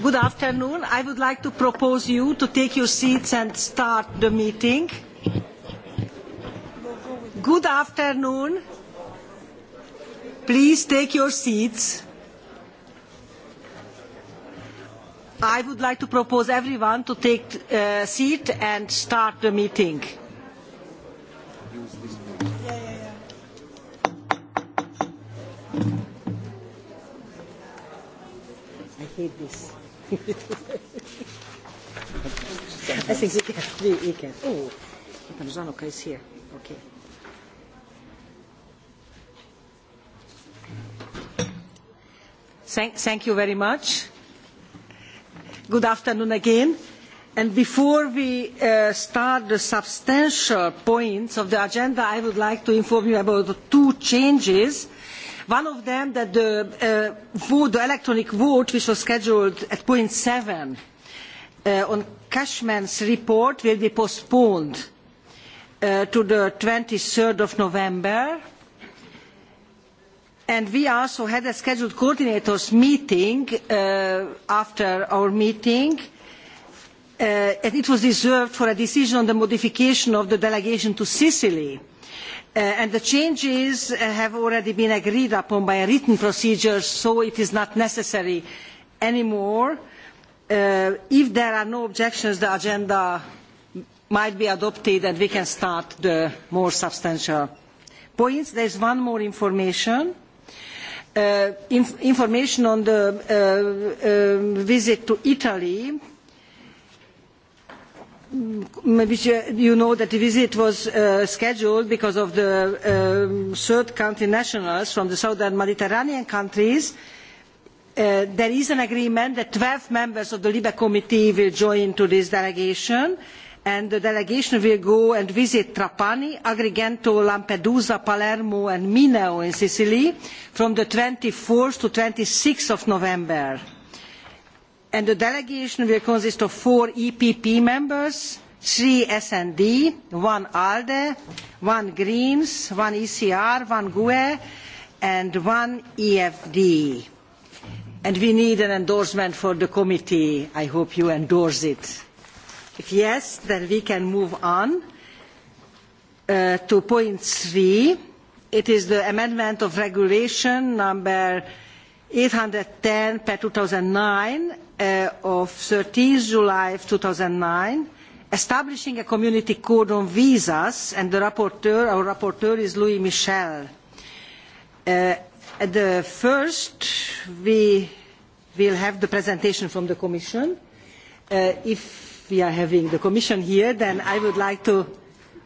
Good afternoon. I would like to propose you to take your seats and start the meeting. Good afternoon. Please take your seats. I would like to propose everyone to take a uh, seat and start the meeting. hate this. I think we can. We, can. Oh, Panzanoka is here. Okay. Thank, thank you very much. Good afternoon again. And before we uh, start the substantial points of the agenda, I would like to inform you about two changes one of them that the vote uh, the electronic vote which was scheduled at point seven uh, on cashman's report will be postponed uh, to the twenty three november and we also had a scheduled coordinators meeting after our meeting and it was reserved for a decision on the modification of the delegation to sicily Uh, and the changes uh, have already been agreed upon by a written procedure so it is not necessary anymore. Uh, if there are no objections the agenda might be adopted and we can start the more substantial points. there is one more information information on the visit to italy Mm, maybe you know that the visit was uh, scheduled because of the um, third country nationals from the southern Mediterranean countries. Uh, there is an agreement that 12 members of the LIBE committee will join to this delegation and the delegation will go and visit Trapani, Agrigento, Lampedusa, Palermo and Mineo in Sicily from the 24 to 26 six of November and the delegation will consist of four epp members three sd one alde one greens one ecr one gue and one efd and we need an endorsement for the committee i hope you endorse it if yes then we can move on uh, to point three it is the amendment of regulation number eight hundred and ten two thousand and nine Uh, of 13 July 2009 establishing a community code on visas and the rapporteur, our rapporteur is Louis Michel. Uh, at the first we will have the presentation from the Commission. Uh, if we are having the Commission here then I would like to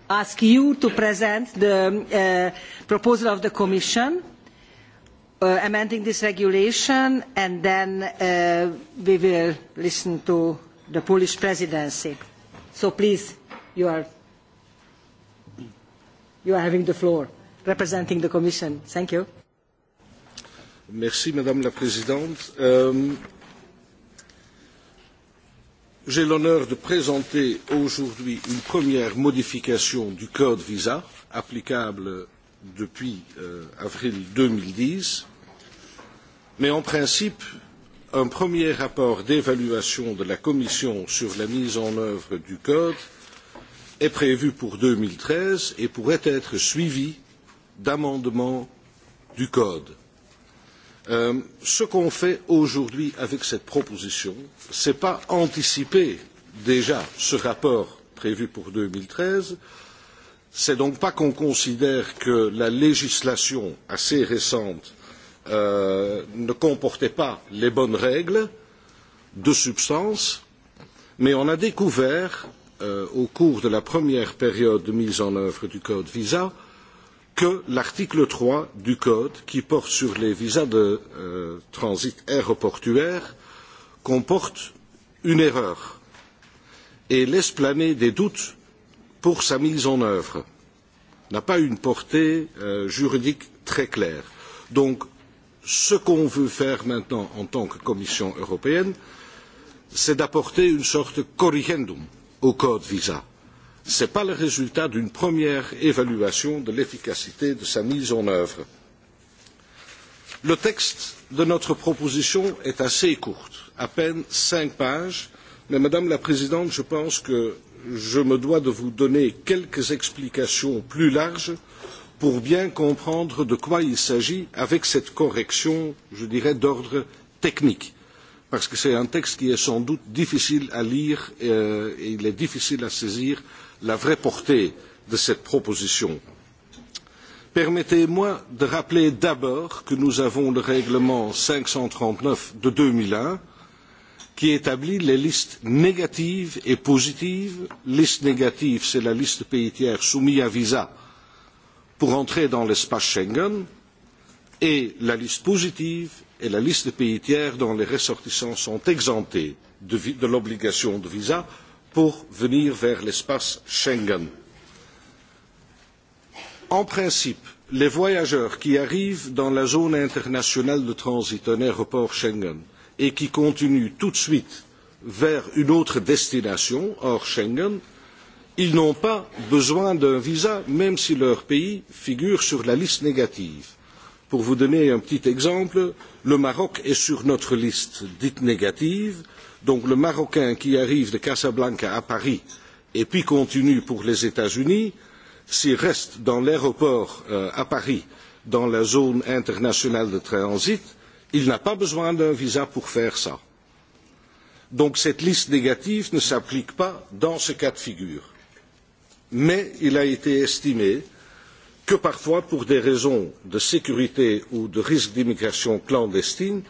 ask you to present the proposal of the Commission Uh, amending this regulation and then uh, we will listen to the Polish presidency. So please, you are, you are having the floor, representing the Commission. Thank you. Merci, Madame la Présidente. Euh, J'ai l'honneur de présenter aujourd'hui une première modification du code visa applicable depuis euh, avril 2010 mais en principe un premier rapport d'évaluation de la commission sur la mise en œuvre du code est prévu pour deux mille treize et pourrait être suivi d'amendements du code. Euh, ce qu'on fait aujourd'hui avec cette proposition ce n'est pas anticiper déjà ce rapport prévu pour deux mille treize ce n'est donc pas qu'on considère que la législation assez récente Euh, ne comportait pas les bonnes règles de substance, mais on a découvert euh, au cours de la première période de mise en œuvre du code visa que l'article 3 du code qui porte sur les visas de euh, transit aéroportuaire comporte une erreur et laisse planer des doutes pour sa mise en œuvre n'a pas une portée euh, juridique très claire. Donc ce qu'on veut faire maintenant en tant que Commission européenne, c'est d'apporter une sorte de corrigendum au code visa. Ce n'est pas le résultat d'une première évaluation de l'efficacité de sa mise en œuvre. Le texte de notre proposition est assez court, à peine cinq pages, mais Madame la Présidente, je pense que je me dois de vous donner quelques explications plus larges pour bien comprendre de quoi il s'agit avec cette correction, je dirais, d'ordre technique. Parce que c'est un texte qui est sans doute difficile à lire euh, et il est difficile à saisir la vraie portée de cette proposition. Permettez-moi de rappeler d'abord que nous avons le règlement 539 de 2001 qui établit les listes négatives et positives. Liste négative, c'est la liste de pays tiers soumis à visa pour entrer dans l'espace Schengen et la liste positive et la liste des pays tiers dont les ressortissants sont exemptés de, de l'obligation de visa pour venir vers l'espace Schengen. En principe, les voyageurs qui arrivent dans la zone internationale de transit, un aéroport Schengen, et qui continuent tout de suite vers une autre destination hors Schengen, ils n'ont pas besoin d'un visa, même si leur pays figure sur la liste négative. Pour vous donner un petit exemple, le Maroc est sur notre liste dite négative. Donc le Marocain qui arrive de Casablanca à Paris et puis continue pour les États-Unis, s'il reste dans l'aéroport euh, à Paris, dans la zone internationale de transit, il n'a pas besoin d'un visa pour faire ça. Donc cette liste négative ne s'applique pas dans ce cas de figure mais il a été estimé que parfois, pour des raisons de sécurité ou de risque d'immigration clandestine,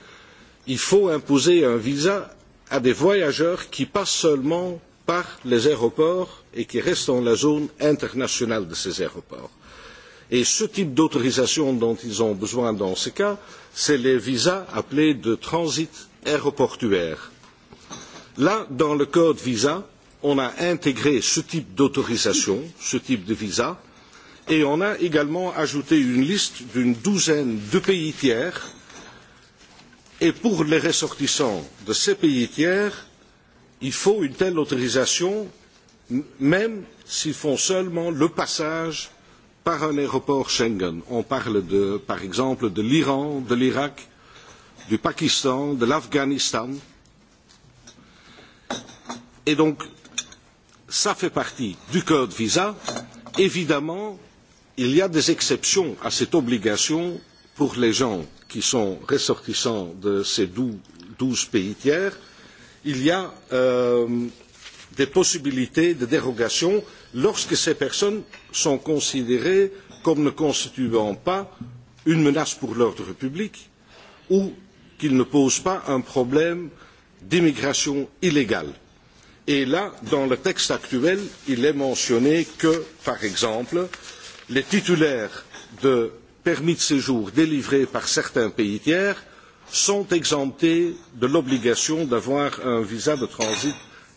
il faut imposer un visa à des voyageurs qui passent seulement par les aéroports et qui restent dans la zone internationale de ces aéroports. Et ce type d'autorisation dont ils ont besoin dans ce cas, c'est les visas appelés de transit aéroportuaire. Là, dans le code visa, on a intégré ce type d'autorisation, ce type de visa, et on a également ajouté une liste d'une douzaine de pays tiers. Et pour les ressortissants de ces pays tiers, il faut une telle autorisation, même s'ils font seulement le passage par un aéroport Schengen. On parle de, par exemple de l'Iran, de l'Irak, du Pakistan, de l'Afghanistan. Et donc, ça fait partie du code visa. Évidemment, il y a des exceptions à cette obligation pour les gens qui sont ressortissants de ces douze pays tiers. Il y a euh, des possibilités de dérogation lorsque ces personnes sont considérées comme ne constituant pas une menace pour l'ordre public ou qu'ils ne posent pas un problème d'immigration illégale. Et là, dans le texte actuel, il est mentionné que, par exemple, les titulaires de permis de séjour délivrés par certains pays tiers sont exemptés de l'obligation d'avoir un visa de transit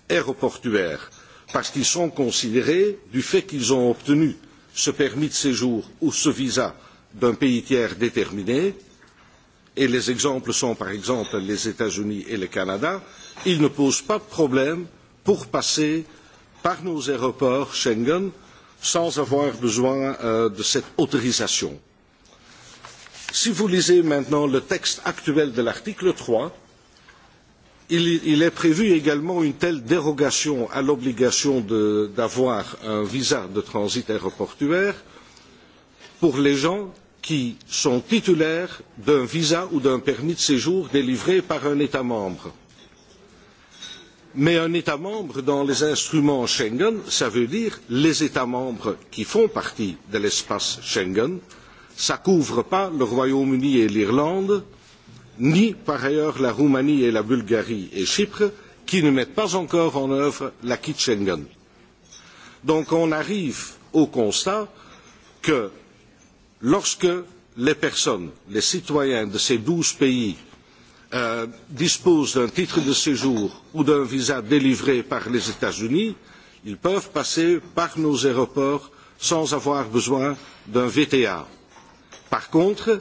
aéroportuaire parce qu'ils sont considérés, du fait qu'ils ont obtenu ce permis de séjour ou ce visa d'un pays tiers déterminé, et les exemples sont par exemple les États-Unis et le Canada, ils ne posent pas de problème pour passer par nos aéroports Schengen sans avoir besoin euh, de cette autorisation. Si vous lisez maintenant le texte actuel de l'article 3, il, il est prévu également une telle dérogation à l'obligation d'avoir un visa de transit aéroportuaire pour les gens qui sont titulaires d'un visa ou d'un permis de séjour délivré par un État membre mais un État membre dans les instruments Schengen, cela veut dire les États membres qui font partie de l'espace Schengen. ne couvre pas le Royaume-Uni et l'Irlande, ni par ailleurs la Roumanie et la Bulgarie et Chypre, qui ne mettent pas encore en œuvre l'acquis de Schengen. Donc on arrive au constat que lorsque les personnes, les citoyens de ces douze pays euh, disposent d'un titre de séjour ou d'un visa délivré par les États-Unis, ils peuvent passer par nos aéroports sans avoir besoin d'un VTA. Par contre,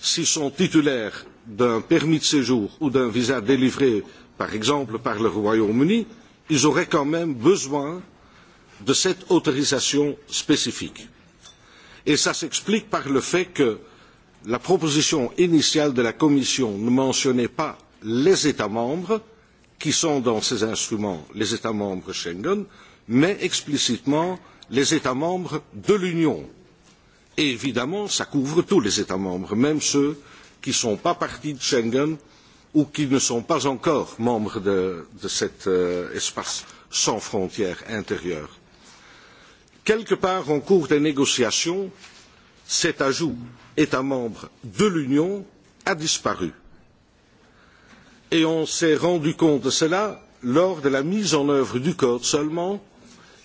s'ils sont titulaires d'un permis de séjour ou d'un visa délivré, par exemple par le Royaume-Uni, ils auraient quand même besoin de cette autorisation spécifique. Et ça s'explique par le fait que la proposition initiale de la Commission ne mentionnait pas les États membres qui sont dans ces instruments, les États membres Schengen, mais explicitement les États membres de l'Union. Et évidemment, ça couvre tous les États membres, même ceux qui ne sont pas partis de Schengen ou qui ne sont pas encore membres de, de cet euh, espace sans frontières intérieures. Quelque part, en cours des négociations, cet ajout États membres de l'Union a disparu. Et on s'est rendu compte de cela lors de la mise en œuvre du code seulement,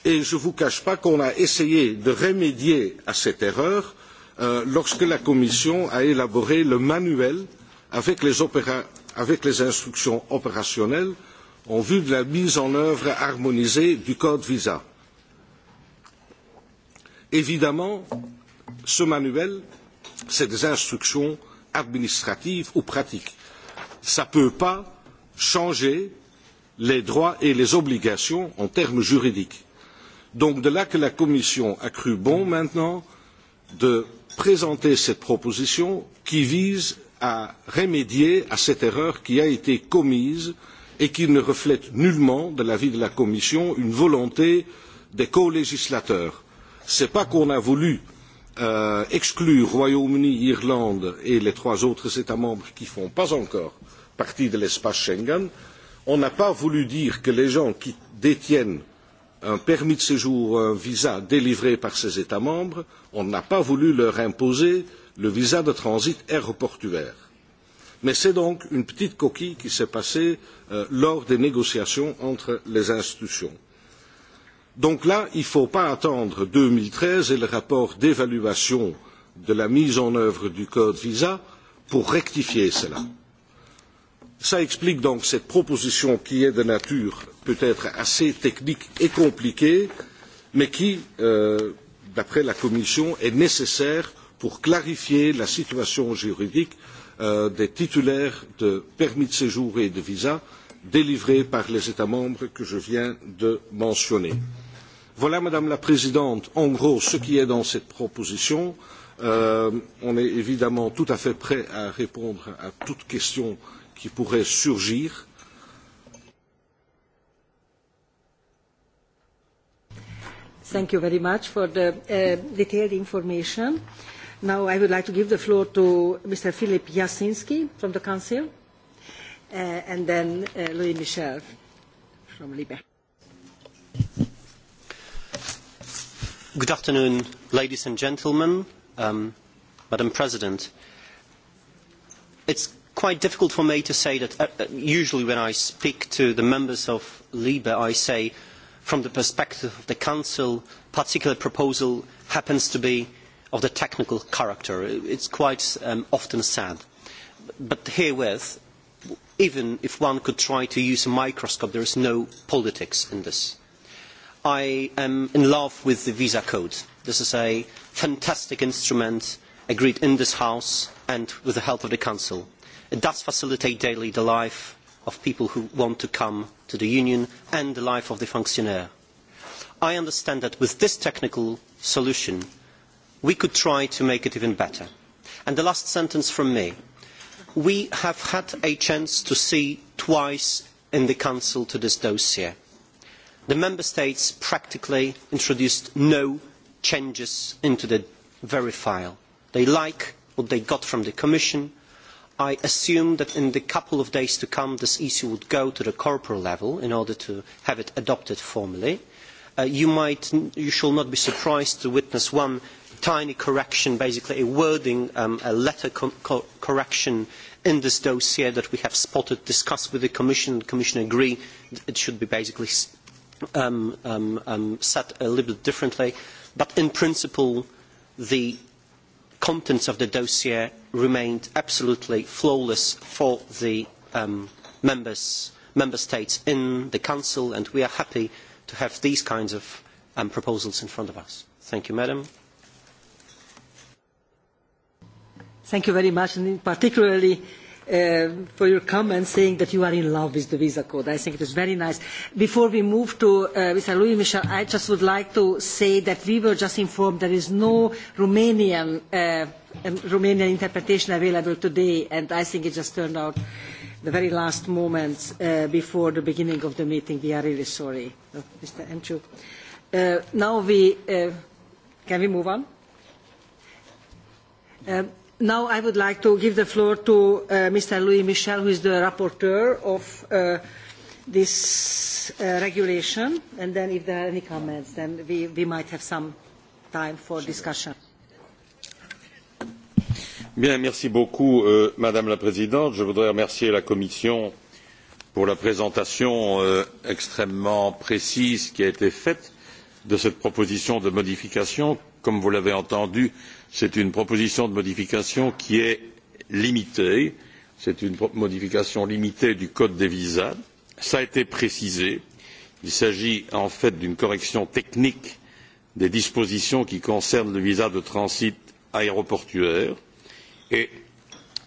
et je ne vous cache pas qu'on a essayé de remédier à cette erreur euh, lorsque la Commission a élaboré le manuel avec les, opéra avec les instructions opérationnelles en vue de la mise en œuvre harmonisée du code visa. Évidemment, ce manuel c'est des instructions administratives ou pratiques. Ça ne peut pas changer les droits et les obligations en termes juridiques. Donc de là que la Commission a cru bon maintenant de présenter cette proposition qui vise à remédier à cette erreur qui a été commise et qui ne reflète nullement, de l'avis de la Commission, une volonté des colégislateurs. Ce n'est pas qu'on a voulu euh, euh, exclure Royaume-Uni, Irlande et les trois autres États membres qui ne font pas encore partie de l'espace Schengen, on n'a pas voulu dire que les gens qui détiennent un permis de séjour, ou un visa délivré par ces États membres, on n'a pas voulu leur imposer le visa de transit aéroportuaire. Mais c'est donc une petite coquille qui s'est passée euh, lors des négociations entre les institutions. Donc là, il ne faut pas attendre 2013 et le rapport d'évaluation de la mise en œuvre du code visa pour rectifier cela. Ça explique donc cette proposition qui est de nature peut-être assez technique et compliquée, mais qui, euh, d'après la Commission, est nécessaire pour clarifier la situation juridique euh, des titulaires de permis de séjour et de visa délivrés par les États membres que je viens de mentionner. Euh, Voilà, Madame la Présidente, en gros, ce qui est dans cette proposition. Euh, on est évidemment tout à fait prêt à répondre à toute question qui pourrait surgir. Thank you very much for the uh, detailed information. Now I would like to give the floor to Mr. Jasinski from the Council, uh, and then uh, Louis Michel from Libe. Good afternoon, ladies and gentlemen, um, Madam President. It's quite difficult for me to say that uh, uh, usually when I speak to the members of LIBE, I say from the perspective of the Council, particular proposal happens to be of the technical character. It's quite um, often said. But herewith, even if one could try to use a microscope, there is no politics in this I am in love with the visa code. This is a fantastic instrument agreed in this House and with the help of the Council. It does facilitate daily the life of people who want to come to the Union and the life of the fonctionnaire. I understand that with this technical solution, we could try to make it even better. And the last sentence from me. We have had a chance to see twice in the Council to this dossier the member states practically introduced no changes into the very file. They like what they got from the Commission. I assume that in the couple of days to come this issue would go to the corporate level in order to have it adopted formally. Uh, you, might, you shall not be surprised to witness one tiny correction, basically a wording, um, a letter co co correction in this dossier that we have spotted, discussed with the Commission, and the Commission agree it should be basically Um, um, um, set a little bit differently, but in principle the contents of the dossier remained absolutely flawless for the um, members, member states in the Council, and we are happy to have these kinds of um, proposals in front of us. Thank you, Madam. Thank you very much, and particularly Uh, for your comment saying that you are in love with the visa code. I think it is very nice. Before we move to uh, Mr. Louis Michel, I just would like to say that we were just informed there is no Romanian, uh, um, Romanian interpretation available today, and I think it just turned out the very last moment uh, before the beginning of the meeting. We are really sorry, oh, Mr. Andrew. Uh, now we, uh, can we move on? Um, now I would like to give the floor to uh, Mr. Louis Michel, who is the rapporteur of uh, this uh, regulation, and then if there are any comments, then we, we might have some time for discussion. Bien, merci beaucoup, euh, Madame la Présidente. Je voudrais remercier la Commission pour la présentation euh, extrêmement précise qui a été faite de cette proposition de modification. Comme vous l'avez entendu, c'est une proposition de modification qui est limitée c'est une modification limitée du code des visas cela a été précisé il s'agit en fait d'une correction technique des dispositions qui concernent le visa de transit aéroportuaire et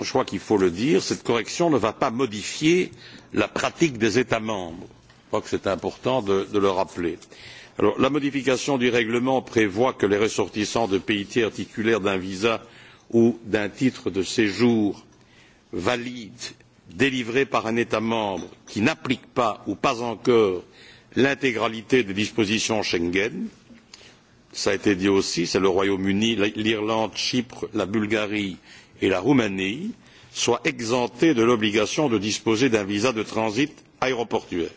je crois qu'il faut le dire cette correction ne va pas modifier la pratique des états membres je crois que c'est important de, de le rappeler la modification du règlement prévoit que les ressortissants de pays tiers titulaires d'un visa ou d'un titre de séjour valide délivré par un état membre qui n'applique pas ou pas encore l'intégralité des dispositions schengen cela a été dit aussi c'est le royaume uni l'irlande chypre la bulgarie et la roumanie soient exemptés de l'obligation de disposer d'un visa de transit aéroportuaire.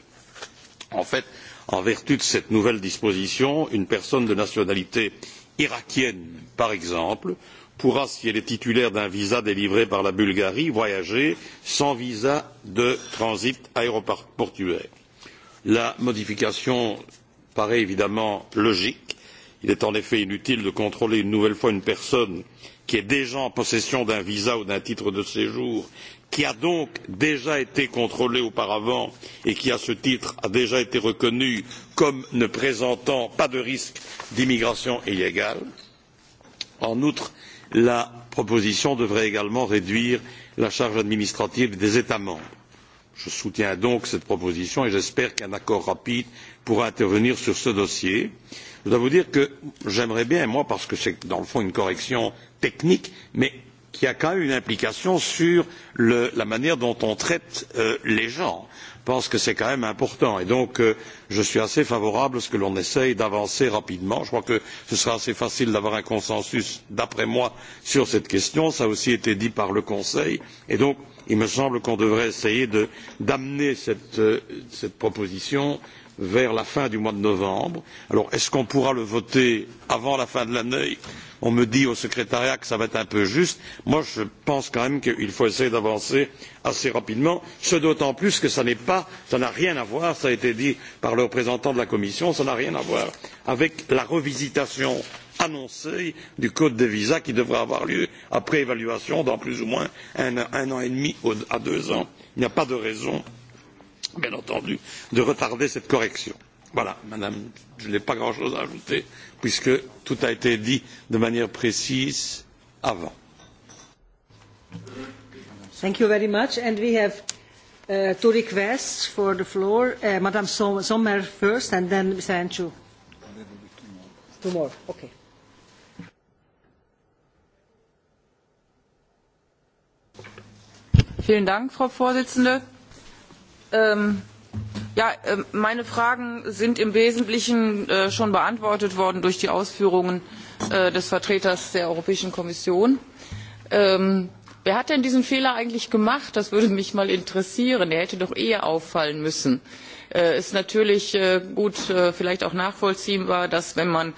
en fait en vertu de cette nouvelle disposition une personne de nationalité irakienne par exemple pourra si elle est titulaire d'un visa délivré par la bulgarie voyager sans visa de transit aéroportuaire. la modification paraît évidemment logique il est en effet inutile de contrôler une nouvelle fois une personne qui est déjà en possession d'un visa ou d'un titre de séjour qui a donc déjà été contrôlé auparavant et qui, à ce titre, a déjà été reconnu comme ne présentant pas de risque d'immigration illégale. En outre, la proposition devrait également réduire la charge administrative des États membres. Je soutiens donc cette proposition et j'espère qu'un accord rapide pourra intervenir sur ce dossier. Je dois vous dire que j'aimerais bien, moi, parce que c'est dans le fond une correction technique, mais qui a quand même une implication sur le, la manière dont on traite euh, les gens. Je pense que c'est quand même important et donc euh, je suis assez favorable à ce que l'on essaye d'avancer rapidement. Je crois que ce sera assez facile d'avoir un consensus, d'après moi, sur cette question. Ça a aussi été dit par le Conseil et donc il me semble qu'on devrait essayer d'amener cette, euh, cette proposition vers la fin du mois de novembre. Alors, est-ce qu'on pourra le voter avant la fin de l'année On me dit au secrétariat que ça va être un peu juste. Moi, je pense quand même qu'il faut essayer d'avancer assez rapidement, ce d'autant plus que ça n'est pas, ça n'a rien à voir, ça a été dit par le représentant de la Commission, ça n'a rien à voir avec la revisitation annoncée du code des visas qui devrait avoir lieu après évaluation dans plus ou moins un, un an et demi à deux ans. Il n'y a pas de raison bien entendu de retarder cette correction. voilà madame je n'ai pas grand chose à ajouter puisque tout a été dit de manière précise avant. Thank you very much. And we have uh, two requests for the floor. Uh, Madame Sommer first, and then Mr. Anchu. Two more. Okay. Vielen Dank, Frau Vorsitzende Ähm, ja, ähm, meine Fragen sind im Wesentlichen äh, schon beantwortet worden durch die Ausführungen äh, des Vertreters der Europäischen Kommission. Ähm, wer hat denn diesen Fehler eigentlich gemacht? Das würde mich mal interessieren. Er hätte doch eher auffallen müssen. Es äh, ist natürlich gut, vielleicht auch nachvollziehbar, dass wenn man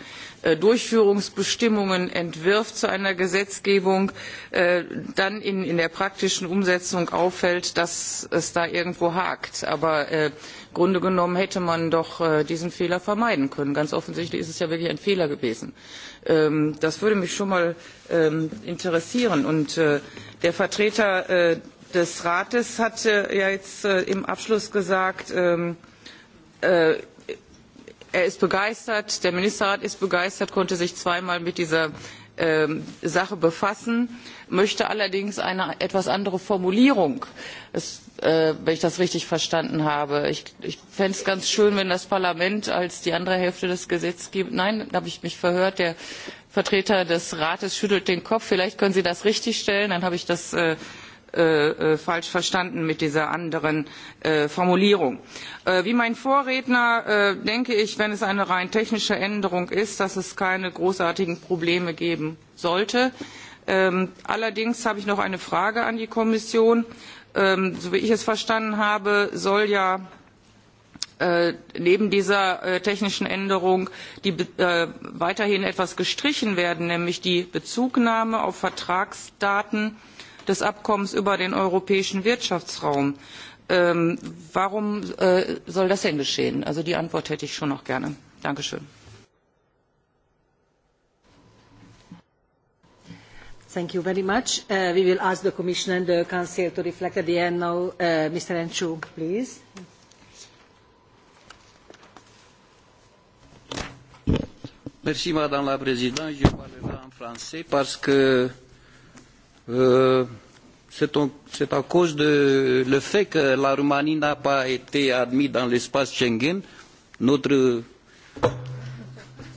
Äh, durchführungsbestimmungen entwirft zu einer gesetzgebung äh, dann in, in der praktischen umsetzung auffällt dass es da irgendwo hakt. aber äh, im grunde genommen hätte man doch diesen fehler vermeiden können. ganz offensichtlich ist es ja wirklich ein fehler gewesen. Ähm, das würde mich schon mal ähm, interessieren. Und der vertreter des rates hat ja jetzt im abschluss gesagt ähm, er ist begeistert der ministerrat ist begeistert konnte sich zweimal mit dieser ähm, sache befassen möchte allerdings eine etwas andere formulierung äh, wenn ich das richtig verstanden habe. ich, fände es ganz schön wenn das parlament als die andere hälfte des gesetzgebers nein da habe ich mich verhört der vertreter des rates schüttelt den kopf vielleicht können sie das richtigstellen dann habe ich das äh, Äh, äh, falsch verstanden mit dieser anderen äh, Formulierung. Äh, wie mein Vorredner äh, denke ich, wenn es eine rein technische Änderung ist, dass es keine großartigen Probleme geben sollte. Ähm, allerdings habe ich noch eine Frage an die Kommission. Ähm, so wie ich es verstanden habe, soll ja Äh, neben dieser äh, technischen änderung die, äh, weiterhin etwas gestrichen werden nämlich die bezugnahme auf vertragsdaten des abkommens über den europäischen wirtschaftsraum. Ähm, warum äh, soll das denn geschehen? also die antwort hätte ich schon noch gerne. danke schön. Thank you very much. Uh, we will ask the Commission and the Council to reflect at the end now. Uh, Mr. Enchu, please. Merci, Madame la Présidente. Je parlerai en français parce que Euh, c'est à cause de le fait que la Roumanie n'a pas été admise dans l'espace Schengen. Notre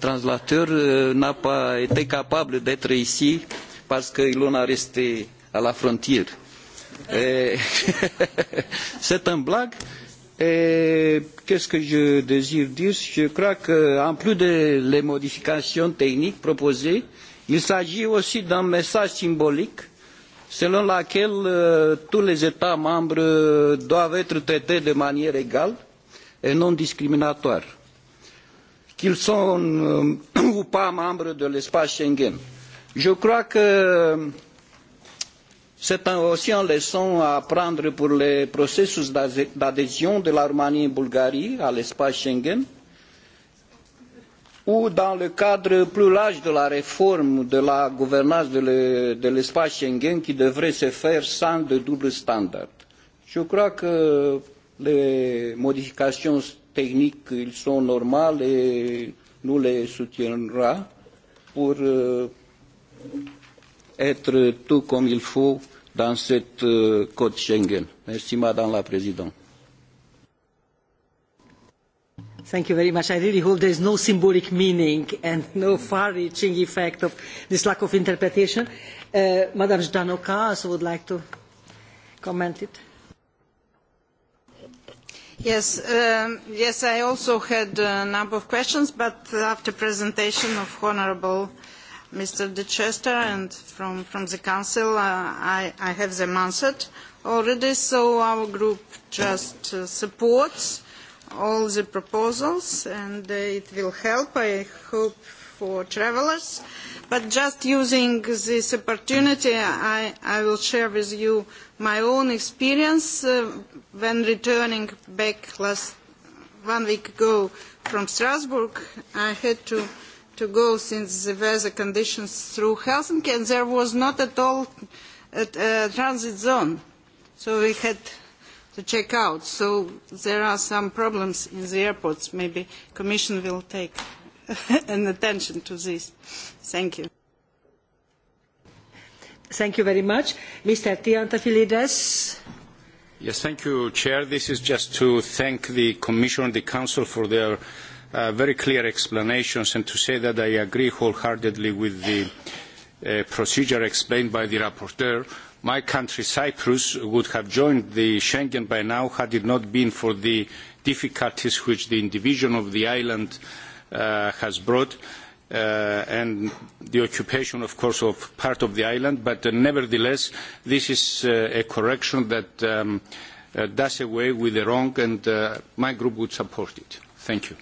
translateur euh, n'a pas été capable d'être ici parce qu'ils l'ont arrêté à la frontière. c'est une blague. Qu'est-ce que je désire dire Je crois qu'en plus des de modifications techniques proposées, il s'agit aussi d'un message symbolique selon laquelle uh, tous les États membres doivent être traités de manière égale et non discriminatoire, qu'ils sont uh, ou pas membres de l'espace Schengen. Je crois que c'est aussi une leçon à apprendre pour les processus d'adhésion de la Roumanie et de la Bulgarie à l'espace Schengen, ou dans le cadre plus large de la réforme de la gouvernance de l'espace Schengen qui devrait se faire sans de double standard. Je crois que les modifications techniques ils sont normales et nous les soutiendrons pour eh, être tout comme il faut dans ce eh, code Schengen. Merci Madame la Présidente. Thank you very much. I really hope there is no symbolic meaning and no far-reaching effect of this lack of interpretation. Uh, Madam Zdanoka also would like to comment it. Yes, um, yes, I also had a number of questions, but after presentation of Honourable Mr. De Chester and from, from the Council, uh, I, I have them answered already, so our group just uh, supports all the proposals and it will help, I hope, for travellers. But just using this opportunity, I, I will share with you my own experience uh, when returning back last one week ago from Strasbourg. I had to, to go since the weather conditions through Helsinki and there was not at all a, a transit zone. So we had to check out. So there are some problems in the airports. Maybe Commission will take an attention to this. Thank you. Thank you very much. Mr. Tiantafilides. Yes, thank you, Chair. This is just to thank the Commission and the Council for their uh, very clear explanations and to say that I agree wholeheartedly with the uh, procedure explained by the rapporteur my country Cyprus would have joined the Schengen by now had it not been for the difficulties which the division of the island uh, has brought uh, and the occupation of course of part of the island but uh, nevertheless this is uh, a correction that um, uh, does away with the wrong and uh, my group would support it. Thank you.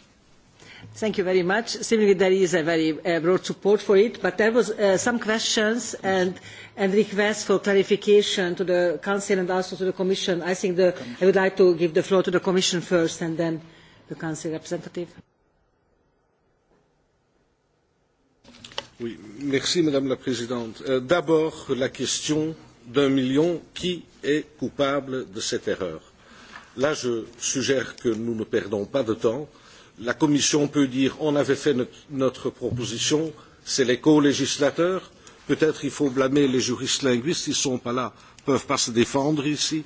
Thank you very much. Seemingly there is a very uh, broad support for it, but there was uh, some questions and, requests for clarification to the Council and also to the Commission. I think I would like to give the floor to the Commission first and then the Council representative. Oui, merci Madame la Présidente. Euh, D'abord, la question d'un million, qui est coupable de cette erreur Là, je suggère que nous ne perdons pas de temps la Commission peut dire on avait fait notre, notre proposition, c'est les co-législateurs. Peut-être il faut blâmer les juristes linguistes, ils ne sont pas là, peuvent pas se défendre ici.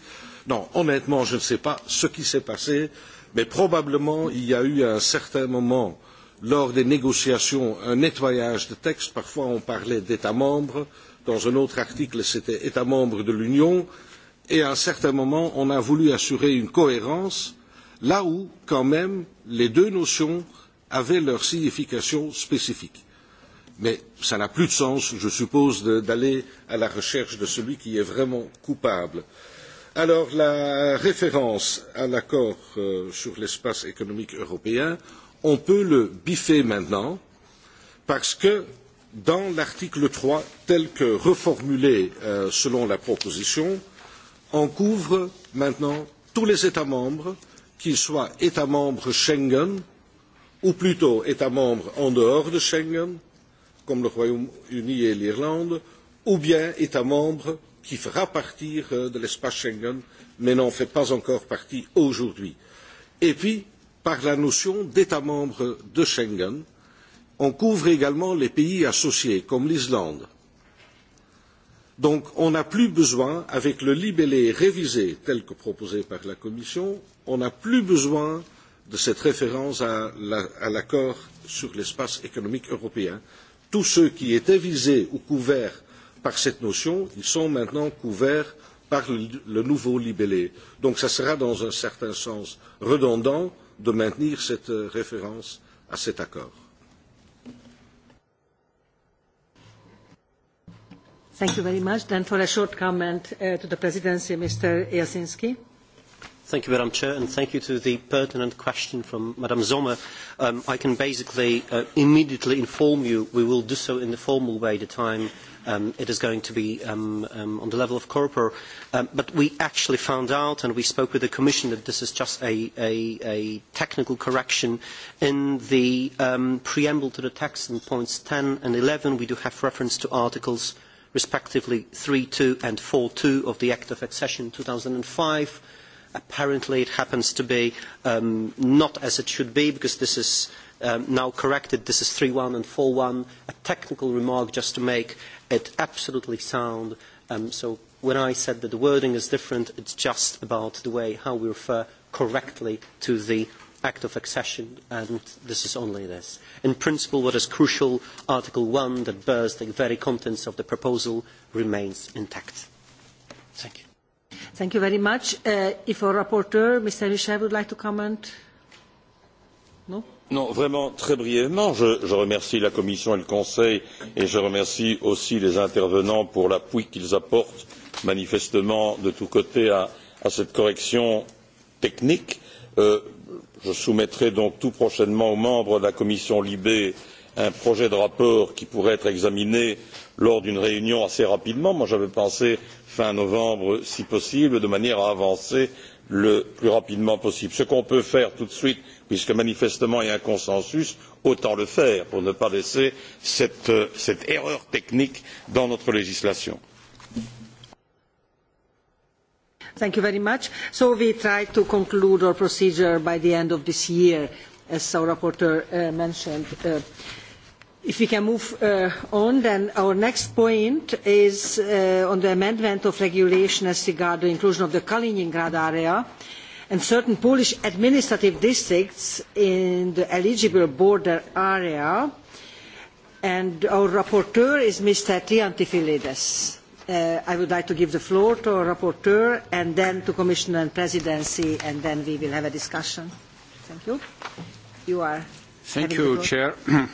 Non, honnêtement, je ne sais pas ce qui s'est passé, mais probablement il y a eu à un certain moment lors des négociations un nettoyage de texte. Parfois on parlait d'États membres, dans un autre article c'était États membres de l'Union, et à un certain moment on a voulu assurer une cohérence là où, quand même, les deux notions avaient leur signification spécifique. Mais ça n'a plus de sens, je suppose, d'aller à la recherche de celui qui est vraiment coupable. Alors, la référence à l'accord euh, sur l'espace économique européen, on peut le biffer maintenant, parce que dans l'article 3, tel que reformulé euh, selon la proposition, on couvre maintenant tous les États membres, qu'ils soient États membres Schengen, ou plutôt États membres en dehors de Schengen, comme le Royaume-Uni et l'Irlande, ou bien États membres qui fera partie euh, de l'espace Schengen, mais n'en fait pas encore partie aujourd'hui. Et puis, par la notion d'État membre de Schengen, on couvre également les pays associés, comme l'Islande, Donc on n'a plus besoin, avec le libellé révisé tel que proposé par la Commission, on n'a plus besoin de cette référence à l'accord la, sur l'espace économique européen. Tous ceux qui étaient visés ou couverts par cette notion, ils sont maintenant couverts par le, le nouveau libellé. Donc ça sera dans un certain sens redondant de maintenir cette euh, référence à cet accord. Thank you very much. Then for a short comment uh, to the presidency, Mr. Jasinski. Thank you, Madam Chair, and thank you to the pertinent question from Madam Zomer. Um, I can basically uh, immediately inform you we will do so in the formal way the time um, it is going to be um, um on the level of Corpor. Um, but we actually found out, and we spoke with the Commission, that this is just a, a, a technical correction. In the um, preamble to the text in points 10 and 11, we do have reference to articles respectively 3-2 and 4-2 of the Act of Accession 2005. Apparently it happens to be um, not as it should be because this is um, now corrected. This is 3-1 and 4-1. A technical remark just to make it absolutely sound. Um, so when I said that the wording is different, it's just about the way how we refer correctly to the Act of Accession, and this is only this. In principle, what is crucial, Article 1, that bears the very contents of the proposal, remains intact. Thank you. Thank you very much. Uh, if our rapporteur, Mr. Michel, would like to comment? No? Non, vraiment très brièvement, je, je remercie la Commission et le Conseil et je remercie aussi les intervenants pour l'appui qu'ils apportent manifestement de tous côtés à, à cette correction technique. Euh, je soumettrai donc tout prochainement aux membres de la commission libe un projet de rapport qui pourrait être examiné lors d'une réunion assez rapidement j'avais pensé fin novembre si possible de manière à avancer le plus rapidement possible. ce qu'on peut faire tout de suite puisque manifestement il y a un consensus autant le faire pour ne pas laisser cette, euh, cette erreur technique dans notre législation. Thank you very much. So we try to conclude our procedure by the end of this year, as our rapporteur uh, mentioned. Uh, if we can move uh, on, then our next point is uh, on the amendment of regulation as regards the inclusion of the Kaliningrad area and certain Polish administrative districts in the eligible border area. And our rapporteur is Mr. Triantafilides. Uh, I would like to give the floor to our rapporteur and then to Commissioner and Presidency, and then we will have a discussion. Thank you. You are. Thank you, Chair.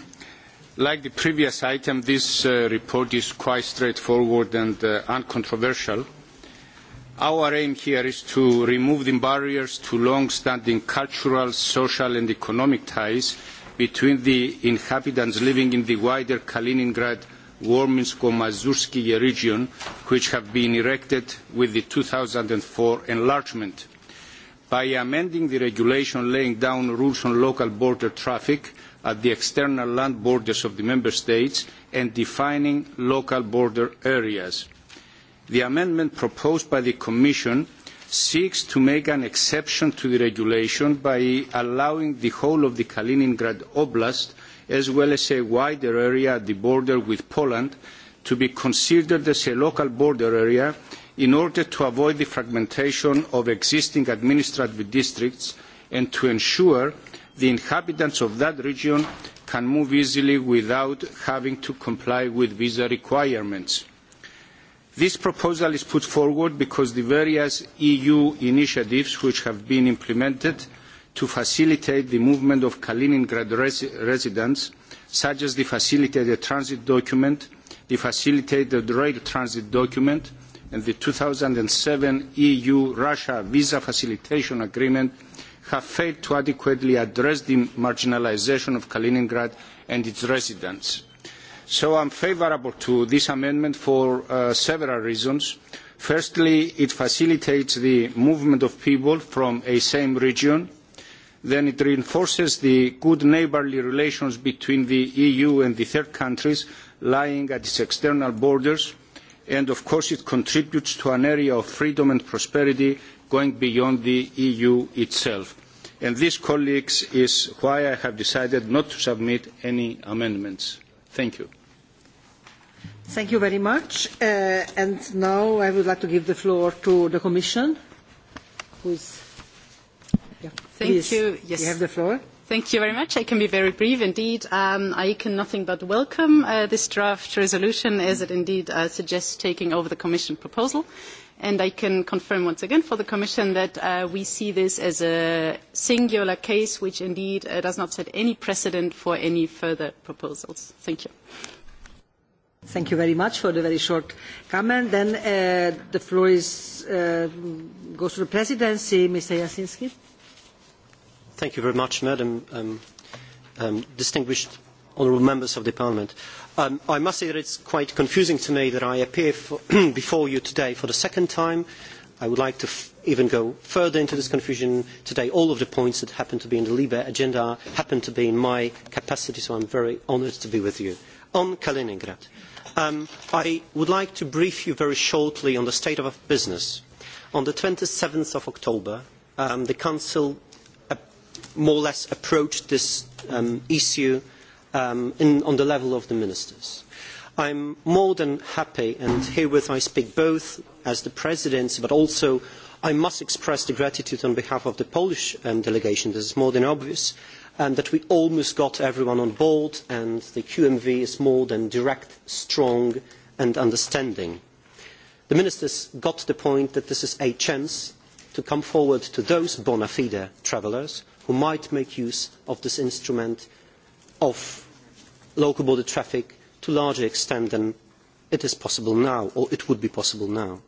like the previous item, this uh, report is quite straightforward and uh, uncontroversial. Our aim here is to remove the barriers to long-standing cultural, social and economic ties between the inhabitants living in the wider Kaliningrad Warminsko-Mazursky region, which have been erected with the 2004 enlargement. By amending the regulation laying down rules on local border traffic at the external land borders of the Member States and defining local border areas. The amendment proposed by the Commission seeks to make an exception to the regulation by allowing the whole of the Kaliningrad Oblast as well as a wider area at the border with Poland to be considered as a local border area in order to avoid the fragmentation of existing administrative districts and to ensure the inhabitants of that region can move easily without having to comply with visa requirements. This proposal is put forward because the various EU initiatives which have been implemented to facilitate the movement of Kaliningrad res residents, such as the facilitated transit document, the facilitated rail transit document, and the 2007 EU-Russia visa facilitation agreement have failed to adequately address the marginalisation of Kaliningrad and its residents. So I'm favourable to this amendment for uh, several reasons. Firstly, it facilitates the movement of people from a same region then it reinforces the good neighbourly relations between the EU and the third countries lying at its external borders, and of course it contributes to an area of freedom and prosperity going beyond the EU itself. And this, colleagues, is why I have decided not to submit any amendments. Thank you. Thank you very much. Uh, and now I would like to give the floor to the Commission, who is Thank Please, you. Yes. You have the floor. Thank you very much. I can be very brief indeed. Um, I can nothing but welcome uh, this draft resolution as it indeed uh, suggests taking over the Commission proposal. And I can confirm once again for the Commission that uh, we see this as a singular case which indeed uh, does not set any precedent for any further proposals. Thank you. Thank you very much for the very short comment. Then uh, the floor is, uh, goes to the Presidency, Mr. Jasinski. Thank you very much, Madam um, um, Distinguished Honourable Members of the Parliament. Um, I must say that it's quite confusing to me that I appear for, before you today for the second time. I would like to even go further into this confusion today. All of the points that happen to be in the LIBE agenda happen to be in my capacity, so I'm very honoured to be with you. On Kaliningrad, um, I would like to brief you very shortly on the state of business. On the 27th of October, um, the Council more or less approached this um, issue um, in, on the level of the ministers. I'm more than happy, and herewith I speak both as the presidency, but also I must express the gratitude on behalf of the Polish um, delegation, this is more than obvious, and um, that we almost got everyone on board, and the QMV is more than direct, strong and understanding. The ministers got the point that this is a chance to come forward to those bona fide travellers who might make use of this instrument of local border traffic to a larger extent than it is possible now, or it would be possible now.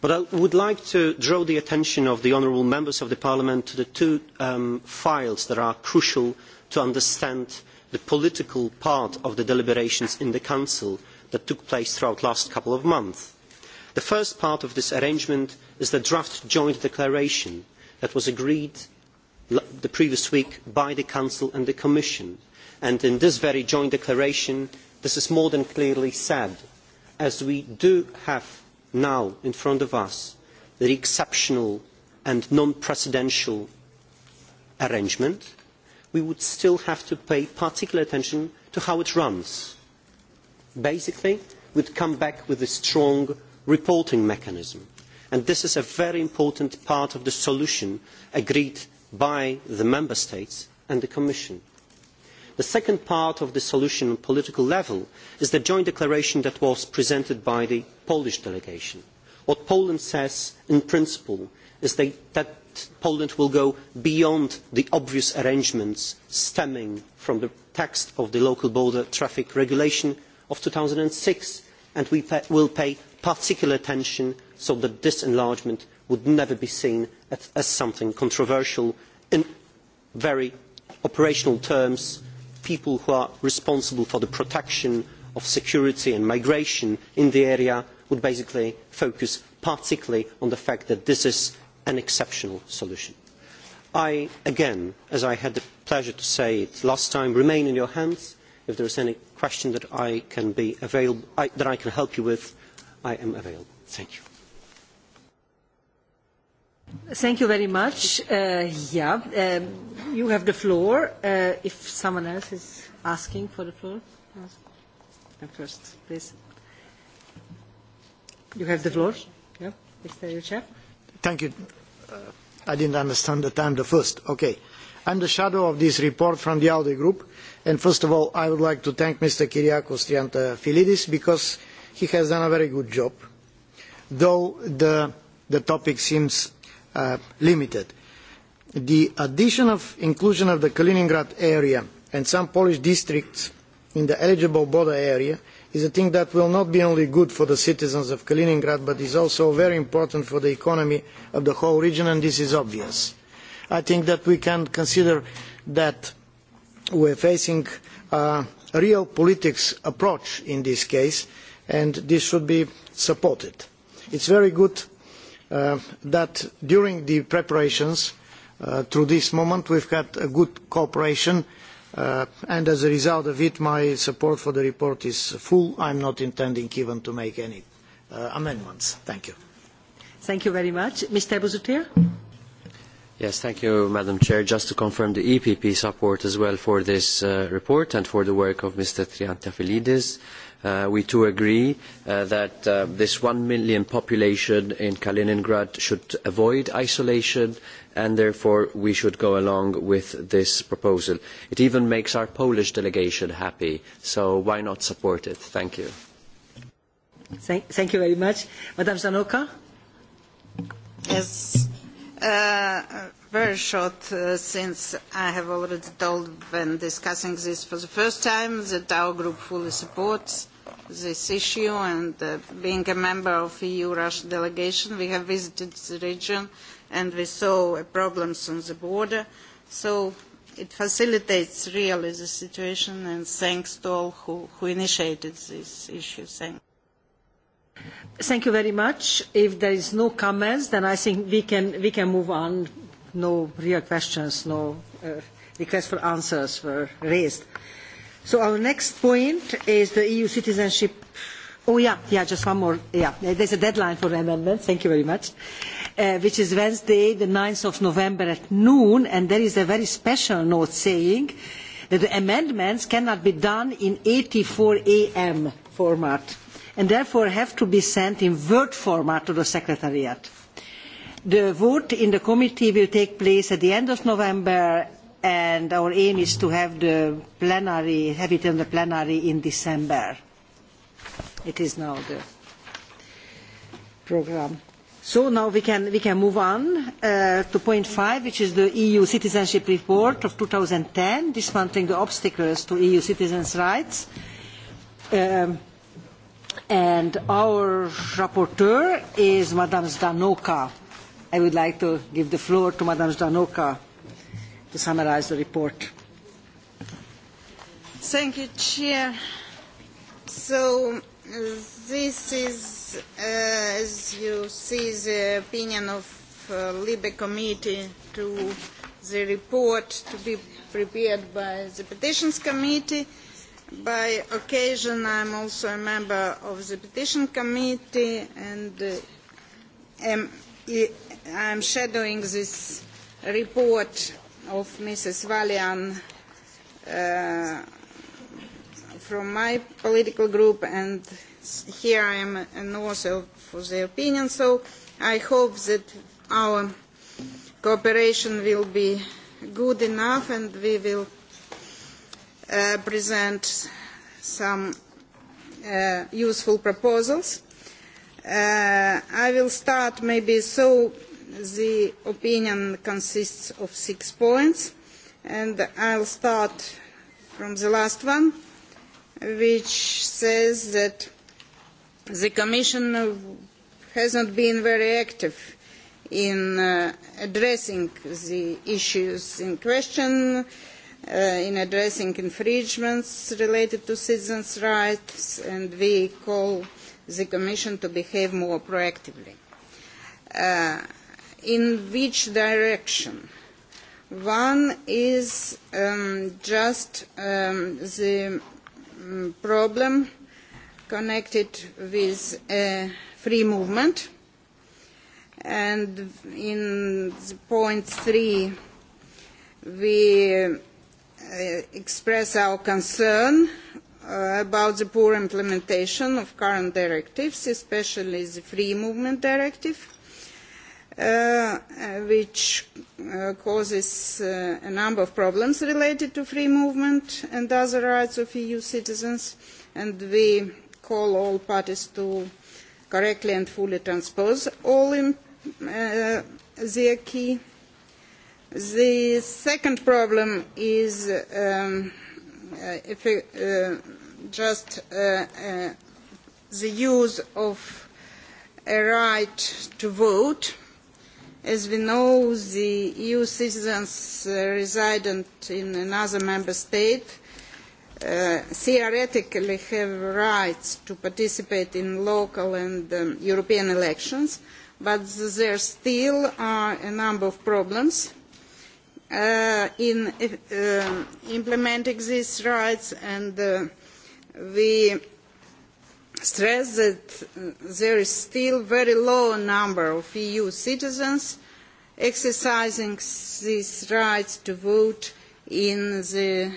But I would like to draw the attention of the honourable members of the Parliament to the two um, files that are crucial to understand the political part of the deliberations in the Council that took place throughout the last couple of months. The first part of this arrangement is the draft joint declaration that was agreed the previous week by the Council and the Commission. And in this very joint declaration, this is more than clearly said, as we do have now in front of us the exceptional and non-presidential arrangement, we would still have to pay particular attention to how it runs. Basically, would come back with a strong reporting mechanism. And this is a very important part of the solution agreed by the member states and the commission. the second part of the solution on political level is the joint declaration that was presented by the polish delegation. what poland says in principle is that poland will go beyond the obvious arrangements stemming from the text of the local border traffic regulation of two thousand and six and we will pay particular attention so that this enlargement would never be seen as, as something controversial. In very operational terms, people who are responsible for the protection of security and migration in the area would basically focus particularly on the fact that this is an exceptional solution. I, again, as I had the pleasure to say it last time, remain in your hands. If there is any question that I can, be available, I, that I can help you with, I am available. Thank you. Thank you very much. Uh, yeah, um, you have the floor. Uh, if someone else is asking for the floor, first, please. You have the floor. Yeah, Mr. Chair. Thank you. Uh, I didn't understand the time. the first. Okay. I'm the shadow of this report from the ALDE group. And first of all, I would like to thank Mr. Kyriakos Triantafilidis because he has done a very good job, though the, the topic seems Uh, limited. The addition of inclusion of the Kaliningrad area and some Polish districts in the eligible border area is a thing that will not be only good for the citizens of Kaliningrad, but is also very important for the economy of the whole region, and this is obvious. I think that we can consider that we are facing a real politics approach in this case, and this should be supported. It's very good Uh, that during the preparations uh, to this moment we've had a good cooperation uh, and as a result of it my support for the report is full. I'm not intending even to make any uh, amendments. Thank you. Thank you very much. Mr. Busuttil? Yes, thank you, Madam Chair. Just to confirm the EPP support as well for this uh, report and for the work of Mr. Triantafilidis. Uh, we too agree uh, that uh, this 1 million population in Kaliningrad should avoid isolation and therefore we should go along with this proposal. It even makes our Polish delegation happy, so why not support it? Thank you. Thank, thank you very much. Madam Zanoka? Yes. Uh, very short uh, since I have already told when discussing this for the first time that our group fully supports this issue and uh, being a member of EU-Russia delegation we have visited the region and we saw uh, problems on the border so it facilitates really the situation and thanks to all who, who initiated this issue. Thank. Thank you very much. If there is no comments, then I think we can, we can move on no real questions, no uh, requests for answers were raised. So our next point is the EU citizenship. Oh yeah, yeah, just one more. Yeah, there's a deadline for amendments. Thank you very much, uh, which is Wednesday, the 9th of November at noon, and there is a very special note saying that the amendments cannot be done in 84 a.m. format, and therefore have to be sent in word format to the Secretariat the vote in the committee will take place at the end of november and our aim is to have the plenary have it in the plenary in december it is now the programme. So now we can, we can move on uh, to point five, which is the EU Citizenship Report of 2010, dismantling the obstacles to EU citizens' rights. Um, and our rapporteur is Madame Zdanoka. I would like to give the floor to Madame Zdanoka to summarize the report. Thank you, Chair. So this is, uh, as you see, the opinion of uh, Libe Committee to the report to be prepared by the Petitions Committee. By occasion, I'm also a member of the Petition Committee and uh, am I am shadowing this report of Mrs. Valian uh, from my political group, and here I am an author for the opinion, so I hope that our cooperation will be good enough and we will uh, present some uh, useful proposals. Uh, I will start maybe so The opinion consists of six points, and I'll start from the last one, which says that the Commission has not been very active in uh, addressing the issues in question, uh, in addressing infringements related to citizens' rights, and we call the Commission to behave more proactively. Uh, in which direction? One is um, just um, the um, problem connected with uh, free movement. And in point three, we uh, express our concern uh, about the poor implementation of current directives, especially the free movement directive Uh, which uh, causes uh, a number of problems related to free movement and other rights of EU citizens, and we call all parties to correctly and fully transpose all in, the acquis. The second problem is um, if, just the use of a right to vote As we know, the EU citizens uh, resident in another member state uh, theoretically have rights to participate in local and um, European elections, but there still are a number of problems uh, in uh, implementing these rights, and uh, we stressed that there is still very low number of EU citizens exercising these rights to vote in the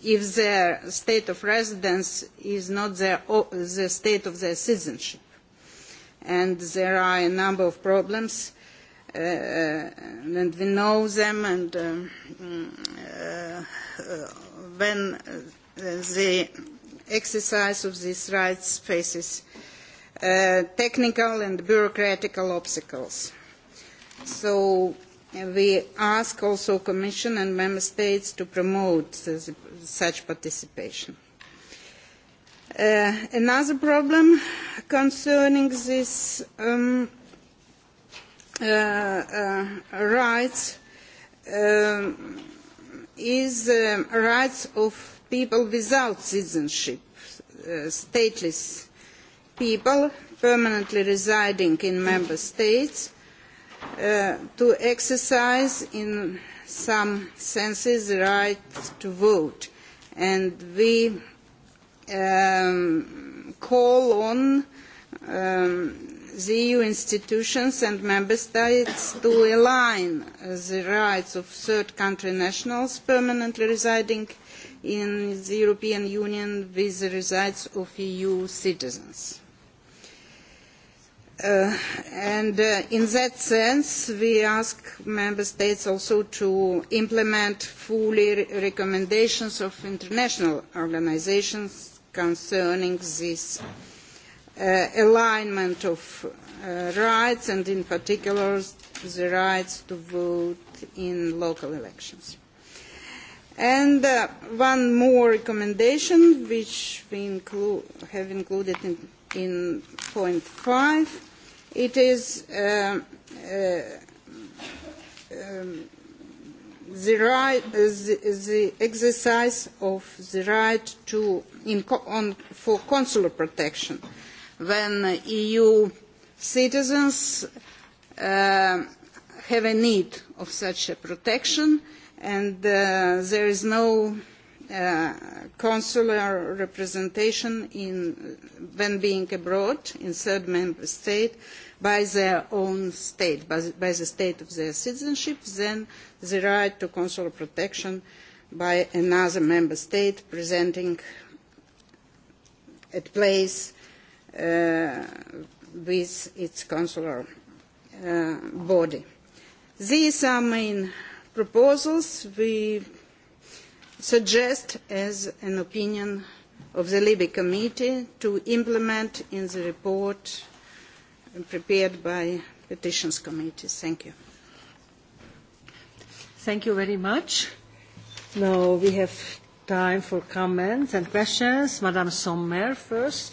if their state of residence is not their, the state of their citizenship. And there are a number of problems, uh, and we know them, and um, uh, uh, when uh, the exercise of these rights faces uh, technical and bureaucratic obstacles. So uh, we ask also Commission and Member States to promote uh, such participation. Uh, another problem concerning these um, uh, uh, um, um, rights is the rights of people without citizenship, uh, stateless people permanently residing in member states uh, to exercise in some senses the right to vote. And we um, call on um, the EU institutions and member states to align uh, the rights of third country nationals permanently residing in the European Union with the results of EU citizens. Uh, and uh, in that sense, we ask member states also to implement fully re recommendations of international organizations concerning this uh, alignment of uh, rights and in particular the rights to vote in local elections. And uh, one more recommendation, which we have included in, in point five, it is uh, uh, um, the, right, uh, the, the exercise of the right to in co on, for consular protection when EU citizens uh, have a need of such a protection and uh, there is no uh, consular representation in, when being abroad in third member state by their own state, by, by the state of their citizenship, then the right to consular protection by another member state presenting a place uh, with its consular uh, body. These are main proposals we suggest as an opinion of the Libe Committee to implement in the report prepared by Petitions Committee. Thank you. Thank you very much. Now we have time for comments and questions. Madame Sommer first.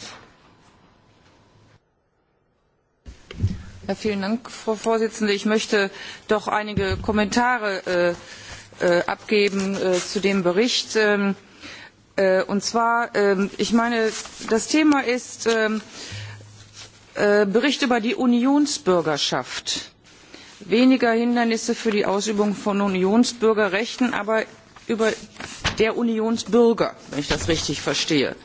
Ja, vielen Dank, Frau Vorsitzende. Ich möchte doch einige Kommentare äh, äh abgeben äh, zu dem Bericht. Ähm, äh, und zwar, äh, ich meine, das Thema ist ähm, äh, Bericht über die Unionsbürgerschaft. Weniger Hindernisse für die Ausübung von Unionsbürgerrechten, aber über der Unionsbürger, wenn ich das richtig verstehe.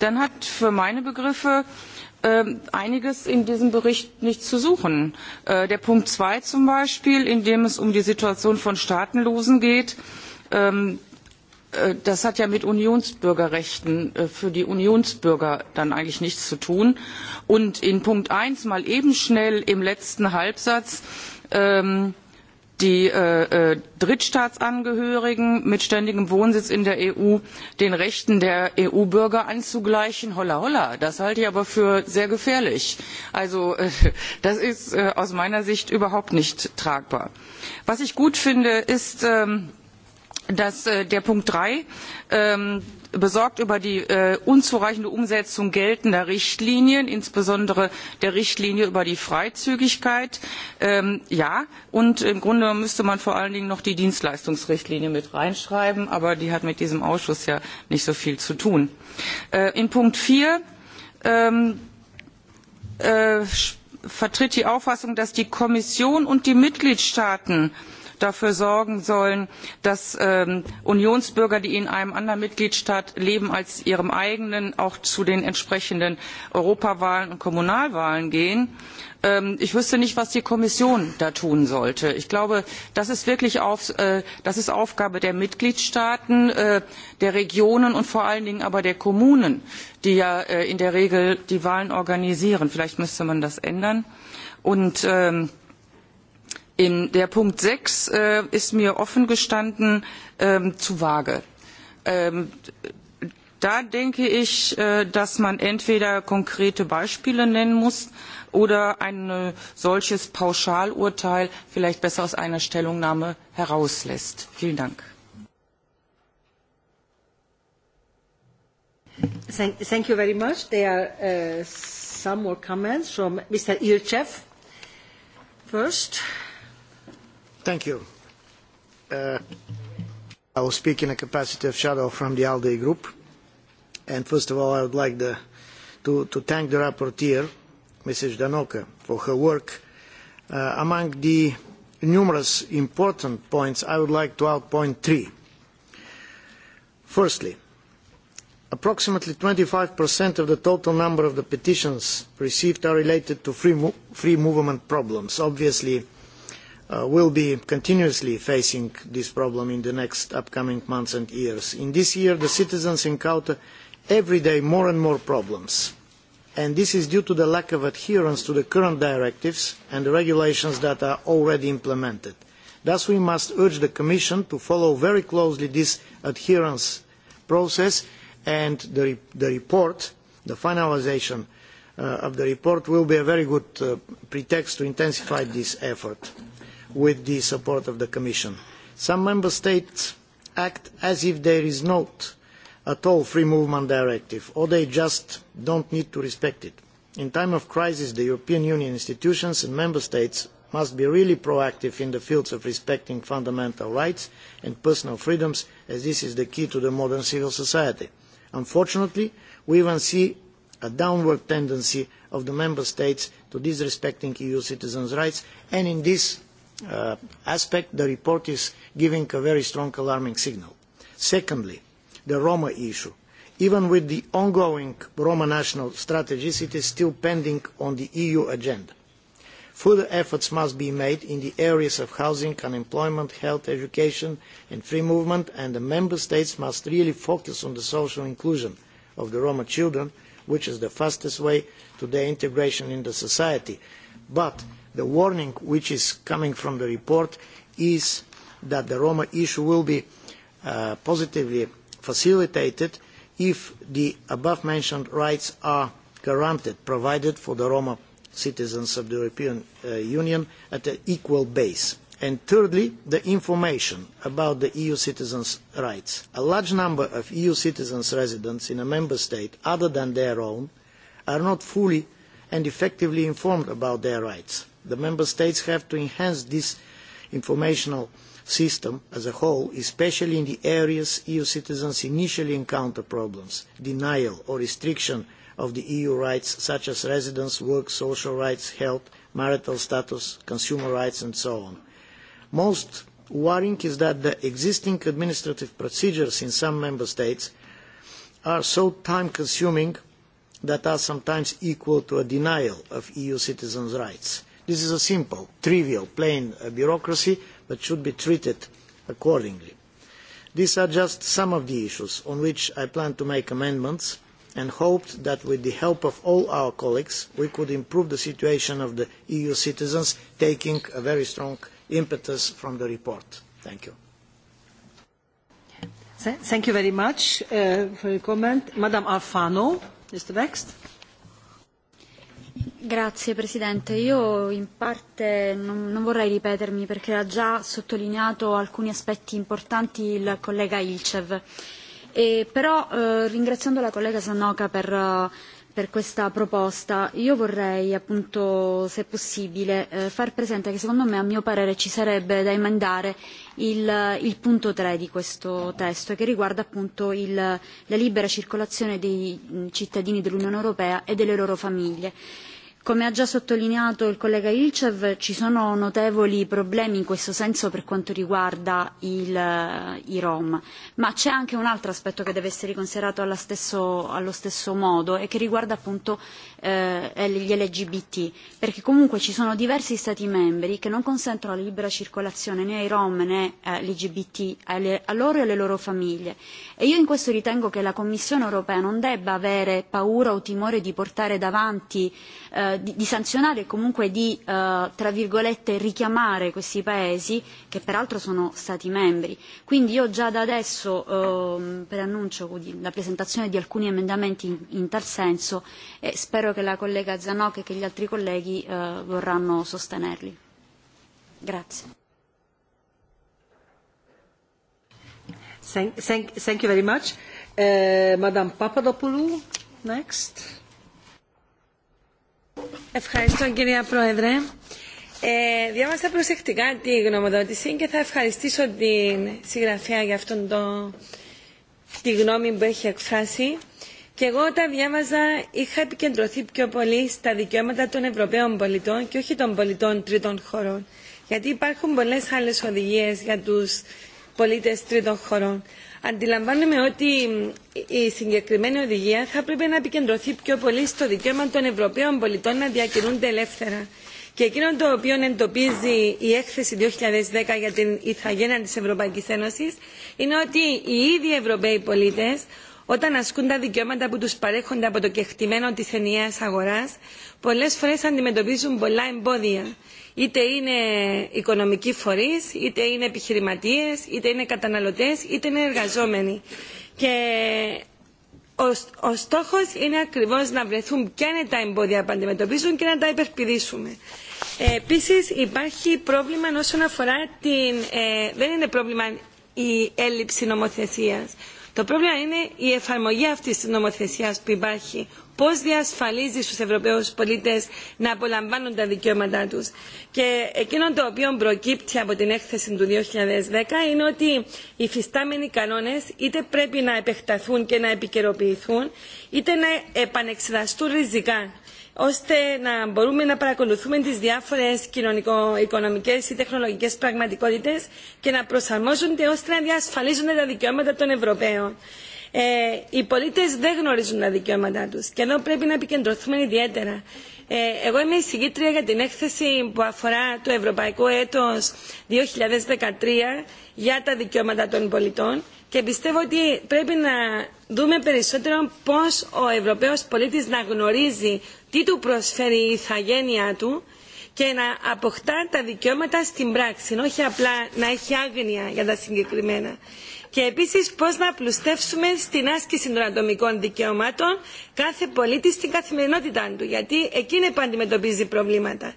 Dann hat für meine Begriffe äh, Ähm, einiges in diesem Bericht nicht zu suchen. Äh, der Punkt 2 zum Beispiel, in dem es um die Situation von Staatenlosen geht, ähm, äh, das hat ja mit Unionsbürgerrechten äh, für die Unionsbürger dann eigentlich nichts zu tun. Und in Punkt 1 mal eben schnell im letzten Halbsatz ähm, die äh, äh, drittstaatsangehörigen mit ständigem wohnsitz in der eu den rechten der eu bürger anzugleichen holla holla das halte ich aber für sehr gefährlich. Äh, das ist aus meiner sicht überhaupt nicht tragbar. was ich gut finde ist ähm dass äh, der Punkt 3 ähm, besorgt über die äh, unzureichende Umsetzung geltender Richtlinien, insbesondere der Richtlinie über die Freizügigkeit. Ähm, ja, und im Grunde müsste man vor allen Dingen noch die Dienstleistungsrichtlinie mit reinschreiben, aber die hat mit diesem Ausschuss ja nicht so viel zu tun. Äh, in Punkt 4 ähm, vertritt die Auffassung, dass die Kommission und die Mitgliedstaaten dafür sorgen sollen dass ähm, unionsbürger die in einem anderen mitgliedstaat leben als ihrem eigenen auch zu den entsprechenden europawahlen und kommunalwahlen gehen ähm, ich wüsste nicht was die kommission da tun sollte. ich glaube das ist wirklich äh, aufgabe der mitgliedstaaten äh, der regionen und vor allen dingen aber der kommunen die ja äh, in der regel die wahlen organisieren. vielleicht müsste man das ändern. und ähm, In der Punkt sechs äh, ist mir offen gestanden ähm, zu vage. Ähm, da denke ich, äh, dass man entweder konkrete Beispiele nennen muss oder ein äh, solches Pauschalurteil vielleicht besser aus einer Stellungnahme herauslässt. Vielen Dank. Thank, thank you very much. There are uh, some more comments from Mr. Ilchev first. Thank you. Uh, I will speak in the capacity of shadow from the ALDE group. And first of all, I would like to, thank the rapporteur, Mrs. Danoka, for her work. Uh, among the numerous important points, I would like to outline three. Firstly, approximately 25% of the total number of the petitions received are related to free movement problems. Obviously, Uh, will be continuously facing this problem in the next upcoming months and years. In this year, the citizens encounter every day more and more problems. And this is due to the lack of adherence to the current directives and the regulations that are already implemented. Thus, we must urge the Commission to follow very closely this adherence process and the, the report, the finalisation uh, of the report will be a very good uh, pretext to intensify this effort with the support of the Commission. Some Member States act as if there is not at all free movement directive, or they just don't need to respect it. In time of crisis, the European Union institutions and Member States must be really proactive in the fields of respecting fundamental rights and personal freedoms, as this is the key to the modern civil society. Unfortunately, we even see a downward tendency of the Member States to disrespecting EU citizens' rights, and in this uh, aspect, the report is giving a very strong alarming signal. Secondly, the Roma issue. Even with the ongoing Roma national strategies, it is still pending on the EU agenda. Further efforts must be made in the areas of housing, unemployment, health, education and free movement, and the Member States must really focus on the social inclusion of the Roma children, which is the fastest way to their integration into society. But the warning which is coming from the report is that the Roma issue will be uh, positively facilitated if the above-mentioned rights are guaranteed, provided for the Roma citizens of the European uh, Union at an equal base. And thirdly, the information about the EU citizens' rights. A large number of EU citizens' residents in a member state other than their own are not fully and effectively informed about their rights. The member states have to enhance this informational system as a whole, especially in the areas EU citizens initially encounter problems, denial or restriction of the EU rights such as residence, work, social rights, health, marital status, consumer rights and so on. Most worrying is that the existing administrative procedures in some member states are so time consuming that are sometimes equal to a denial of EU citizens' rights. This is a simple, trivial, plain uh, bureaucracy, but should be treated accordingly. These are just some of the issues on which I plan to make amendments and hoped that with the help of all our colleagues we could improve the situation of the EU citizens, taking a very strong impetus from the report. Thank you. Thank you very much uh, for your comment. Madam Alfano is the next. Grazie Presidente, io in parte non, non vorrei ripetermi perché ha già sottolineato alcuni aspetti importanti il collega Ilcev, e però eh, ringraziando la collega Sanoca per eh, per questa proposta. Io vorrei, appunto, se possibile, eh, far presente che secondo me, a mio parere, ci sarebbe da emendare il, il punto 3 di questo testo, che riguarda appunto il, la libera circolazione dei cittadini dell'Unione Europea e delle loro famiglie Come ha già sottolineato il collega Ilcev, ci sono notevoli problemi in questo senso per quanto riguarda il, eh, i Rom, ma c'è anche un altro aspetto che deve essere considerato allo stesso, allo stesso modo e che riguarda appunto eh, gli LGBT, perché comunque ci sono diversi Stati membri che non consentono la libera circolazione né ai Rom né agli eh, LGBT, a loro e alle loro famiglie. E io in questo ritengo che la Commissione europea non debba avere paura o timore di portare davanti eh, Eh, di, di sanzionare e comunque di, eh, tra virgolette, richiamare questi paesi che peraltro sono stati membri. Quindi io già da adesso eh, preannuncio la presentazione di alcuni emendamenti in, in tal senso e spero che la collega Zanoc e che gli altri colleghi eh, vorranno sostenerli. Grazie. Thank, thank, thank you very much. Uh, Madame Papadopoulou, next. Ευχαριστώ κυρία Πρόεδρε. Ε, διάβασα προσεκτικά τη γνωμοδότηση και θα ευχαριστήσω την συγγραφέα για αυτόν το, τη γνώμη που έχει εκφράσει. Και εγώ όταν διάβαζα είχα επικεντρωθεί πιο πολύ στα δικαιώματα των Ευρωπαίων πολιτών και όχι των πολιτών τρίτων χωρών. Γιατί υπάρχουν πολλές άλλες οδηγίες για τους πολίτες τρίτων χωρών. Αντιλαμβάνομαι ότι η συγκεκριμένη οδηγία θα πρέπει να επικεντρωθεί πιο πολύ στο δικαίωμα των Ευρωπαίων πολιτών να διακινούνται ελεύθερα και εκείνο το οποίο εντοπίζει η έκθεση 2010 για την ηθαγένεια της Ευρωπαϊκής Ένωσης είναι ότι οι ίδιοι Ευρωπαίοι πολίτες όταν ασκούν τα δικαιώματα που τους παρέχονται από το κεκτημένο της ενιαίας αγοράς πολλές φορές αντιμετωπίζουν πολλά εμπόδια είτε είναι οικονομικοί φορείς, είτε είναι επιχειρηματίες, είτε είναι καταναλωτές, είτε είναι εργαζόμενοι. Και ο, ο στόχος είναι ακριβώς να βρεθούν ποια είναι τα εμπόδια που αντιμετωπίζουν και να τα υπερπηδήσουμε. Ε, επίσης υπάρχει πρόβλημα όσον αφορά την... Ε, δεν είναι πρόβλημα η έλλειψη νομοθεσίας. Το πρόβλημα είναι η εφαρμογή αυτής της νομοθεσίας που υπάρχει πώς διασφαλίζει στους Ευρωπαίους πολίτες να απολαμβάνουν τα δικαιώματά τους. Και εκείνο το οποίο προκύπτει από την έκθεση του 2010 είναι ότι οι φυστάμενοι κανόνες είτε πρέπει να επεκταθούν και να επικαιροποιηθούν, είτε να επανεξεταστούν ριζικά ώστε να μπορούμε να παρακολουθούμε τις διάφορες κοινωνικο-οικονομικές ή τεχνολογικές πραγματικότητες και να προσαρμόζονται ώστε να διασφαλίζονται τα δικαιώματα των Ευρωπαίων. Ε, οι πολίτε δεν γνωρίζουν τα δικαιώματά του και ενώ πρέπει να επικεντρωθούμε ιδιαίτερα. Ε, εγώ είμαι εισηγήτρια για την έκθεση που αφορά το Ευρωπαϊκό έτο 2013 για τα δικαιώματα των πολιτών και πιστεύω ότι πρέπει να δούμε περισσότερο πώ ο Ευρωπαίο πολίτη να γνωρίζει τι του προσφέρει η ηθαγένειά του και να αποκτά τα δικαιώματα στην πράξη, όχι απλά να έχει άγνοια για τα συγκεκριμένα και επίσης πώς να πλουστεύσουμε στην άσκηση των ατομικών δικαιωμάτων κάθε πολίτη στην καθημερινότητά του, γιατί εκείνη που αντιμετωπίζει προβλήματα.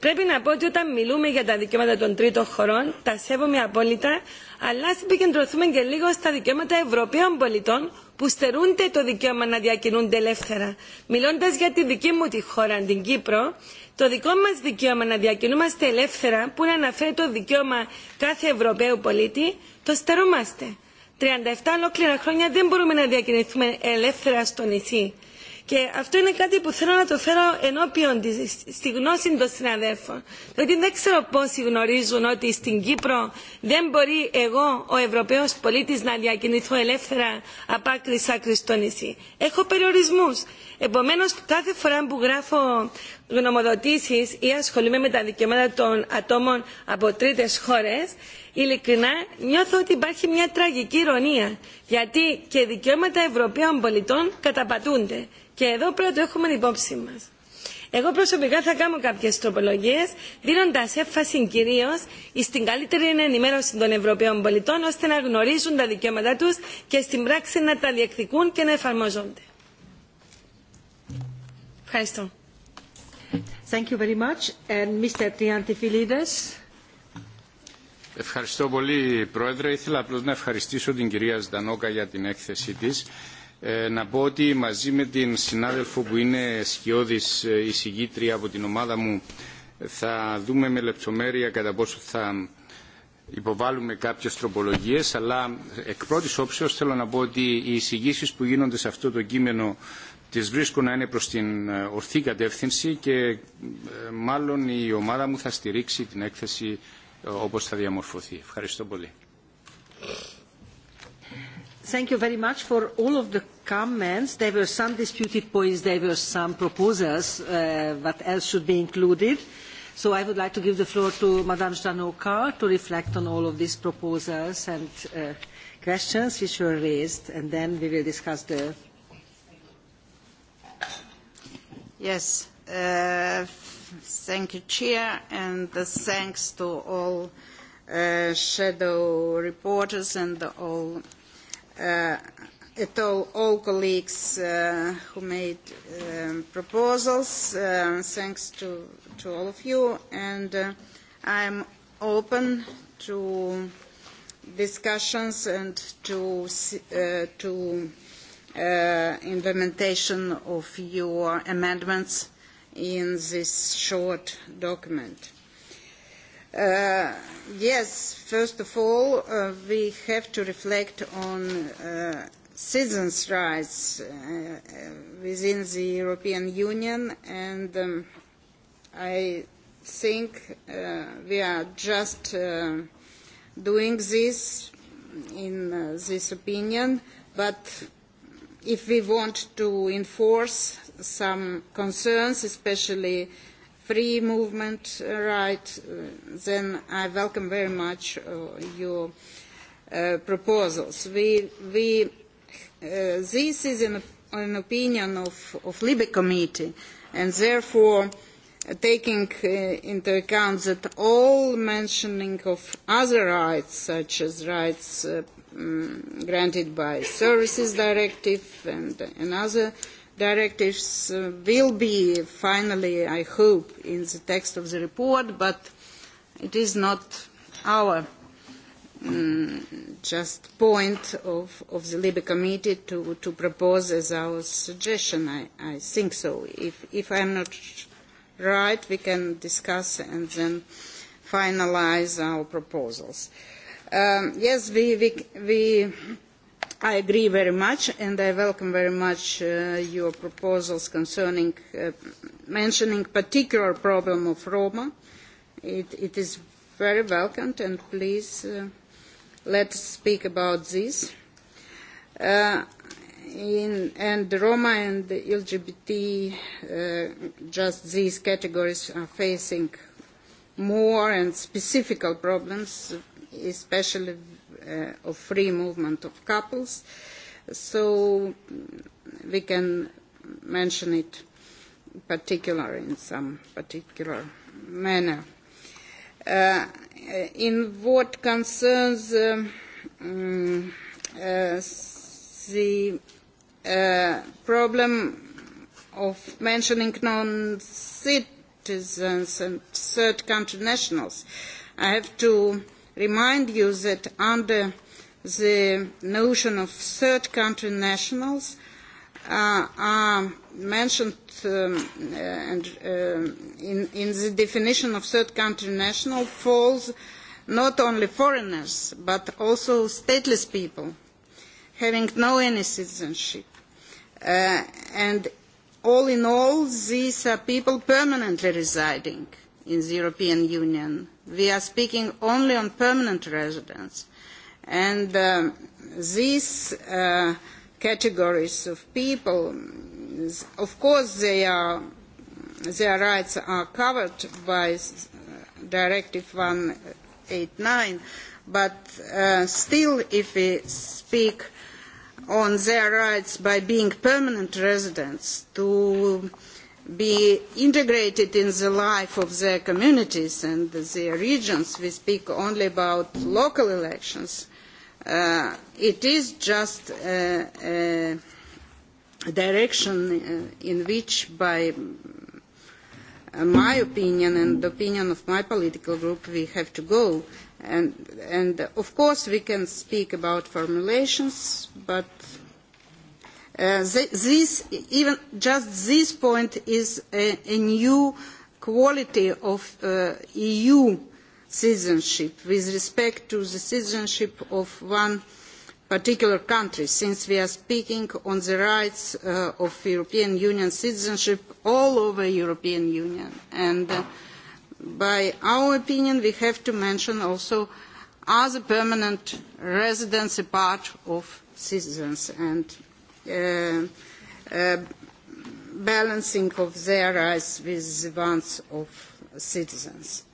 Πρέπει να πω ότι όταν μιλούμε για τα δικαιώματα των τρίτων χωρών, τα σέβομαι απόλυτα, αλλά ας επικεντρωθούμε και λίγο στα δικαιώματα Ευρωπαίων πολιτών που στερούνται το δικαίωμα να διακινούνται ελεύθερα. Μιλώντας για τη δική μου τη χώρα, την Κύπρο, Το δικό μα δικαίωμα να διακινούμαστε ελεύθερα που είναι αναφέρει το δικαίωμα κάθε Ευρωπαίου πολίτη το στερούμαστε. 37 ολόκληρα χρόνια δεν μπορούμε να διακινηθούμε ελεύθερα στο νησί. Και αυτό είναι κάτι που θέλω να το φέρω ενώπιον της, στη γνώση των συναδέλφων. Διότι δεν ξέρω πόσοι γνωρίζουν ότι στην Κύπρο δεν μπορεί εγώ, ο Ευρωπαίος πολίτης, να διακινηθώ ελεύθερα από άκρη σ' άκρη στο νησί. Έχω περιορισμούς. Επομένως, κάθε φορά που γράφω γνωμοδοτήσεις ή ασχολούμαι με τα δικαιώματα των ατόμων από τρίτες χώρες, ειλικρινά νιώθω ότι υπάρχει μια τραγική ηρωνία, γιατί και δικαιώματα Ευρωπαίων πολιτών καταπατούνται. Και εδώ πρέπει να το έχουμε υπόψη μας. Εγώ προσωπικά θα κάνω κάποιε τροπολογίε, δίνοντα έφαση κυρίω στην καλύτερη ενημέρωση των Ευρωπαίων πολιτών, ώστε να γνωρίζουν τα δικαιώματά του και στην πράξη να τα διεκδικούν και να εφαρμόζονται. Ευχαριστώ. Thank you very much. And Mr. Triantafilides. Ευχαριστώ πολύ, Πρόεδρε. Ήθελα απλώς να ευχαριστήσω την κυρία Ζδανόκα για την έκθεσή της. Ε, να πω ότι μαζί με την συνάδελφο που είναι σκιώδης εισηγήτρια από την ομάδα μου θα δούμε με λεπτομέρεια κατά πόσο θα υποβάλουμε κάποιες τροπολογίες αλλά εκ πρώτης όψεως θέλω να πω ότι οι εισηγήσεις που γίνονται σε αυτό το κείμενο τις βρίσκω να είναι προς την ορθή κατεύθυνση και μάλλον η ομάδα μου θα στηρίξει την έκθεση όπως θα διαμορφωθεί. Ευχαριστώ πολύ. Thank you very much for all of the comments. There were some disputed points, there were some proposals, uh, what else should be included. So I would like to give the floor to Madame Stanoka to reflect on all of these proposals and uh, questions which were raised, and then we will discuss the Yes, uh, thank you, Chair, and the thanks to all uh, shadow reporters and all uh, at all, all colleagues uh, who made um, proposals. Uh, thanks to, to all of you. And uh, I'm open to discussions and to, uh, to uh, implementation of your amendments in this short document. Uh, yes, first of all, uh, we have to reflect on uh, citizens' rights uh, uh within the European Union, and um, I think uh, we are just uh, doing this in uh, this opinion, but if we want to enforce some concerns, especially free movement right, uh, then I welcome very much uh, your uh, proposals. We, we, this is an, an opinion of, of Libe Committee, and therefore taking uh, into account that all mentioning of other rights, such as rights uh, um, granted by Services Directive and, and other directives, uh, will be finally, I hope, in the text of the report, but it is not our um, just point of, of the LIBE committee to, to propose as our suggestion. I, I think so. If, if I'm not right, we can discuss and then finalize our proposals. Um, yes, we, we, we, I agree very much, and I welcome very much uh, your proposals concerning uh, mentioning particular problem of Roma. It, it is very welcomed, and please uh, let's speak about this. Uh, and Roma and the LGBT, uh, just these categories are facing more and specific problems, especially uh, of free movement of couples. So mm, we can mention it particular in some particular manner. Uh, in what concerns um, um, uh, the problem of mentioning non-citizens and third country nationals. I have to remind you that under the notion of third country nationals uh, are mentioned um, uh, and uh, in, in the definition of third country national falls not only foreigners but also stateless people having no any citizenship Uh, and all in all, these are uh, people permanently residing in the European Union. We are speaking only on permanent residents. And um, these uh, categories of people, of course, they are, their rights are covered by uh, Directive 189, but uh, still, if we speak on their rights by being permanent residents, to be integrated in the life of their communities and their regions. We speak only about local elections. Uh, it is just a, a direction uh, in which, by my opinion and the opinion of my political group, we have to go. Uh, And, and uh, of course we can speak about formulations, but uh, th this, even just this point is a, a new quality of uh, EU citizenship with respect to the citizenship of one particular country, since we are speaking on the rights uh, of European Union citizenship all over European Union. And uh, by our opinion, we have to mention also other permanent residents apart of citizens and uh, uh, balancing of their rights with the ones of citizens.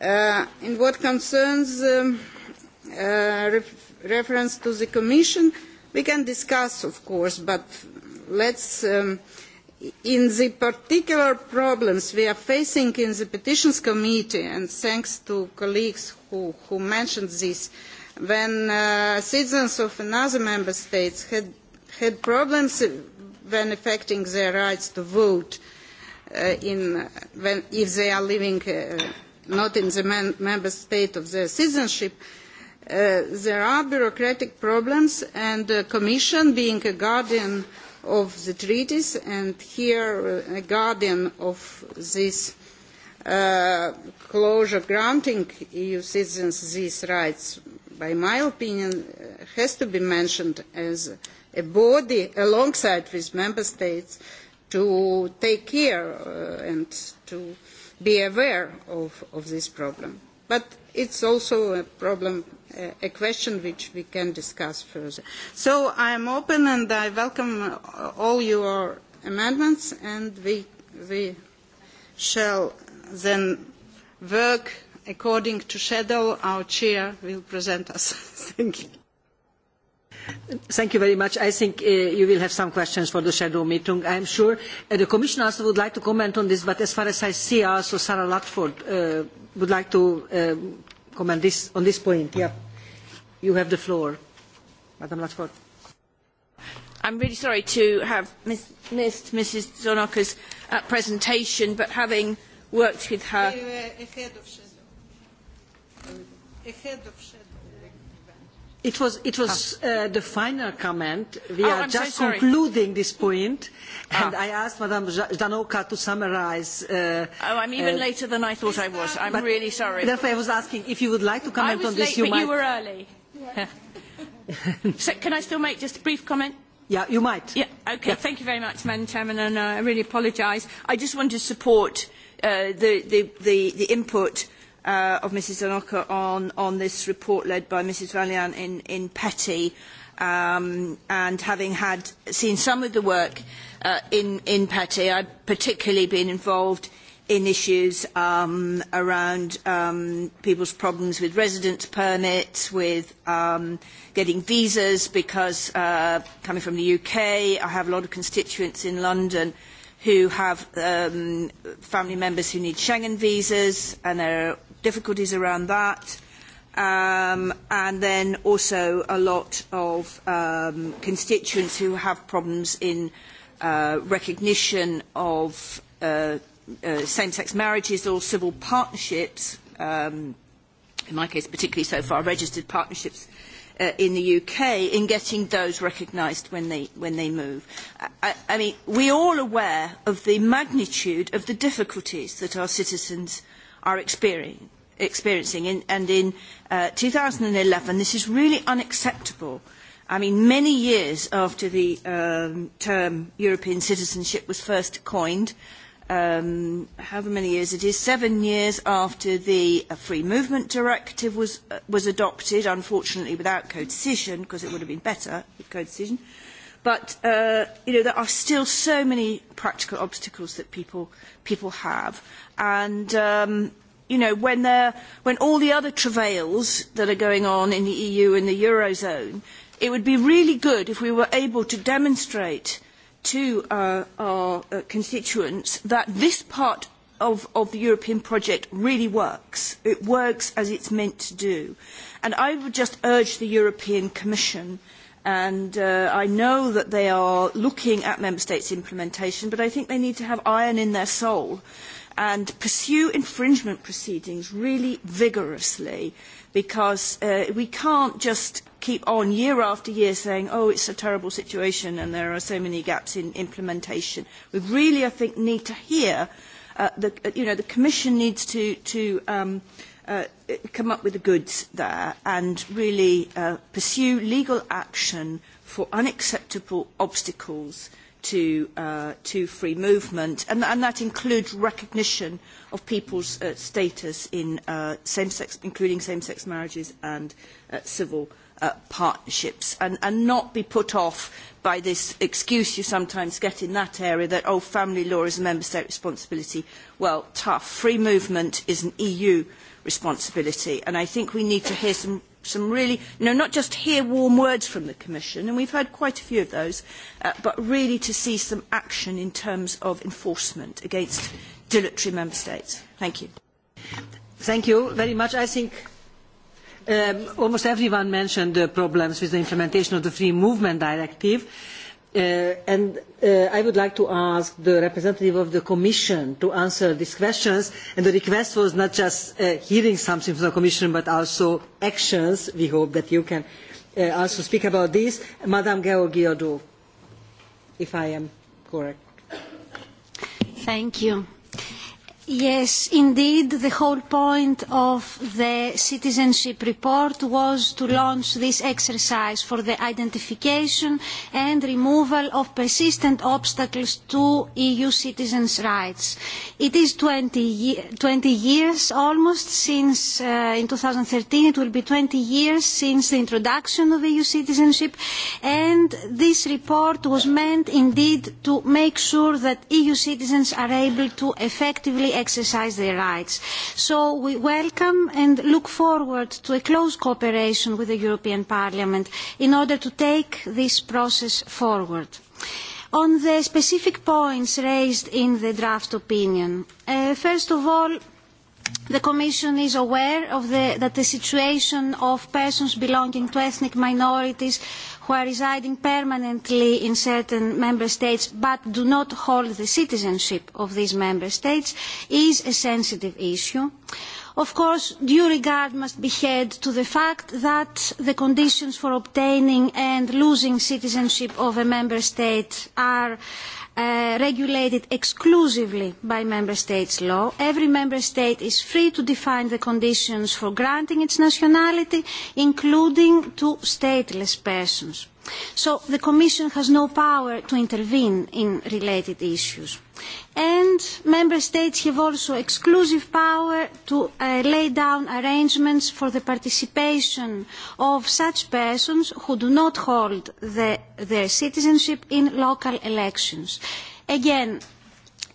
Uh, in what concerns um, uh, ref reference to the Commission, we can discuss, of course, but let's um, uh, in the particular problems we are facing in the petitions committee and thanks to colleagues who, who mentioned this when uh, citizens of another member state had, had problems when affecting their rights to vote uh, in, when, if they are living uh, not in the man, member state of their citizenship uh, there are bureaucratic problems and the commission being a guardian of the treaties and here uh, a guardian of this uh, closure granting EU citizens these rights, by my opinion, uh, has to be mentioned as a body alongside with member states to take care uh, and to be aware of, of this problem but it's also a problem, a question which we can discuss further. So I am open and I welcome all your amendments and we, we shall then work according to schedule. Our chair will present us. Thank you. Thank you very much. I think uh, you will have some questions for the shadow meeting, I am sure. Uh, the Commission also would like to comment on this, but as far as I see, also Sarah Ludford uh, would like to um, comment on this point. Yeah. You have the floor, Madam Ludford. I'm really sorry to have missed Mrs. Zonoka's presentation, but having worked with her... Ahead of shadow. Ahead of shadow. It was, it was ah. uh, the final comment. We oh, are I'm just so concluding this point, ah. and ah. I asked Madame Danoka to summarise. Uh, oh, I'm even uh, later than I thought I was. I'm really sorry. Therefore, I was asking if you would like to comment on late, this. You might. I was late, but you were early. so, can I still make just a brief comment? Yeah, you might. Yeah, okay. Yeah. Thank you very much, Madam Chairman, and uh, I really apologise. I just want to support uh, the, the, the, the input uh, of Mrs. Zanocca on, on this report led by Mrs. Valiant in, in Petty. Um, and having had seen some of the work uh, in, in Petty, I've particularly been involved in issues um, around um, people's problems with residence permits, with um, getting visas, because uh, coming from the UK, I have a lot of constituents in London who have um, family members who need Schengen visas, and there are difficulties around that. Um, and then also a lot of um, constituents who have problems in uh, recognition of uh, uh, same-sex marriages or civil partnerships, um, in my case particularly so far registered partnerships uh, in the UK, in getting those recognised when they, when they move. I, I mean, we're all aware of the magnitude of the difficulties that our citizens are experiencing experiencing. In, and in uh, 2011, this is really unacceptable. I mean, many years after the um, term European citizenship was first coined, um, however many years it is, seven years after the uh, Free Movement Directive was, uh, was adopted, unfortunately without codecision, because it would have been better with codecision. But, uh, you know, there are still so many practical obstacles that people, people have. And um, you know, when, when all the other travails that are going on in the EU and the Eurozone, it would be really good if we were able to demonstrate to uh, our uh, constituents that this part of, of, the European project really works. It works as it's meant to do. And I would just urge the European Commission, and uh, I know that they are looking at Member States' implementation, but I think they need to have iron in their soul and pursue infringement proceedings really vigorously because uh, we can't just keep on year after year saying, oh, it's a terrible situation and there are so many gaps in implementation. We really, I think, need to hear, uh, the, uh, you know, the Commission needs to, to um, uh, come up with the goods there and really uh, pursue legal action for unacceptable obstacles uh, to, uh, to free movement, and, and, that includes recognition of people's uh, status in uh, same-sex, including same-sex marriages and uh, civil uh, partnerships, and, and, not be put off by this excuse you sometimes get in that area that, oh, family law is a member state responsibility. Well, tough. Free movement is an EU responsibility, and I think we need to hear some some really, you know, not just hear warm words from the Commission, and we've heard quite a few of those, uh, but really to see some action in terms of enforcement against dilatory member states. Thank you. Thank you very much. I think um, almost everyone mentioned the problems with the implementation of the Free Movement Directive. Uh, and uh, I would like to ask the representative of the Commission to answer these questions. And the request was not just uh, hearing something from the Commission, but also actions. We hope that you can also speak about this. Madam Georgiou. if I am correct. Thank you. Yes, indeed, the whole point of the citizenship report was to launch this exercise for the identification and removal of persistent obstacles to EU citizens' rights. It is 20, 20 years almost since, uh, in 2013, it will be 20 years since the introduction of EU citizenship, and this report was meant indeed to make sure that EU citizens are able to effectively exercise their rights. So we welcome and look forward to a close cooperation with the European Parliament in order to take this process forward. On the specific points raised in the draft opinion, uh, first of all, The Commission is aware the, that the situation of persons belonging to ethnic minorities who are residing permanently in certain member states but do not hold the citizenship of these member states is a sensitive issue. Of course, due regard must be had to the fact that the conditions for obtaining and losing citizenship of a member state are Uh, regulated exclusively by member states' law. Every member state is free to define the conditions for granting its nationality, including to stateless persons. So the Commission has no power to intervene in related issues. And member states have also exclusive power to uh, lay down arrangements for the participation of such persons who do not hold the, their citizenship in local elections. Again,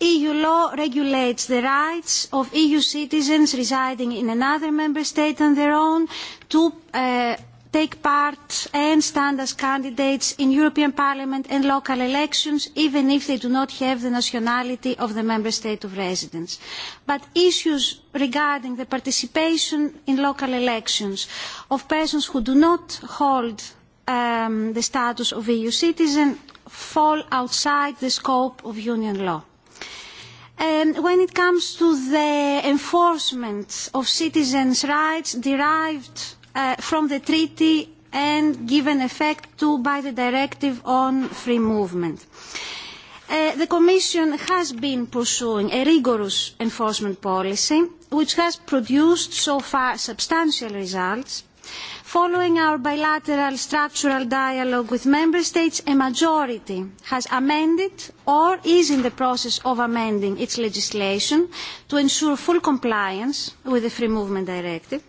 EU law regulates the rights of EU citizens residing in another member state than their own to uh, take part and stand as candidates in European Parliament and local elections, even if they do not have the nationality of the member state of residence. But issues regarding the participation in local elections of persons who do not hold um, the status of EU citizen fall outside the scope of union law. Um, when it comes to the enforcement of citizens' rights derived Uh, from the treaty and given effect to by the directive on free movement. Uh, the Commission has been pursuing a rigorous enforcement policy which has produced so far substantial results. Following our bilateral structural dialogue with Member States, a majority has amended or is in the process of amending its legislation to ensure full compliance with the Free Movement Directive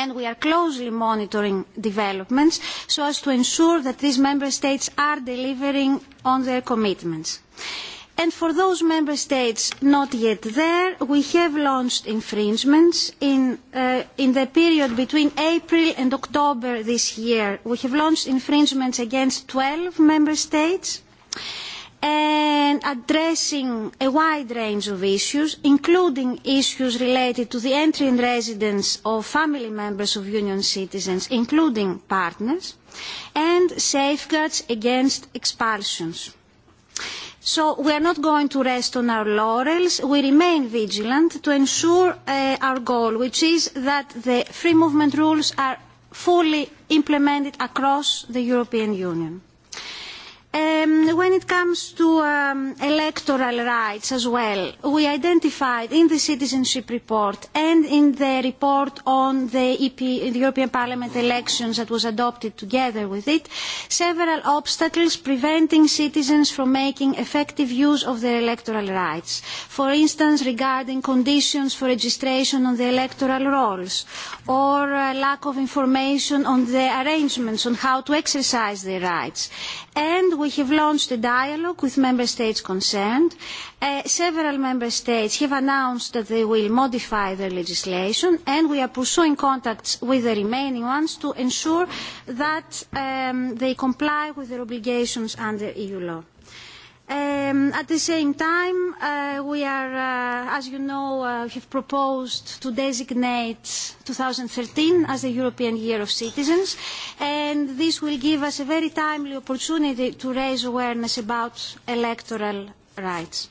and we are closely monitoring developments so as to ensure that these member states are delivering on their commitments. And for those member states not yet there, we have launched infringements in, uh, in the period between April and October this year. We have launched infringements against 12 member states and addressing a wide range of issues, including issues related to the entry and residence of family members of Union citizens, including partners, and safeguards against expulsions. So we are not going to rest on our laurels. We remain vigilant to ensure uh, our goal, which is that the free movement rules are fully implemented across the European Union. Um, when it comes to um, electoral rights as well, we identified in the citizenship report and in the report on the, EP, the European Parliament elections that was adopted together with it, several obstacles preventing citizens from making effective use of their electoral rights. For instance, regarding conditions for registration on the electoral rolls, or uh, lack of information on the arrangements on how to exercise their rights. And we have launched a dialogue with member states concerned. Uh, several member states have announced that they will modify their legislation and we are pursuing contacts with the remaining ones to ensure that um, they comply with their obligations under EU law. Um, at the same time, uh, we are, uh, as you know, uh, have proposed to designate 2013 as the European Year of Citizens, and this will give us a very timely opportunity to raise awareness about electoral rights.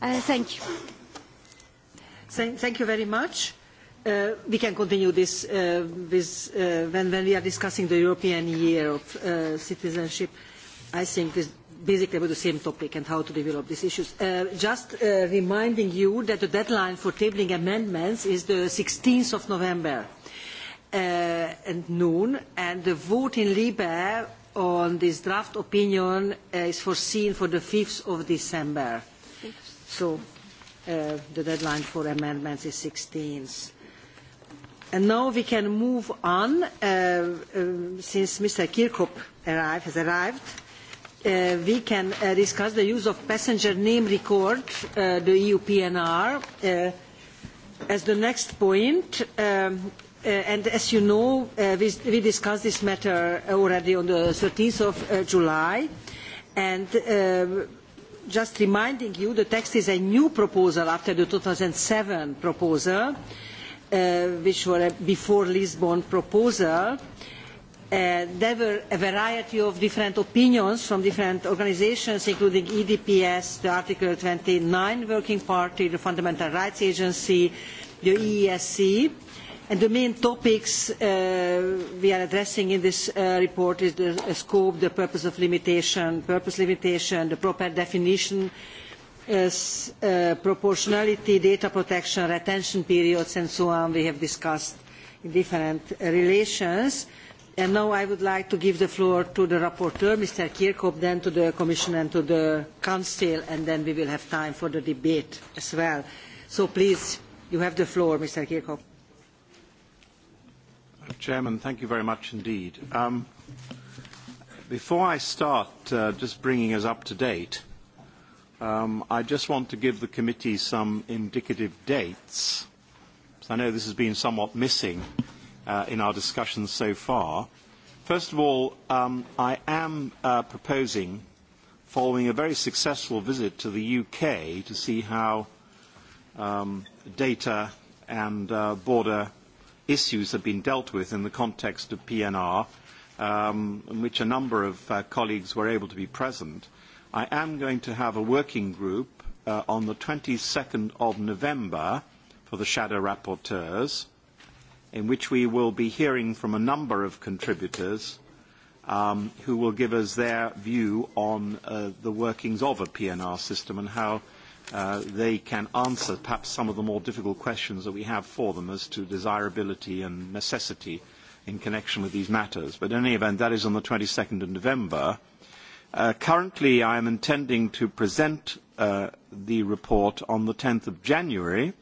Uh, thank you. Thank, thank you very much. Uh, we can continue this uh, uh, when, when we are discussing the European Year of uh, Citizenship. I think this basically about the same topic and how to develop these issues. Uh, just uh, reminding you that the deadline for tabling amendments is the 16th of November uh, at noon, and the vote in Libe on this draft opinion uh, is foreseen for the 5th of December. So uh, the deadline for amendments is 16th. And now we can move on, uh, since Mr. Kirkhope has arrived Uh, we can uh, discuss the use of passenger name record, uh, the EU PNR, as the next point. Um, and as you know, we, discussed this matter already on the 13th of July. And just reminding you, the text is a new proposal after the 2007 proposal, which was before before Lisbon proposal. and Uh, there were a variety of different opinions from different organisations, including EDPS, the Article 29 Working Party, the Fundamental Rights Agency, the EESC. And the main topics uh, we are addressing in this uh, report is the uh, scope, the purpose of limitation, purpose limitation, the proper definition, uh, proportionality, data protection, retention periods, and so on. We have discussed in different relations. Uh, now I would like to give the floor to the rapporteur, Mr. Kirkhope, then to the Commission and to the Council, and then we will have time for the debate as well. So please, you have the floor, Mr. Kirkhope. Chairman, thank you very much indeed. Um, before I start uh, just bringing us up to date, um, I just want to give the committee some indicative dates, because I know this has been somewhat missing uh, in our discussions so far. First of all, um, I am uh, proposing, following a very successful visit to the UK, to see how um, data and uh, border issues have been dealt with in the context of PNR, um, in which a number of uh, colleagues were able to be present. I am going to have a working group uh, on the 22nd of November for the shadow rapporteurs in which we will be hearing from a number of contributors um, who will give us their view on uh, the workings of a PNR system and how uh, they can answer perhaps some of the more difficult questions that we have for them as to desirability and necessity in connection with these matters. But in any event, that is on the 22nd of November. Uh, currently, I am intending to present uh, the report on the 10th of January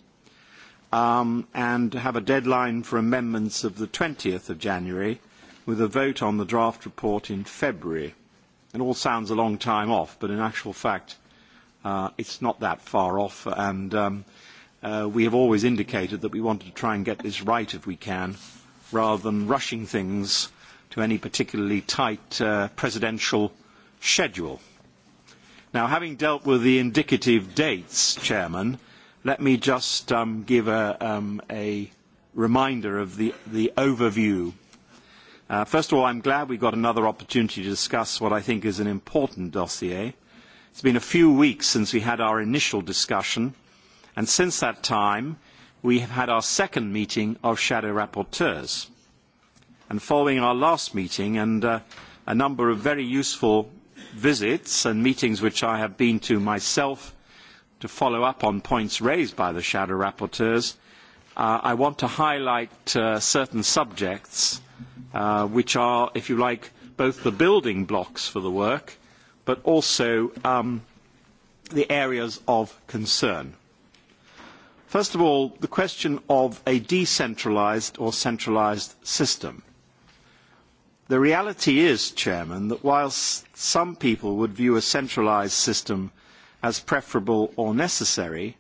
Um, and have a deadline for amendments of the 20th of January with a vote on the draft report in February. It all sounds a long time off, but in actual fact, uh, it's not that far off, and um, uh, we have always indicated that we wanted to try and get this right if we can, rather than rushing things to any particularly tight uh, presidential schedule. Now, having dealt with the indicative dates, Chairman, Let me just um, give a, um, a, reminder of the, the overview. Uh, first of all, I'm glad we got another opportunity to discuss what I think is an important dossier. It's been a few weeks since we had our initial discussion, and since that time, we have had our second meeting of shadow rapporteurs. And following our last meeting and uh, a number of very useful visits and meetings which I have been to myself to follow up on points raised by the shadow rapporteurs, uh, I want to highlight uh, certain subjects uh, which are, if you like, both the building blocks for the work, but also um, the areas of concern. First of all, the question of a decentralised or centralised system. The reality is, Chairman, that whilst some people would view a centralised system as preferable or necessary,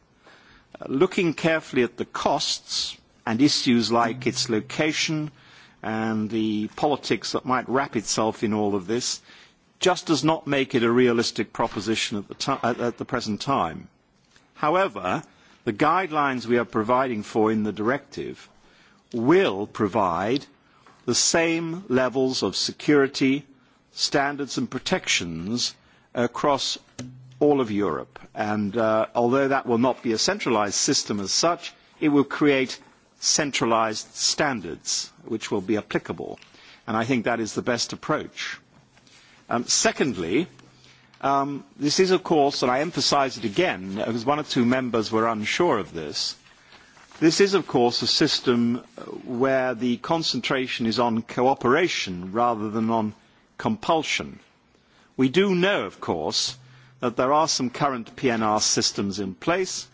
uh, looking carefully at the costs and issues like its location and the politics that might wrap itself in all of this, just does not make it a realistic proposition at the, at the present time. However, the guidelines we are providing for in the directive will provide the same levels of security, standards and protections across all of Europe. And uh, although that will not be a centralised system as such, it will create centralised standards which will be applicable. And I think that is the best approach. Um, secondly, um, this is, of course, and I emphasise it again, because one or two members were unsure of this, this is, of course, a system uh, where the concentration is on cooperation rather than on compulsion. We do know, of course, that there are some current PNR systems in place.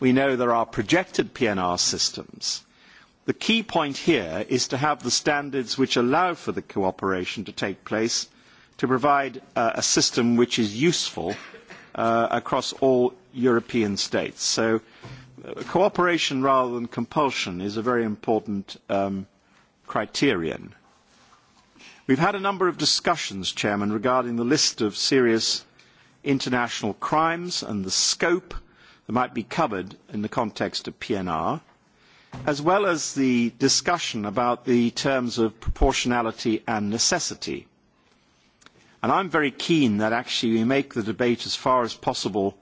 We know there are projected PNR systems. The key point here is to have the standards which allow for the cooperation to take place to provide uh, a system which is useful uh, across all European states. So uh, cooperation rather than compulsion is a very important um, criterion. We've had a number of discussions, Chairman, regarding the list of serious international crimes and the scope that might be covered in the context of PNR, as well as the discussion about the terms of proportionality and necessity. And I'm very keen that actually we make the debate as far as possible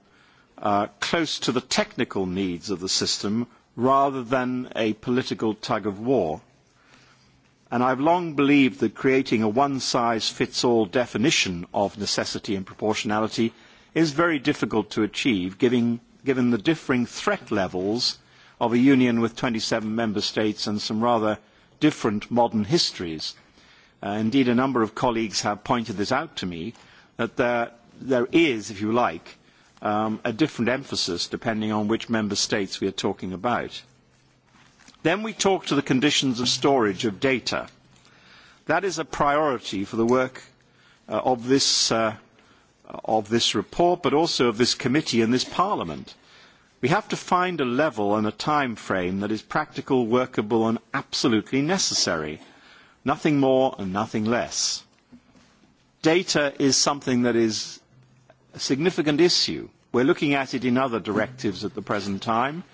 uh, close to the technical needs of the system rather than a political tug of war and I've long believed that creating a one-size-fits-all definition of necessity and proportionality is very difficult to achieve, given the differing threat levels of a union with 27 member states and some rather different modern histories. Uh, indeed, a number of colleagues have pointed this out to me, that there, there is, if you like, um, a different emphasis depending on which member states we are talking about. Then we talk to the conditions of storage of data. That is a priority for the work uh, of, this, uh, of this report, but also of this committee and this parliament. We have to find a level and a time frame that is practical, workable and absolutely necessary. Nothing more and nothing less. Data is something that is a significant issue. We're looking at it in other directives at the present time.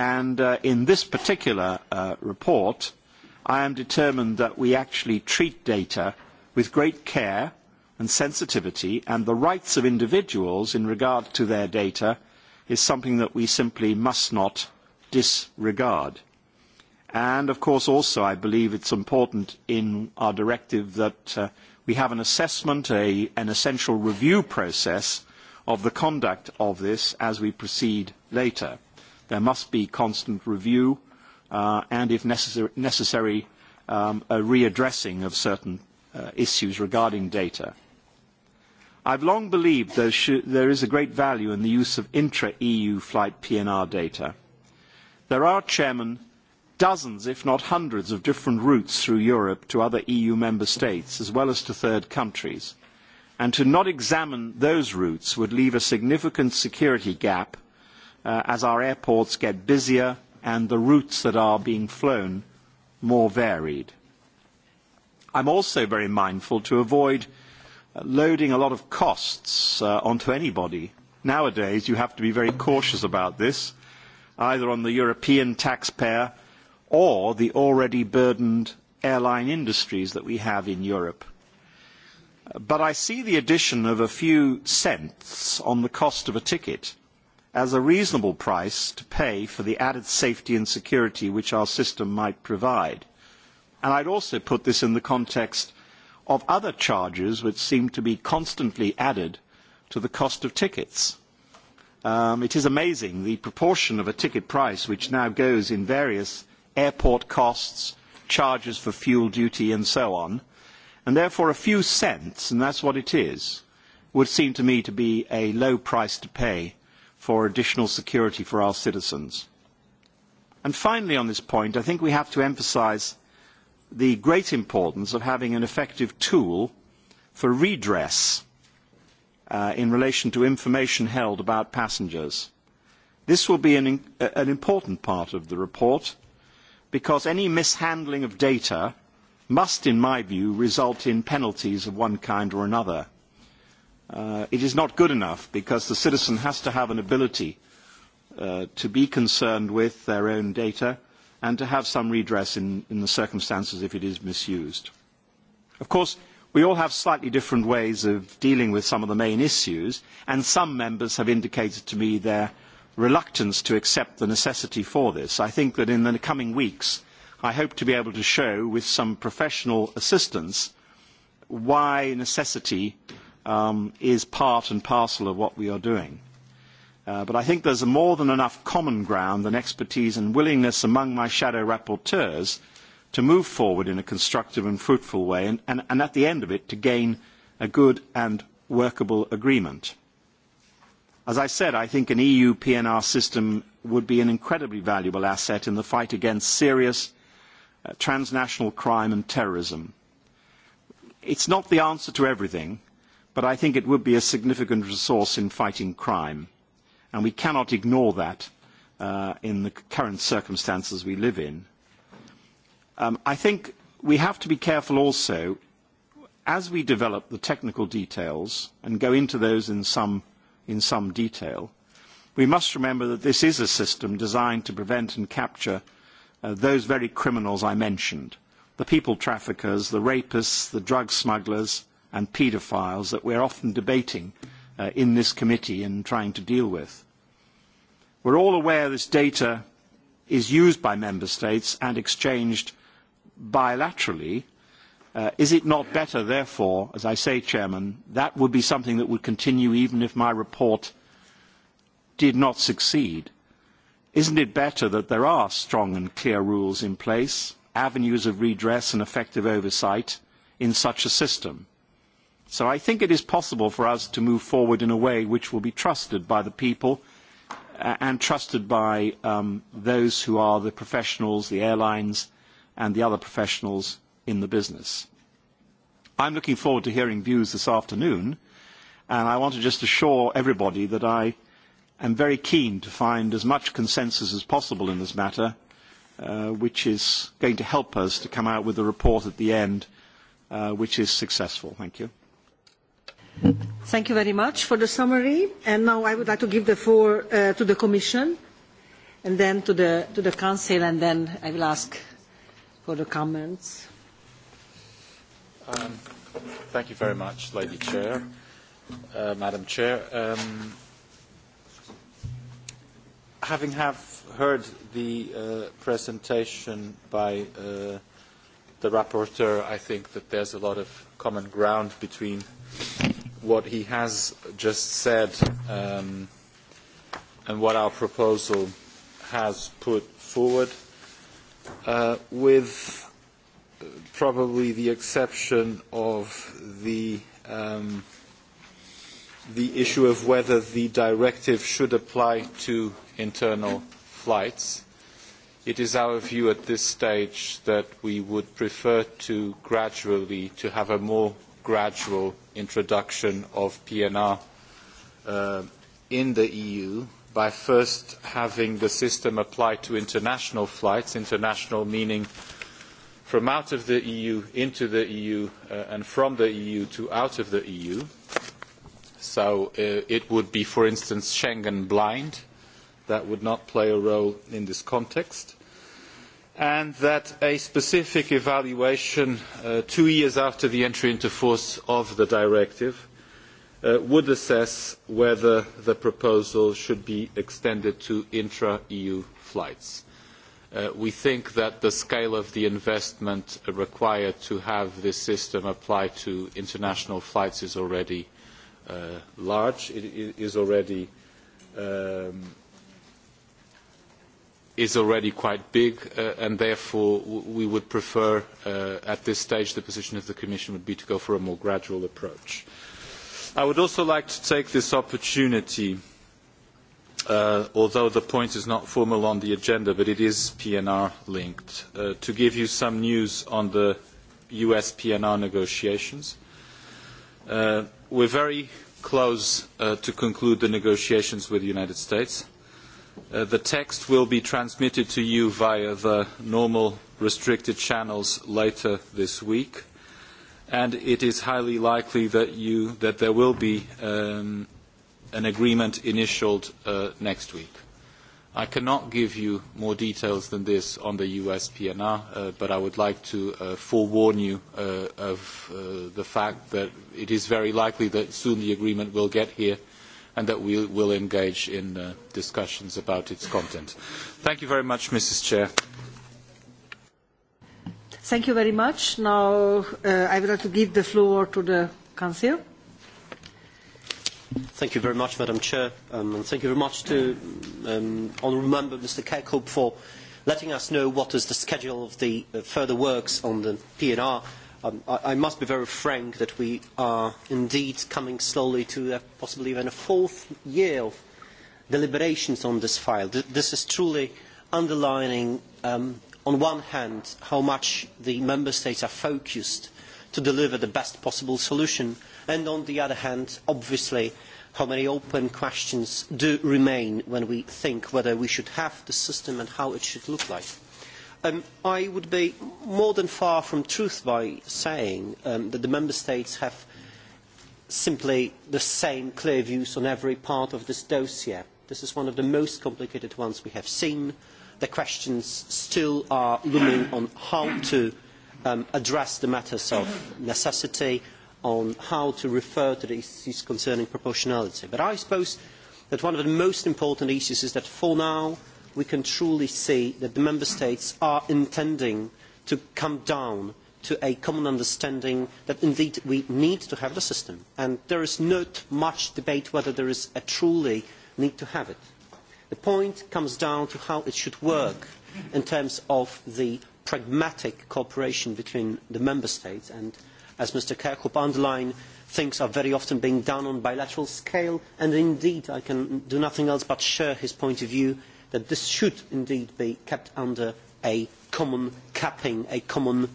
And uh, in this particular uh, report, I am determined that we actually treat data with great care and sensitivity, and the rights of individuals in regard to their data is something that we simply must not disregard. And of course also I believe it's important in our directive that uh, we have an assessment, a, an essential review process of the conduct of this as we proceed later. There must be constant review uh, and, if necessary, necessary um, a readdressing of certain uh, issues regarding data. I've long believed there, there is a great value in the use of intra-EU flight PNR data. There are, Chairman, dozens, if not hundreds, of different routes through Europe to other EU member states, as well as to third countries. And to not examine those routes would leave a significant security gap Uh, as our airports get busier and the routes that are being flown more varied. I'm also very mindful to avoid uh, loading a lot of costs uh, onto anybody. Nowadays, you have to be very cautious about this, either on the European taxpayer or the already burdened airline industries that we have in Europe. But I see the addition of a few cents on the cost of a ticket as a reasonable price to pay for the added safety and security which our system might provide. And I'd also put this in the context of other charges which seem to be constantly added to the cost of tickets. Um, it is amazing the proportion of a ticket price which now goes in various airport costs, charges for fuel duty and so on. And therefore a few cents, and that's what it is, would seem to me to be a low price to pay for additional security for our citizens. And finally on this point, I think we have to emphasise the great importance of having an effective tool for redress uh, in relation to information held about passengers. This will be an, an important part of the report because any mishandling of data must, in my view, result in penalties of one kind or another. Uh, it is not good enough because the citizen has to have an ability uh, to be concerned with their own data and to have some redress in, in the circumstances if it is misused. Of course, we all have slightly different ways of dealing with some of the main issues, and some members have indicated to me their reluctance to accept the necessity for this. I think that in the coming weeks, I hope to be able to show, with some professional assistance, why necessity uh, um, is part and parcel of what we are doing. Uh, but I think there's more than enough common ground and expertise and willingness among my shadow rapporteurs to move forward in a constructive and fruitful way, and, and, and at the end of it, to gain a good and workable agreement. As I said, I think an EU PNR system would be an incredibly valuable asset in the fight against serious uh, transnational crime and terrorism. It's not the answer to everything, but I think it would be a significant resource in fighting crime. And we cannot ignore that uh, in the current circumstances we live in. Um, I think we have to be careful also, as we develop the technical details and go into those in some, in some detail, we must remember that this is a system designed to prevent and capture uh, those very criminals I mentioned, the people traffickers, the rapists, the drug smugglers, and paedophiles that we're often debating uh, in this committee and trying to deal with. We're all aware this data is used by member states and exchanged bilaterally. Uh, is it not better, therefore, as I say, Chairman, that would be something that would continue even if my report did not succeed? Isn't it better that there are strong and clear rules in place, avenues of redress and effective oversight in such a system? So I think it is possible for us to move forward in a way which will be trusted by the people uh, and trusted by um, those who are the professionals, the airlines and the other professionals in the business. I'm looking forward to hearing views this afternoon and I want to just assure everybody that I am very keen to find as much consensus as possible in this matter uh, which is going to help us to come out with a report at the end uh, which is successful. Thank you. Thank you very much for the summary. And now I would like to give the floor uh, to the Commission, and then to the, to the Council, and then I will ask for the comments. Um, thank you very much, Lady Chair, uh, Madam Chair. Um, having have heard the uh, presentation by the rapporteur, I think that there's a lot of common ground between what he has just said um, and what our proposal has put forward, uh, with probably the exception of the um, the issue of whether the directive should apply to internal flights. It is our view at this stage that we would prefer to gradually to have a more gradual introduction of PNR uh, in the EU by first having the system apply to international flights, international meaning from out of the EU into the EU uh, and from the EU to out of the EU. So uh, it would be, for instance, Schengen blind. That would not play a role in this context and that a specific evaluation uh, two years after the entry into force of the directive uh, would assess whether the proposal should be extended to intra-EU flights. Uh, we think that the scale of the investment required to have this system apply to international flights is already large, it is already um, is already quite big, uh, and therefore we would prefer uh, at this stage the position of the Commission would be to go for a more gradual approach. I would also like to take this opportunity, uh, although the point is not formal on the agenda, but it is PNR linked, uh, to give you some news on the US PNR negotiations. Uh, we're very close uh, to conclude the negotiations with the United States Uh, the text will be transmitted to you via the normal restricted channels later this week, and it is highly likely that, you, that there will be um, an agreement initialed uh, next week. I cannot give you more details than this on the US PNR, uh, but I would like to uh, forewarn you uh, of the fact that it is very likely that soon the agreement will get here and that we will engage in uh, discussions about its content. Thank you very much, Mrs. Chair. Thank you very much. Now uh, I would like to give the floor to the Council. Thank you very much, Madam Chair, um, and thank you very much to um, Honourable Member Mr Kirkhope for letting us know what is the schedule of the uh, further works on the PNR. Um, I, I, must be very frank that we are indeed coming slowly to a, possibly even a fourth year of deliberations on this file. Th this is truly underlining, um, on one hand, how much the Member States are focused to deliver the best possible solution, and on the other hand, obviously, how many open questions do remain when we think whether we should have the system and how it should look like. Um, I would be more than far from truth by saying um, that the Member States have simply the same clear views on every part of this dossier. This is one of the most complicated ones we have seen. The questions still are looming on how to um, address the matters of necessity, on how to refer to the issues concerning proportionality. But I suppose that one of the most important issues is that for now we can truly see that the member states are intending to come down to a common understanding that indeed we need to have the system and there is not much debate whether there is a truly need to have it. The point comes down to how it should work in terms of the pragmatic cooperation between the member states and as Mr Kirkhope underlined things are very often being done on bilateral scale and indeed I can do nothing else but share his point of view that this should indeed be kept under a common capping, a common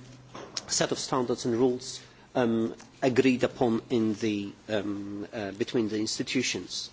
set of standards and rules um, agreed upon the, um, uh, between the institutions.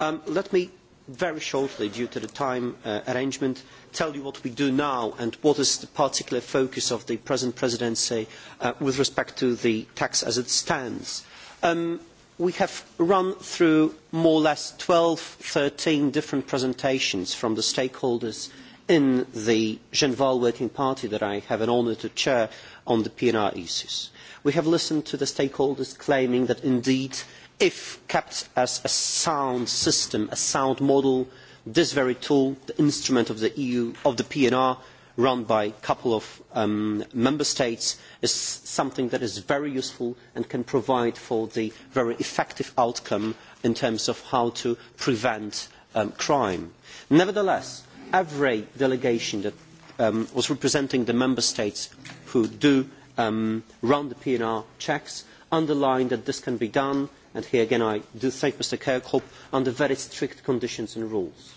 Um, let me very shortly, due to the time uh, arrangement, tell you what we do now and what is the particular focus of the present presidency uh, with respect to the tax as it stands. Um, we have run through more or less 12, 13 different presentations from the stakeholders in the Genval Working Party that I have an honour to chair on the PNR issues. We have listened to the stakeholders claiming that indeed if kept as a sound system, a sound model, this very tool, the instrument of the EU, of the PNR, run by a couple of um, member states is something that is very useful and can provide for the very effective outcome in terms of how to prevent um, crime. Nevertheless, every delegation that um, was representing the member states who do um, run the PNR checks underlined that this can be done, and here again I do thank Mr Kirkhope, under very strict conditions and rules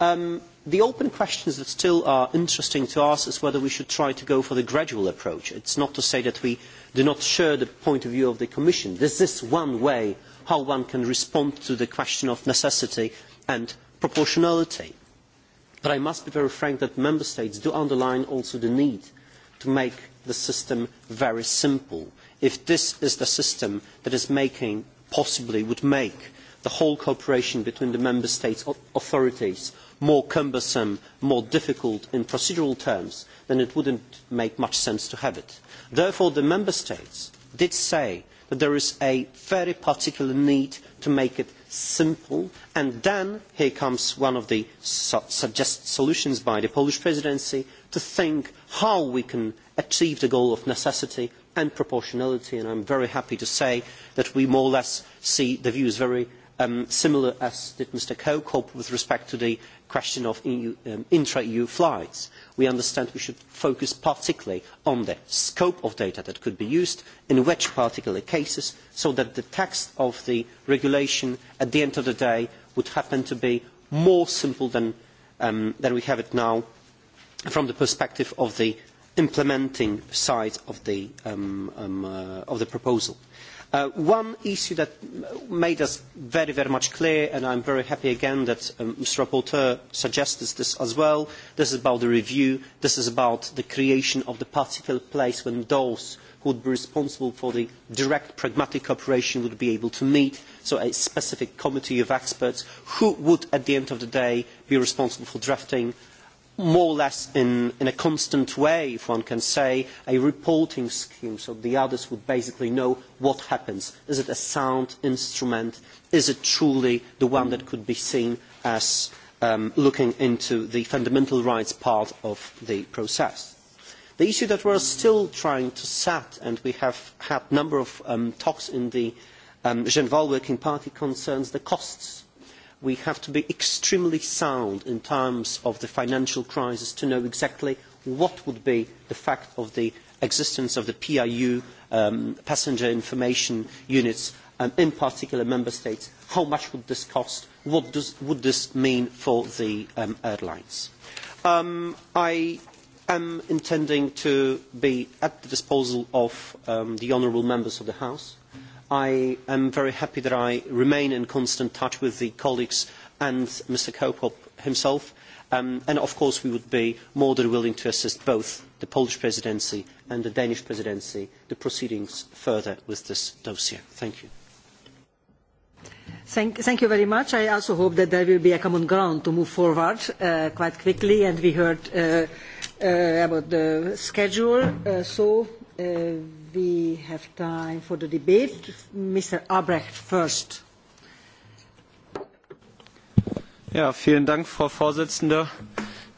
Um, the open questions that still are interesting to us is whether we should try to go for the gradual approach. It's not to say that we do not share the point of view of the Commission. This is one way how one can respond to the question of necessity and proportionality. But I must be very frank that Member States do underline also the need to make the system very simple. If this is the system that is making, possibly would make, the whole cooperation between the Member States authorities more cumbersome, more difficult in procedural terms, then it wouldn't make much sense to have it. Therefore, the Member States did say that there is a very particular need to make it simple, and then here comes one of the su suggested solutions by the Polish presidency to think how we can achieve the goal of necessity and proportionality, and I'm very happy to say that we more or less see the views very um, similar as did Mr Cope with respect to the question of EU, um, intra-EU flights. We understand we should focus particularly on the scope of data that could be used, in which particular cases, so that the text of the regulation at the end of the day would happen to be more simple than, um, than we have it now from the perspective of the implementing side of the, um, um uh, of the proposal. Uh, one issue that made us very, very much clear, and I'm very happy again that um, Mr. Rapporteur suggested this as well, this is about the review, this is about the creation of the particular place when those who would be responsible for the direct pragmatic cooperation would be able to meet, so a specific committee of experts who would at the end of the day be responsible for drafting more or less in, in a constant way, if one can say, a reporting scheme, so the others would basically know what happens. Is it a sound instrument? Is it truly the one that could be seen as um, looking into the fundamental rights part of the process? The issue that we are still trying to set, and we have had a number of um, talks in the um, Genval Working Party, concerns the costs we have to be extremely sound in times of the financial crisis to know exactly what would be the fact of the existence of the PIU um, passenger information units um, in particular member states, how much would this cost, what does, would this mean for the um, airlines. Um, I am intending to be at the disposal of um, the honourable members of the House I am very happy that I remain in constant touch with the colleagues and Mr Kopop himself. Um, and of course we would be more than willing to assist both the Polish presidency and the Danish presidency the proceedings further with this dossier. Thank you. Thank, thank you very much. I also hope that there will be a common ground to move forward uh, quite quickly and we heard uh, uh, about the schedule. Uh, so uh, we have time for the debate. Mr. Albrecht first. Ja, vielen Dank, Frau Vorsitzende.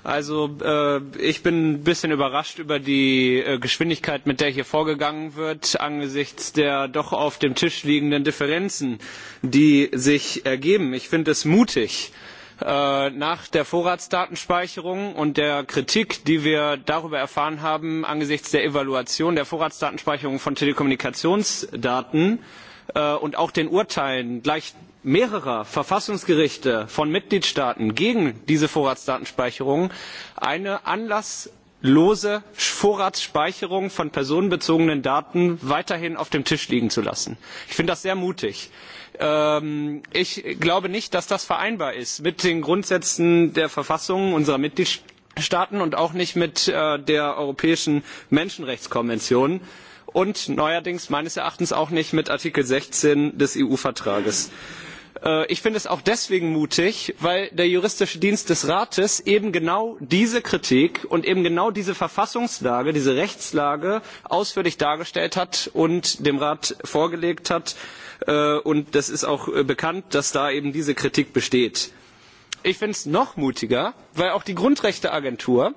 Also äh, ich bin ein bisschen überrascht über die äh, Geschwindigkeit, mit der hier vorgegangen wird, angesichts der doch auf dem Tisch liegenden Differenzen, die sich ergeben. Ich finde es mutig, äh, Äh, nach der vorratsdatenspeicherung und der kritik die wir darüber erfahren haben angesichts der evaluation der vorratsdatenspeicherung von telekommunikationsdaten äh, und auch den urteilen gleich mehrerer verfassungsgerichte von mitgliedstaaten gegen diese vorratsdatenspeicherung eine anlasslose vorratsspeicherung von personenbezogenen daten weiterhin auf dem tisch liegen zu lassen. ich finde das sehr mutig. Ähm, ich glaube nicht, dass das vereinbar ist mit den Grundsätzen der Verfassung unserer Mitgliedstaaten und auch nicht mit äh, der Europäischen Menschenrechtskonvention und neuerdings meines Erachtens auch nicht mit Artikel 16 des EU-Vertrages. Äh, ich finde es auch deswegen mutig weil der juristische dienst des rates eben genau diese kritik und eben genau diese verfassungslage diese rechtslage ausführlich dargestellt hat und dem rat vorgelegt hat äh, und es ist auch äh, bekannt dass da eben diese kritik besteht. ich finde es noch mutiger weil auch die grundrechteagentur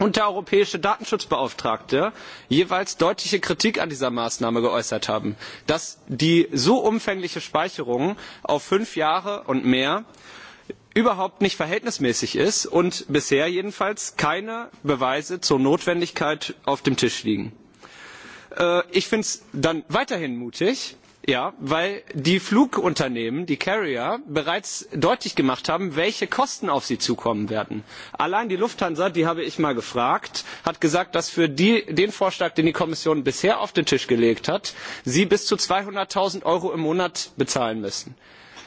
und der europäische datenschutzbeauftragte jeweils deutliche kritik an dieser maßnahme geäußert haben dass die so umfängliche speicherung auf fünf jahre und mehr überhaupt nicht verhältnismäßig ist und bisher jedenfalls keine beweise zur notwendigkeit auf dem tisch liegen. Äh, ich finde es dann weiterhin mutig weil die Flugunternehmen, die Carrier, bereits deutlich gemacht haben, welche Kosten auf sie zukommen werden. Allein die Lufthansa, die habe ich mal gefragt, hat gesagt, dass für den Vorschlag, den die Kommission bisher auf den Tisch gelegt hat, sie bis zu zweihundert null Euro im Monat bezahlen müssen.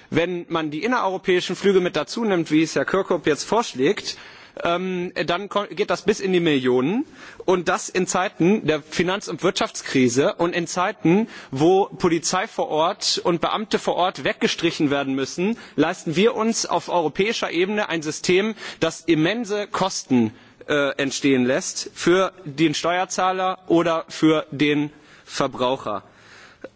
Wenn man die innereuropäischen Flüge mit dazunimmt wie es Herr Kirkhope jetzt vorschlägt, Ähm, dann geht das bis in die Millionen. Und das in Zeiten der Finanz- und Wirtschaftskrise und in Zeiten, wo Polizei vor Ort und Beamte vor Ort weggestrichen werden müssen, leisten wir uns auf europäischer Ebene ein System, das immense Kosten äh, entstehen lässt für den Steuerzahler oder für den Verbraucher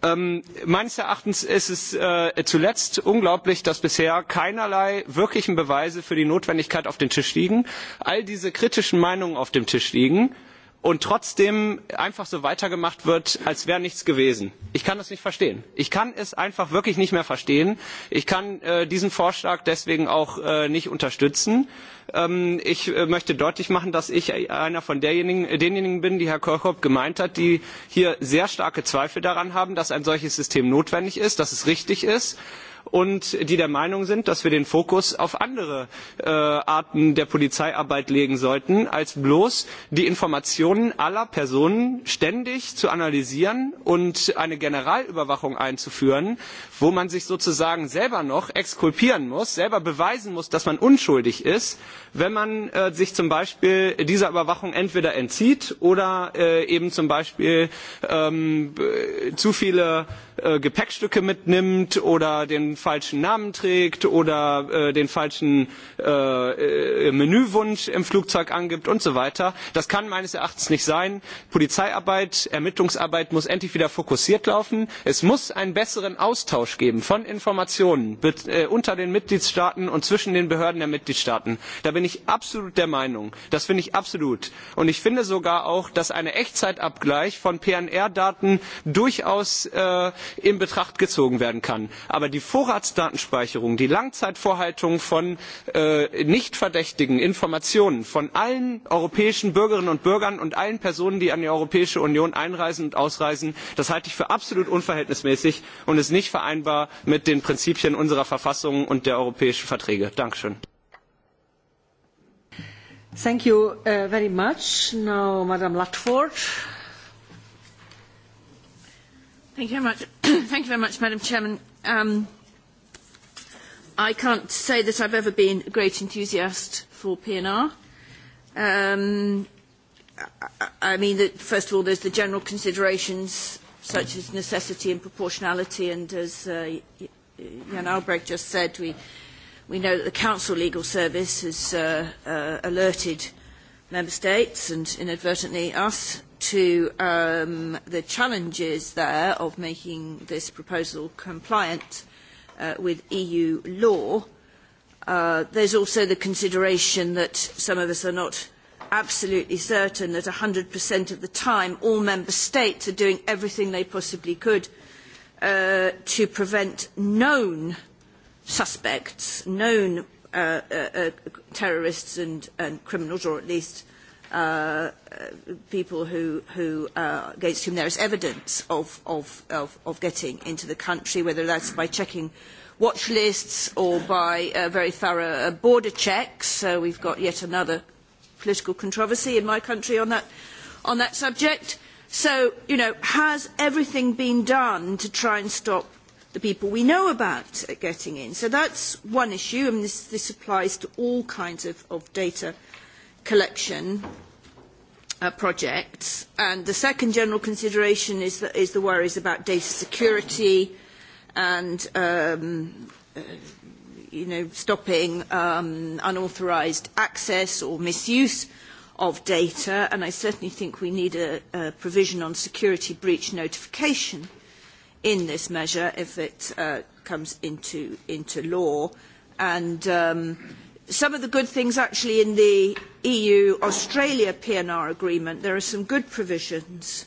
Ähm, meines erachtens ist es äh, zuletzt unglaublich dass bisher keinerlei wirklichen beweise für die notwendigkeit auf dem tisch liegen all diese kritischen meinungen auf dem tisch liegen und trotzdem einfach so weitergemacht wird, als wäre nichts gewesen. Ich kann das nicht verstehen. Ich kann es einfach wirklich nicht mehr verstehen. Ich kann äh, diesen Vorschlag deswegen auch äh, nicht unterstützen. Ähm, ich äh, möchte deutlich machen, dass ich einer von derjenigen, äh, denjenigen bin, die Herr Kirchhoff gemeint hat, die hier sehr starke Zweifel daran haben, dass ein solches System notwendig ist, dass es richtig ist und die der Meinung sind, dass wir den Fokus auf andere äh, Arten der Polizeiarbeit legen sollten, als bloß die Informationen aller Personen ständig zu analysieren und eine Generalüberwachung einzuführen, wo man sich sozusagen selber noch exkulpieren muss, selber beweisen muss, dass man unschuldig ist, wenn man äh, sich zum Beispiel dieser Überwachung entweder entzieht oder äh, eben zum Beispiel ähm, äh, zu viele äh, Gepäckstücke mitnimmt oder den falschen Namen trägt oder äh, den falschen äh, äh, Menüwunsch im Flugzeug angibt und so weiter. Das kann meines Erachtens nicht sein. Polizeiarbeit, Ermittlungsarbeit muss endlich wieder fokussiert laufen. Es muss einen besseren Austausch geben von Informationen äh, unter den Mitgliedstaaten und zwischen den Behörden der Mitgliedstaaten. Da bin ich absolut der Meinung. Das finde ich absolut. Und ich finde sogar auch, dass ein Echtzeitabgleich von PNR-Daten durchaus äh, in Betracht gezogen werden kann. Aber die Vorratsdatenspeicherung, die Langzeitvorhaltung von äh, nicht verdächtigen Informationen von allen europäischen Bürgerinnen und Bürgern und allen Personen, die an die Europäische Union einreisen und ausreisen, das halte ich für absolut unverhältnismäßig und ist nicht vereinbar mit den Prinzipien unserer Verfassung und der europäischen Verträge. Dankeschön. Thank you uh, very much. Now, Madam Latford. Thank you very much. Thank you very much, Madam Chairman. Um, I can't say that I've ever been a great enthusiast for PNR. Um, I, mean, that first of all, there's the general considerations such as necessity and proportionality, and as uh, Jan Albrecht just said, we We know that the Council Legal Service has uh, uh, alerted Member States and inadvertently us to um, the challenges there of making this proposal compliant uh, with EU law. Uh, there's also the consideration that some of us are not absolutely certain that 100% of the time all member states are doing everything they possibly could uh, to prevent known suspects, known uh, uh, uh, terrorists and, and, criminals, or at least uh, uh, people who, who, uh, against whom there is evidence of, of, of, of, getting into the country, whether that's by checking watch lists or by uh, very thorough uh, border checks. So we've got yet another political controversy in my country on that, on that subject. So, you know, has everything been done to try and stop the people we know about getting in. So that's one issue, and this, this applies to all kinds of, of data collection uh, projects. And the second general consideration is the, is the worries about data security and um, uh, you know, stopping um, unauthorised access or misuse of data, and I certainly think we need a, a provision on security breach notification in this measure if it uh, comes into, into law. And um, some of the good things actually in the EU-Australia PNR agreement, there are some good provisions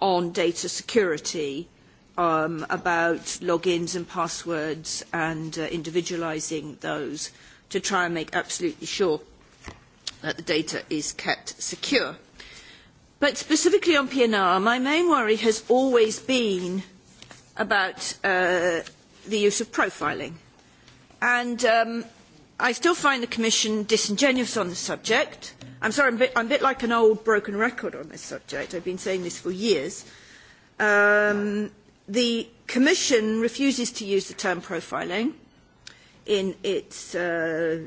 on data security um, about logins and passwords and uh, individualising those to try and make absolutely sure that the data is kept secure. But specifically on PNR, my main worry has always been about uh, the use of profiling. And um, I still find the Commission disingenuous on the subject. I'm sorry, I'm a, bit, I'm a bit like an old broken record on this subject. I've been saying this for years. Um, the Commission refuses to use the term profiling in its, uh,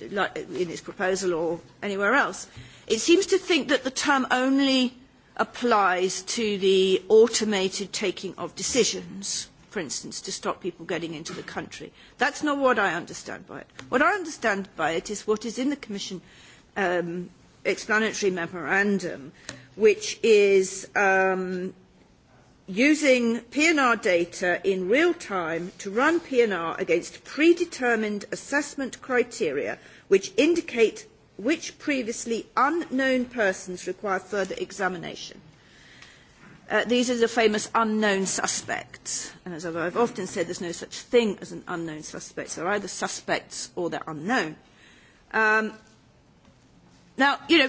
in its proposal or anywhere else. It seems to think that the term only applies to the automated taking of decisions, for instance, to stop people getting into the country. That's not what I understand by it. What I understand by it is what is in the Commission um, explanatory memorandum, which is um, using PNR data in real time to run PNR against predetermined assessment criteria which indicate which previously unknown persons require further examination. Uh, these are the famous unknown suspects. And as I've often said, there's no such thing as an unknown suspect. They're either suspects or they're unknown. Um, now, you know,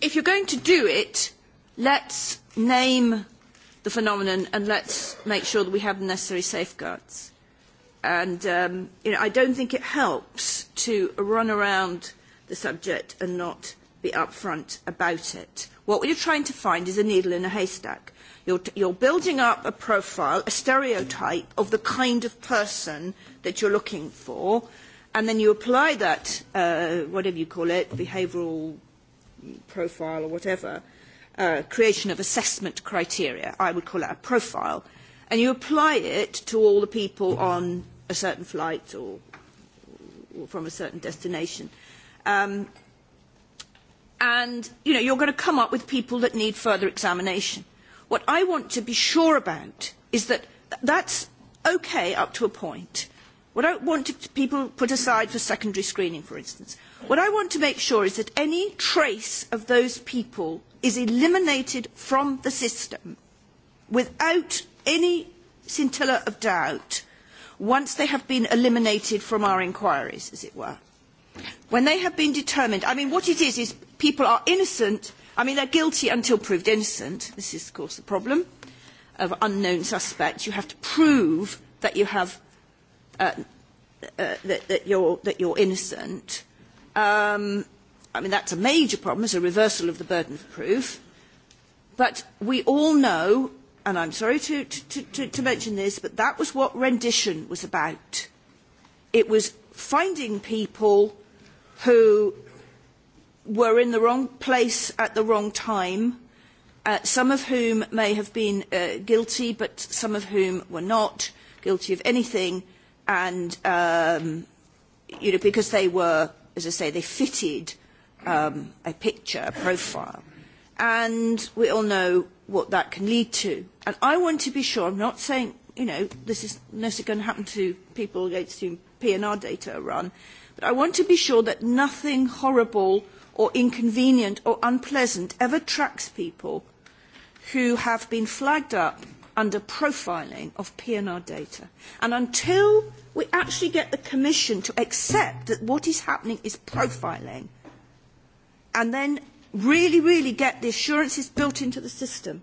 if you're going to do it, let's name the phenomenon and let's make sure that we have the necessary safeguards. And, um, you know, I don't think it helps to run around the subject and not be upfront about it. What you're trying to find is a needle in a haystack. You're, you're building up a profile, a stereotype of the kind of person that you're looking for, and then you apply that, uh, whatever you call it, behavioural profile or whatever, uh, creation of assessment criteria, I would call it a profile, and you apply it to all the people on a certain flight or, or from a certain destination. Uh, Um, and you know, you're going to come up with people that need further examination. What I want to be sure about is that that's okay up to a point. What I want to, people put aside for secondary screening, for instance. What I want to make sure is that any trace of those people is eliminated from the system without any scintilla of doubt once they have been eliminated from our inquiries, as it were when they have been determined, I mean, what it is is people are innocent, I mean, they're guilty until proved innocent. This is, of course, the problem of unknown suspects. You have to prove that you have, uh, uh, that, that, you're, that you're innocent. Um, I mean, that's a major problem. It's a reversal of the burden of proof. But we all know, and I'm sorry to, to, to, to mention this, but that was what rendition was about. It was finding people who were in the wrong place at the wrong time, uh, some of whom may have been uh, guilty, but some of whom were not guilty of anything, and um, you know, because they were, as I say, they fitted um, a picture, a profile. And we all know what that can lead to. And I want to be sure, I'm not saying, you know, this is necessarily going to happen to people against whom PNR data are run, But I want to be sure that nothing horrible or inconvenient or unpleasant ever tracks people who have been flagged up under profiling of PNR data. And until we actually get the Commission to accept that what is happening is profiling, and then really, really get the assurances built into the system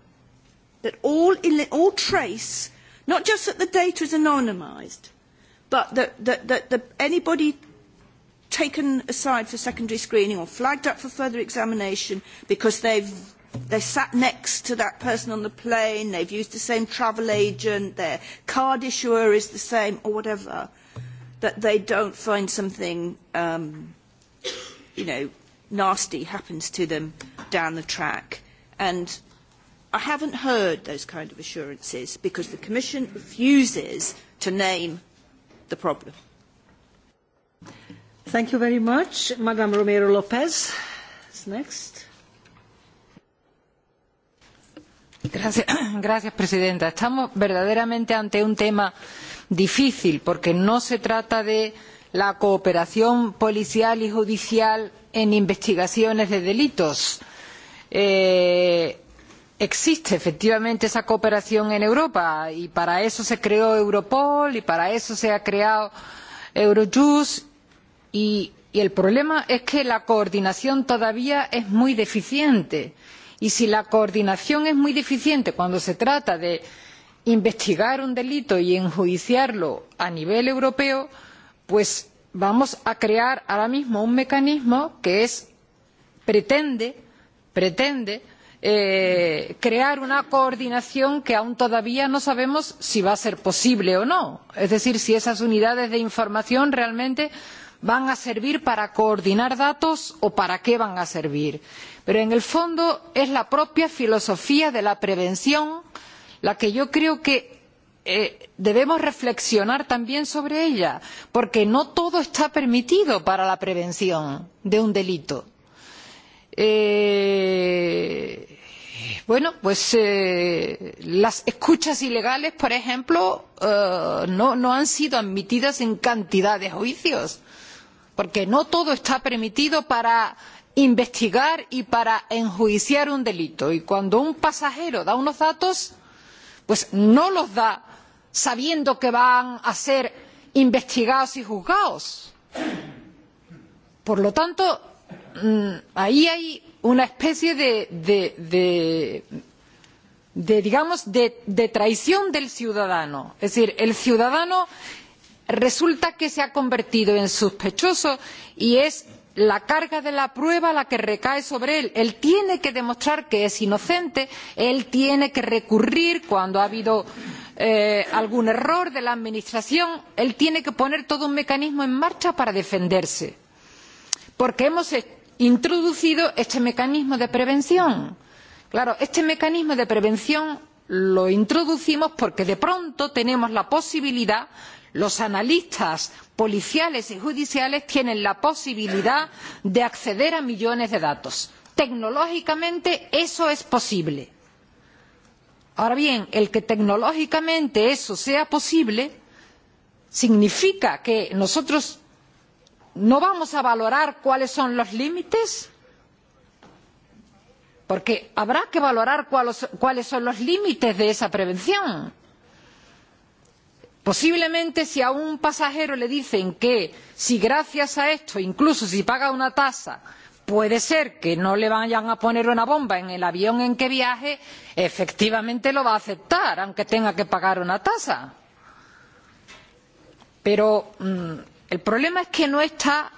that all, all trace, not just that the data is anonymised, but that, that, that, that anybody taken aside for secondary screening or flagged up for further examination because they've they sat next to that person on the plane, they've used the same travel agent, their card issuer is the same, or whatever, that they don't find something, um, you know, nasty happens to them down the track. And I haven't heard those kind of assurances because the Commission refuses to name the problem. Thank you very much. Madame Romero is next. Gracias, Presidenta. Estamos verdaderamente ante un tema difícil porque no se trata de la cooperación policial y judicial en investigaciones de delitos. Eh, existe efectivamente esa cooperación en Europa y para eso se creó Europol y para eso se ha creado Eurojust Y, el problema es que la coordinación todavía es muy deficiente. Y si la coordinación es muy deficiente cuando se trata de investigar un delito y enjuiciarlo a nivel europeo, pues vamos a crear ahora mismo un mecanismo que es, pretende, pretende eh, crear una coordinación que aún todavía no sabemos si va a ser posible o no. Es decir, si esas unidades de información realmente van a servir para coordinar datos o para qué van a servir? pero en el fondo es la propia filosofía de la prevención la que yo creo que eh, debemos reflexionar también sobre ella porque no todo está permitido para la prevención de un delito. Eh, bueno, pues eh, las escuchas ilegales, por ejemplo, eh, no, no han sido admitidas en cantidad de juicios. Eh, porque no todo está permitido para investigar y para enjuiciar un delito. Y cuando un pasajero da unos datos, pues no los da sabiendo que van a ser investigados y juzgados. Por lo tanto, mm, ahí hay una especie de, de, de, de digamos, de traición del ciudadano. Es decir, el ciudadano resulta que se ha convertido en sospechoso y es la carga de la prueba la que recae sobre él. Él tiene que demostrar que es inocente, él tiene que recurrir cuando ha habido eh, algún error de la Administración, él tiene que poner todo un mecanismo en marcha para defenderse. Porque hemos introducido este mecanismo de prevención. Claro, este mecanismo de prevención lo introducimos porque de pronto tenemos la posibilidad los analistas policiales y judiciales tienen la posibilidad de acceder a millones de datos. Tecnológicamente eso es posible. Ahora bien, el que tecnológicamente eso sea posible significa que nosotros no vamos a valorar cuáles son los límites porque habrá que valorar cuáles son los límites de esa prevención posiblemente si a un pasajero le dicen que si gracias a esto incluso si paga una tasa puede ser que no le vayan a poner una bomba en el avión en que viaje efectivamente lo va a aceptar aunque tenga que pagar una tasa. pero mmm, el problema es que no está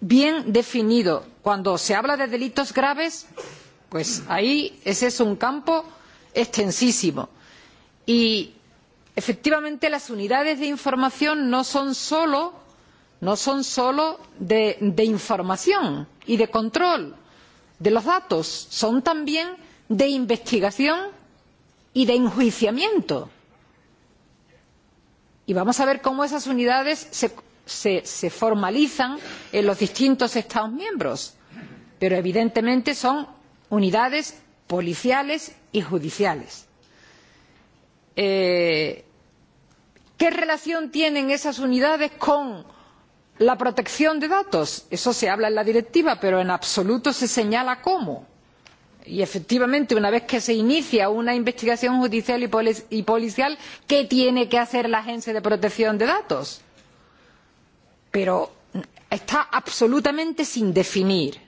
bien definido. cuando se habla de delitos graves pues ahí ese es un campo extensísimo y efectivamente las unidades de información no son solo, no son solo de, de información y de control de los datos son también de investigación y de enjuiciamiento. Y vamos a ver cómo esas unidades se, se, se formalizan en los distintos Estados miembros. Pero evidentemente son unidades policiales y judiciales. Eh, qué relación tienen esas unidades con la protección de datos? eso se habla en la directiva pero en absoluto se señala cómo y efectivamente una vez que se inicia una investigación judicial y, polic y policial qué tiene que hacer la agencia de protección de datos? pero está absolutamente sin definir.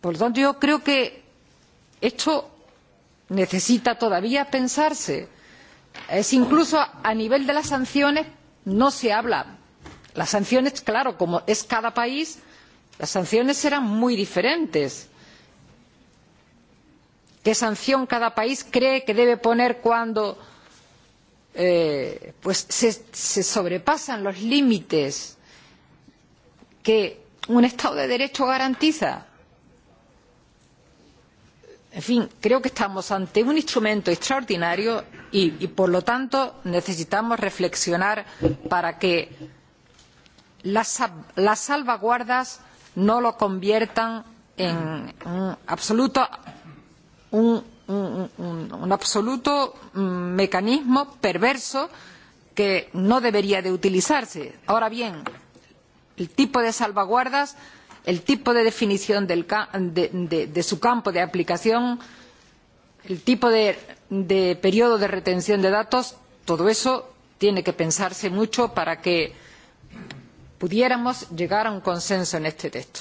por lo tanto yo creo que esto necesita todavía pensarse es incluso a nivel de las sanciones no se habla. Las sanciones, claro, como es cada país, las sanciones serán muy diferentes. ¿Qué sanción cada país cree que debe poner cuando eh, pues se, se sobrepasan los límites que un Estado de Derecho garantiza? En fin, creo que estamos ante un instrumento extraordinario y, y por lo tanto, necesitamos reflexionar para que las, las salvaguardas no lo conviertan en un absoluto, un, un, un, un absoluto mm, mecanismo perverso que no debería de utilizarse. Ahora bien, el tipo de salvaguardas el tipo de definición del, de, de, de su campo de aplicación, el tipo de, de periodo de retención de datos, todo eso tiene que pensarse mucho para que pudiéramos llegar a un consenso en este texto.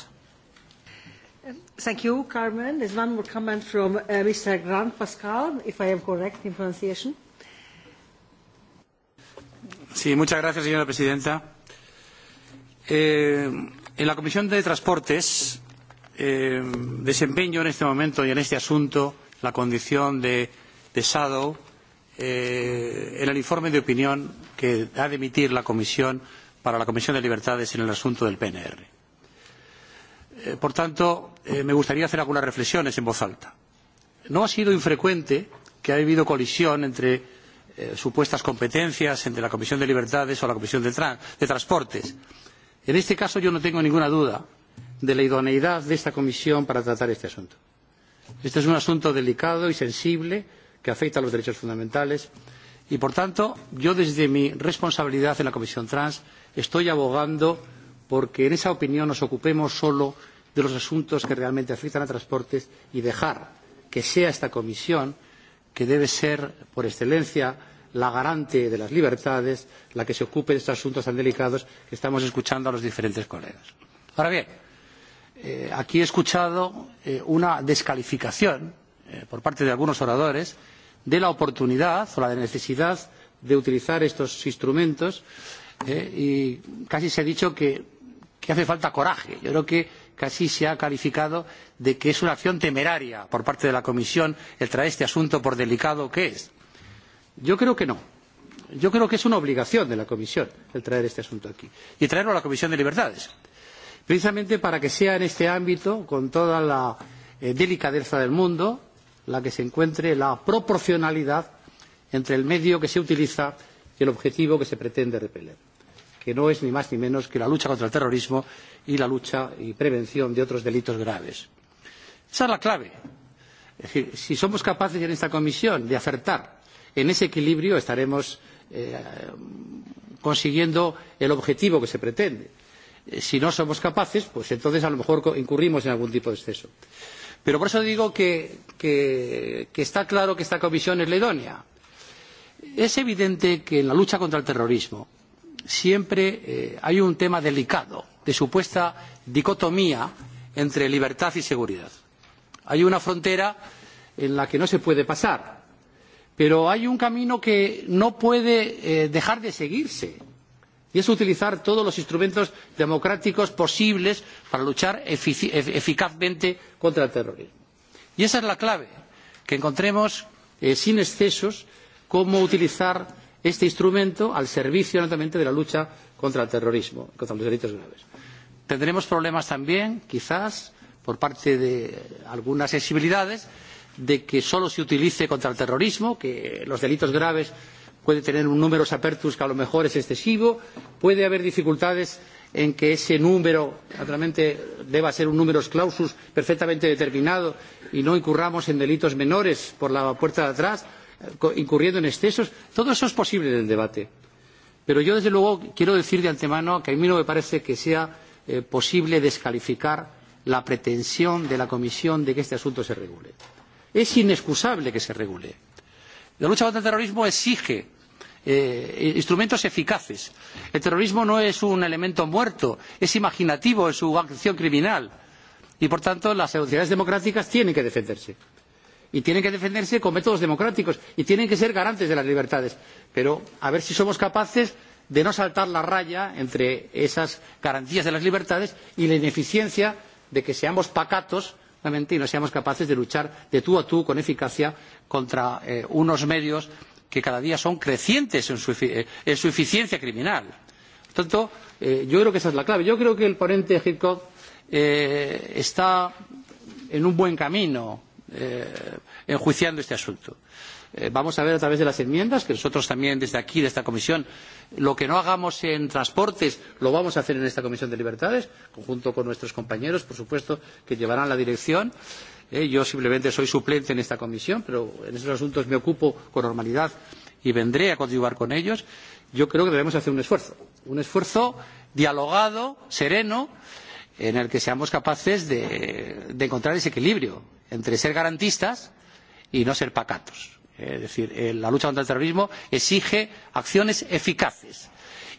Thank you, Carmen. There's one more comment from uh, Mr. Grand Pascal, if I am correct in pronunciation. Sí, muchas gracias, señora presidenta. Eh, en la Comisión de Transportes eh, desempeño en este momento y en este asunto la condición de, de shadow eh, en el informe de opinión que ha de emitir la Comisión para la Comisión de Libertades en el asunto del PNR. Eh, por tanto, eh, me gustaría hacer algunas reflexiones en voz alta. No ha sido infrecuente que haya habido colisión entre eh, supuestas competencias entre la Comisión de Libertades o la Comisión de, Tra de Transportes. En este caso yo no tengo ninguna duda de la idoneidad de esta comisión para tratar este asunto. Este es un asunto delicado y sensible que afecta a los derechos fundamentales y, por tanto, yo desde mi responsabilidad en la Comisión Trans estoy abogando porque en esa opinión nos ocupemos solo de los asuntos que realmente afectan a transportes y dejar que sea esta comisión, que debe ser por excelencia la garante de las libertades la que se ocupe de estos asuntos tan delicados que estamos escuchando a los diferentes colegas. Ahora bien, eh, aquí he escuchado eh, una descalificación eh, por parte de algunos oradores de la oportunidad o la necesidad de utilizar estos instrumentos eh, y casi se ha dicho que, que hace falta coraje. Yo creo que casi se ha calificado de que es una acción temeraria por parte de la Comisión el traer este asunto por delicado que es Yo creo que no. Yo creo que es una obligación de la Comisión el traer este asunto aquí y traerlo a la Comisión de Libertades, precisamente para que sea en este ámbito, con toda la eh, delicadeza del mundo, la que se encuentre la proporcionalidad entre el medio que se utiliza y el objetivo que se pretende repeler, que no es ni más ni menos que la lucha contra el terrorismo y la lucha y prevención de otros delitos graves. Esa es la clave. Es decir, si somos capaces en esta comisión de acertar En ese equilibrio estaremos eh, consiguiendo el objetivo que se pretende. Eh, si no somos capaces, pues entonces a lo mejor incurrimos en algún tipo de exceso. Pero por eso digo que, está claro que esta comisión es la idónea. Es evidente que en la lucha contra el terrorismo siempre eh, hay un tema delicado de supuesta dicotomía entre libertad y seguridad. Hay una frontera en la que no se puede pasar pero hay un camino que no puede eh, dejar de seguirse y es utilizar todos los instrumentos democráticos posibles para luchar efic eficazmente contra el terrorismo. Y esa es la clave, que encontremos eh, sin excesos cómo utilizar este instrumento al servicio, naturalmente, de la lucha contra el terrorismo, contra los delitos graves. Tendremos problemas también, quizás, por parte de algunas sensibilidades, de que solo se utilice contra el terrorismo, que los delitos graves pueden tener un número apertus que a lo mejor es excesivo, puede haber dificultades en que ese número naturalmente deba ser un número clausus perfectamente determinado y no incurramos en delitos menores por la puerta de atrás, incurriendo en excesos. Todo eso es posible en el debate. Pero yo, desde luego, quiero decir de antemano que a mí no me parece que sea eh, posible descalificar la pretensión de la Comisión de que este asunto se regule. Es inexcusable que se regule. La lucha contra el terrorismo exige eh, instrumentos eficaces. El terrorismo no es un elemento muerto, es imaginativo en su acción criminal y, por tanto, las sociedades democráticas tienen que defenderse. Y tienen que defenderse con métodos democráticos y tienen que ser garantes de las libertades. Pero a ver si somos capaces de no saltar la raya entre esas garantías de las libertades y la ineficiencia de que seamos pacatos y no seamos capaces de luchar de tú a tú con eficacia contra eh, unos medios que cada día son crecientes en su, eh, en su eficiencia criminal. Por tanto, eh, yo creo que esa es la clave. Yo creo que el ponente Hitchcock eh, está en un buen camino eh, enjuiciando este asunto. Eh, vamos a ver a través de las enmiendas, que nosotros también desde aquí, de esta comisión, lo que no hagamos en transportes lo vamos a hacer en esta comisión de libertades, junto con nuestros compañeros, por supuesto, que llevarán la dirección. Eh, yo simplemente soy suplente en esta comisión, pero en esos asuntos me ocupo con normalidad y vendré a coadyuvar con ellos. Yo creo que debemos hacer un esfuerzo, un esfuerzo dialogado, sereno, en el que seamos capaces de, de encontrar ese equilibrio entre ser garantistas y no ser pacatos Es decir, eh, la lucha contra el terrorismo exige acciones eficaces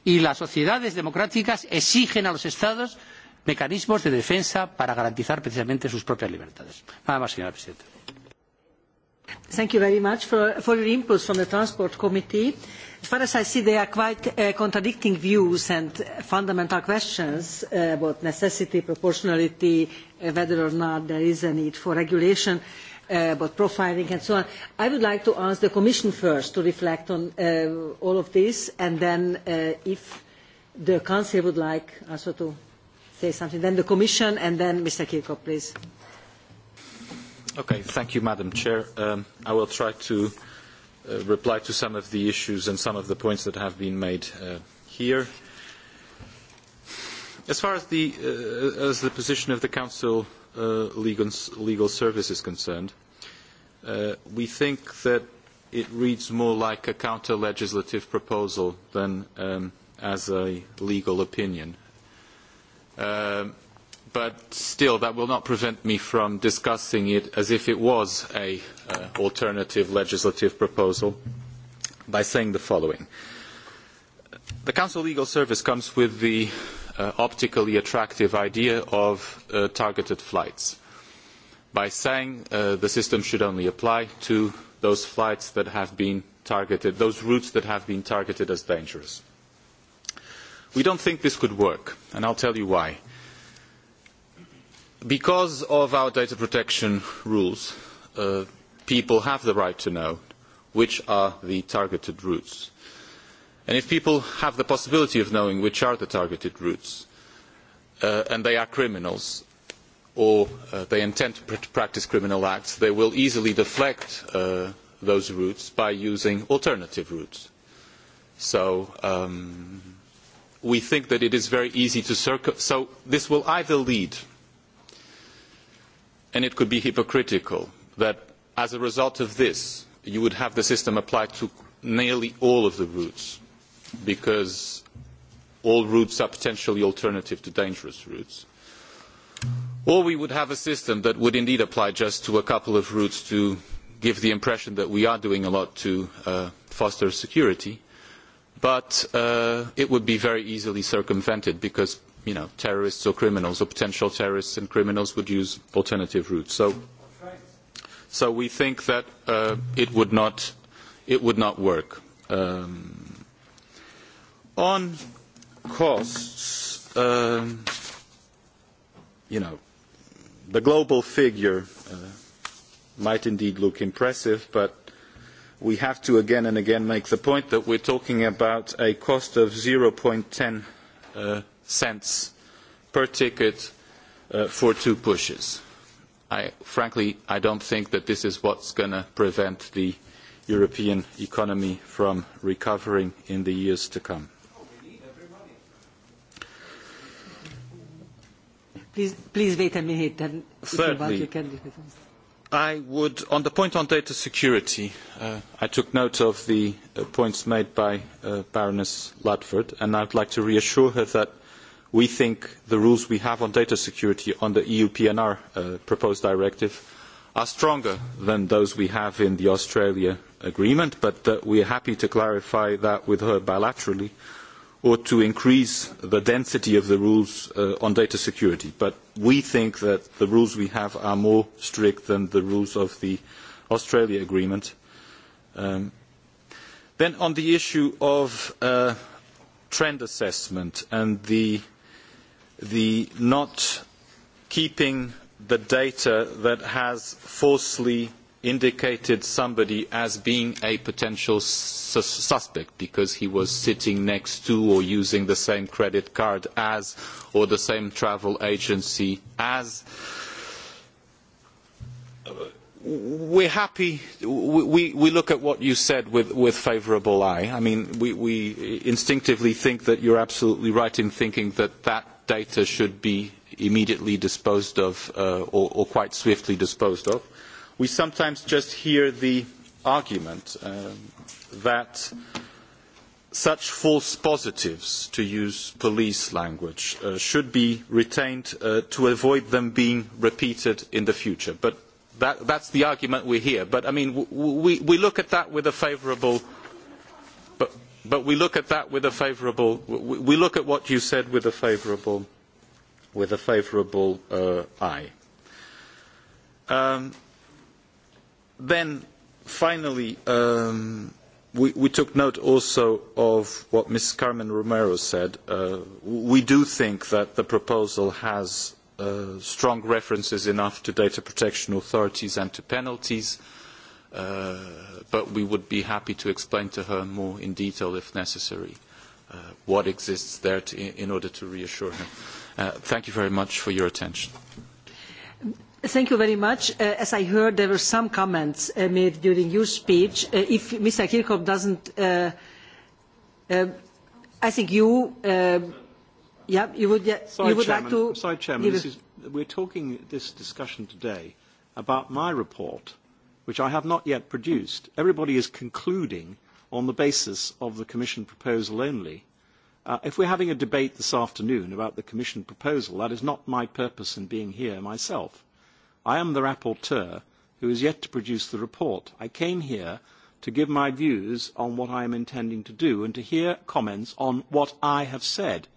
y las sociedades democráticas exigen a los Estados mecanismos de defensa para garantizar precisamente sus propias libertades. Nada más, señora presidenta. Thank you very much for, for your inputs from the Transport Committee. As far as I see, there are quite uh, contradicting views and fundamental questions uh, about necessity, proportionality, uh, whether or not there is a need for regulation. Uh, Uh, about profiling and so on. I would like to ask the Commission first to reflect on uh, all of this and then uh, if the Council would like also to say something, then the Commission and then Mr. Kirkhope, please. Okay, thank you, Madam Chair. Um, I will try to uh, reply to some of the issues and some of the points that have been made uh, here. As far as the, uh, as the position of the Council Uh, legal, legal service is concerned, uh, we think that it reads more like a counter-legislative proposal than um, as a legal opinion. Um, but still, that will not prevent me from discussing it as if it was an uh, alternative legislative proposal by saying the following. The Council Legal Service comes with the Uh, optically attractive idea of uh, targeted flights by saying uh, the system should only apply to those flights that have been targeted, those routes that have been targeted as dangerous. We don't think this could work, and I'll tell you why. Because of our data protection rules, uh, people have the right to know which are the targeted routes and if people have the possibility of knowing which are the targeted routes uh, and they are criminals or uh, they intend to pr practice criminal acts, they will easily deflect uh, those routes by using alternative routes. So um, we think that it is very easy to circle. So this will either lead, and it could be hypocritical, that as a result of this, you would have the system applied to nearly all of the routes because all routes are potentially alternative to dangerous routes. Or we would have a system that would indeed apply just to a couple of routes to give the impression that we are doing a lot to uh, foster security, but uh, it would be very easily circumvented because you know, terrorists or criminals or potential terrorists and criminals would use alternative routes. So, so we think that uh, it, would not, it would not work. Um, On costs, um, you know, the global figure uh, might indeed look impressive, but we have to again and again make the point that we're talking about a cost of 0.10 uh, cents per ticket uh, for two pushes. I, frankly, I don't think that this is what's going to prevent the European economy from recovering in the years to come. Thirdly, I would, on the point on data security, uh, I took note of the uh, points made by uh, Baroness Ludford, and I would like to reassure her that we think the rules we have on data security on the EU PNR proposed directive are stronger than those we have in the Australia agreement, but that we are happy to clarify that with her bilaterally or to increase the density of the rules uh, on data security. But we think that the rules we have are more strict than the rules of the Australia agreement. Um, then on the issue of uh, trend assessment and the, the not keeping the data that has falsely indicated somebody as being a potential sus suspect because he was sitting next to or using the same credit card as or the same travel agency as we're happy we, we look at what you said with, with favourable eye. I mean, we, we instinctively think that you're absolutely right in thinking that that data should be immediately disposed of uh, or, or quite swiftly disposed of we sometimes just hear the argument um, that such false positives, to use police language, uh, should be retained uh, to avoid them being repeated in the future. But that, that's the argument we hear. But I mean, we, we look at that with a favourable. But, but we look at that with a favourable. We, we look at what you said with a favourable, with a favourable uh, eye. Um, then finally, um, we, we, took note also of what Ms. Carmen Romero said. Uh, we do think that the proposal has uh, strong references enough to data protection authorities and to penalties, uh, but we would be happy to explain to her more in detail if necessary uh, what exists there to, in order to reassure her. Uh, thank you very much for your attention. Thank you very much. Uh, as I heard, there were some comments uh, made during your speech. Uh, if Mr. Kirchhoff doesn't, I think you, yeah, you would, yeah, you would like to. Sorry, Chairman. This is, we're talking this discussion today about my report, which I have not yet produced. Everybody is concluding on the basis of the Commission proposal only. Uh, if we're having a debate this afternoon about the Commission proposal, that is not my purpose in being here myself. I am the rapporteur who is yet to produce the report. I came here to give my views on what I am intending to do and to hear comments on what I have said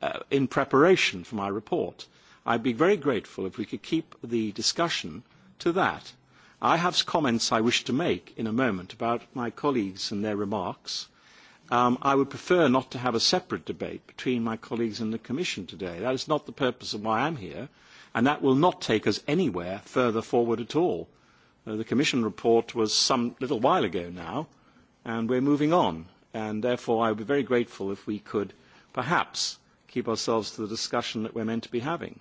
uh, in preparation for my report. I'd be very grateful if we could keep the discussion to that. I have comments I wish to make in a moment about my colleagues and their remarks. Um, I would prefer not to have a separate debate between my colleagues and the Commission today. That is not the purpose of why I'm here and that will not take us anywhere further forward at all. Uh, the Commission report was some little while ago now, and we're moving on, and therefore I would be very grateful if we could perhaps keep ourselves to the discussion that we're meant to be having.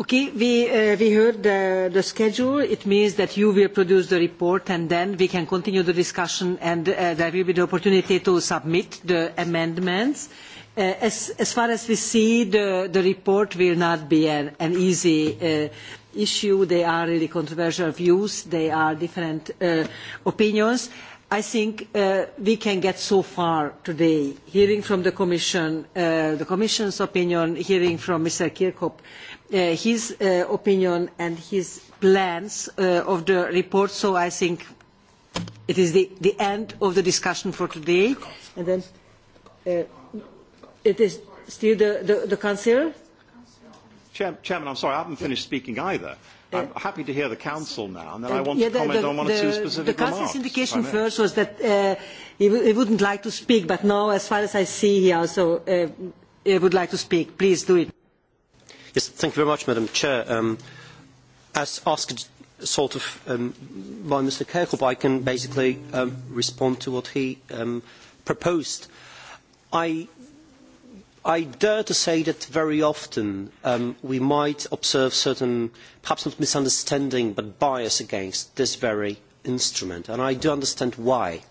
Okay, we, uh, we heard the, the, schedule. It means that you will produce the report and then we can continue the discussion and uh, there will be the opportunity to submit the amendments. Eh, as, far as we see, the, report will not be an, easy eh, issue. There are really controversial views. There are different eh, opinions. I think we can get so far today, hearing from the Commission, the Commission's opinion, hearing from Mr. Kirkhope, his opinion and his plans of the report. So I think it is the, the, end of the discussion for today. And then, It is still the, the, the Council? Chair, Chairman, I'm sorry, I haven't finished speaking either. Uh, I'm happy to hear the Council now, and then I uh, want yeah, to comment the, the, on one or two specific remarks. The Council's indication first was that uh, he, w he wouldn't like to speak, but now, as far as I see, here, so uh, he would like to speak. Please do it. Yes, thank you very much, Madam Chair. Um, as asked sort of um, by Mr Kirkhope, I can basically um, respond to what he um, proposed. I I dare to say that very often um, we might observe certain, perhaps not misunderstanding, but bias against this very instrument, and I do understand why.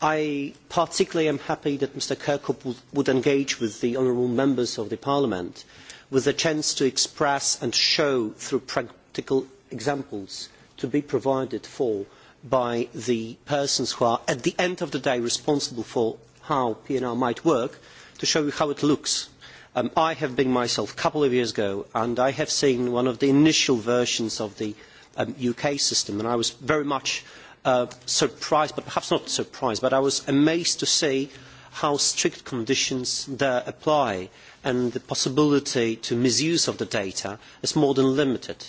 I particularly am happy that Mr Kirkhope would, would engage with the honourable members of the Parliament with a chance to express and show through practical examples to be provided for by the persons who are at the end of the day responsible for how PNR might work to show you how it looks. Um, I have been myself a couple of years ago and I have seen one of the initial versions of the um, UK system and I was very much uh, surprised, but perhaps not surprised, but I was amazed to see how strict conditions there apply and the possibility to misuse of the data is more than limited.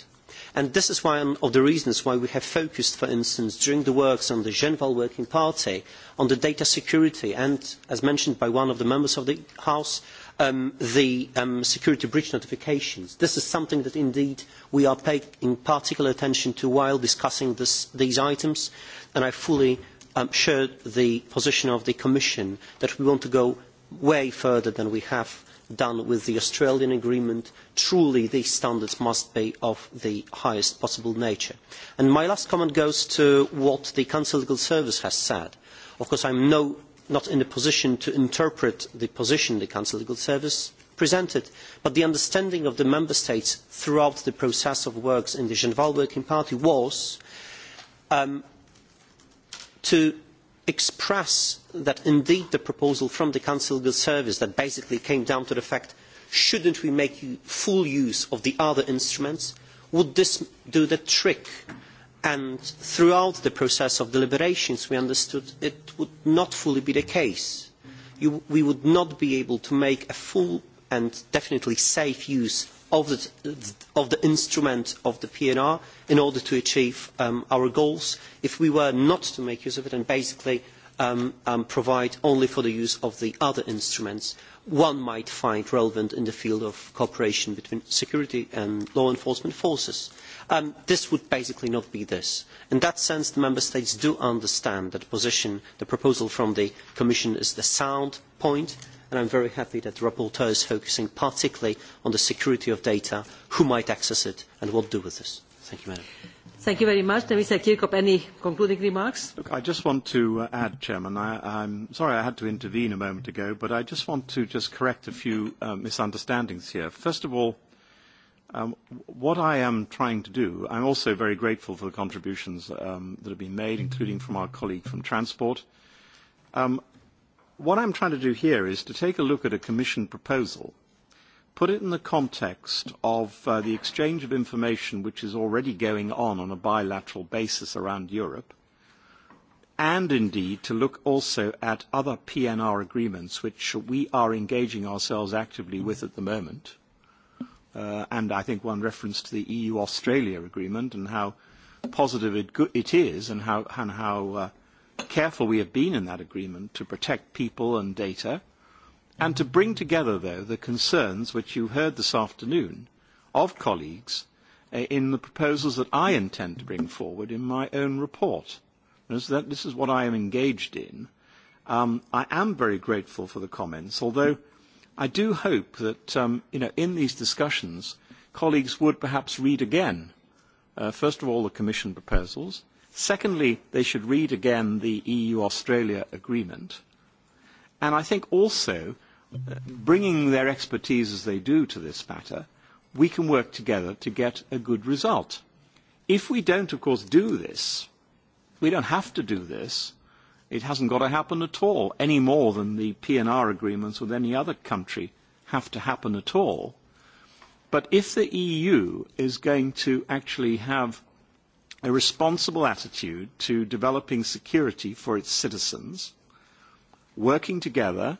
And this is one um, of the reasons why we have focused, for instance, during the works on the Genval Working Party, on the data security and, as mentioned by one of the members of the House, um, the um, security breach notifications. This is something that indeed we are paying particular attention to while discussing this, these items, and I fully um, share the position of the Commission that we want to go way further than we have done with the Australian agreement, truly these standards must be of the highest possible nature. And my last comment goes to what the Council Legal Service has said. Of course, I am no, not in a position to interpret the position the Council Legal Service presented, but the understanding of the Member States throughout the process of works in the Genval Working Party was um, to express that indeed the proposal from the Council Legal Service that basically came down to the fact shouldn't we make full use of the other instruments, would this do the trick? And throughout the process of deliberations, we understood it would not fully be the case. You, we would not be able to make a full and definitely safe use of the, of the instrument of the PNR in order to achieve um, our goals if we were not to make use of it and basically um, um, provide only for the use of the other instruments one might find relevant in the field of cooperation between security and law enforcement forces. Um, this would basically not be this. In that sense, the Member States do understand that position, the proposal from the Commission is the sound point and I'm very happy that the rapporteur is focusing particularly on the security of data, who might access it, and what do with this. Thank you, Madam. Thank you very much. Mr. Kirkhope, any concluding remarks? Look, I just want to uh, add, Chairman, I, I'm sorry I had to intervene a moment ago, but I just want to just correct a few uh, misunderstandings here. First of all, Um, what I am trying to do, I'm also very grateful for the contributions um, that have been made, including from our colleague from Transport. Um, What I'm trying to do here is to take a look at a Commission proposal, put it in the context of uh, the exchange of information which is already going on on a bilateral basis around Europe, and indeed to look also at other PNR agreements which we are engaging ourselves actively with at the moment. Uh, and I think one reference to the EU-Australia agreement and how positive it, it is and how, and how uh, careful we have been in that agreement to protect people and data and to bring together, though, the concerns which you heard this afternoon of colleagues eh, in the proposals that I intend to bring forward in my own report. That this is what I am engaged in. Um, I am very grateful for the comments, although I do hope that um, you know, in these discussions, colleagues would perhaps read again, uh, first of all, the Commission proposals, Secondly, they should read again the EU-Australia agreement. And I think also, uh, bringing their expertise as they do to this matter, we can work together to get a good result. If we don't, of course, do this, we don't have to do this. It hasn't got to happen at all, any more than the PNR agreements with any other country have to happen at all. But if the EU is going to actually have a responsible attitude to developing security for its citizens, working together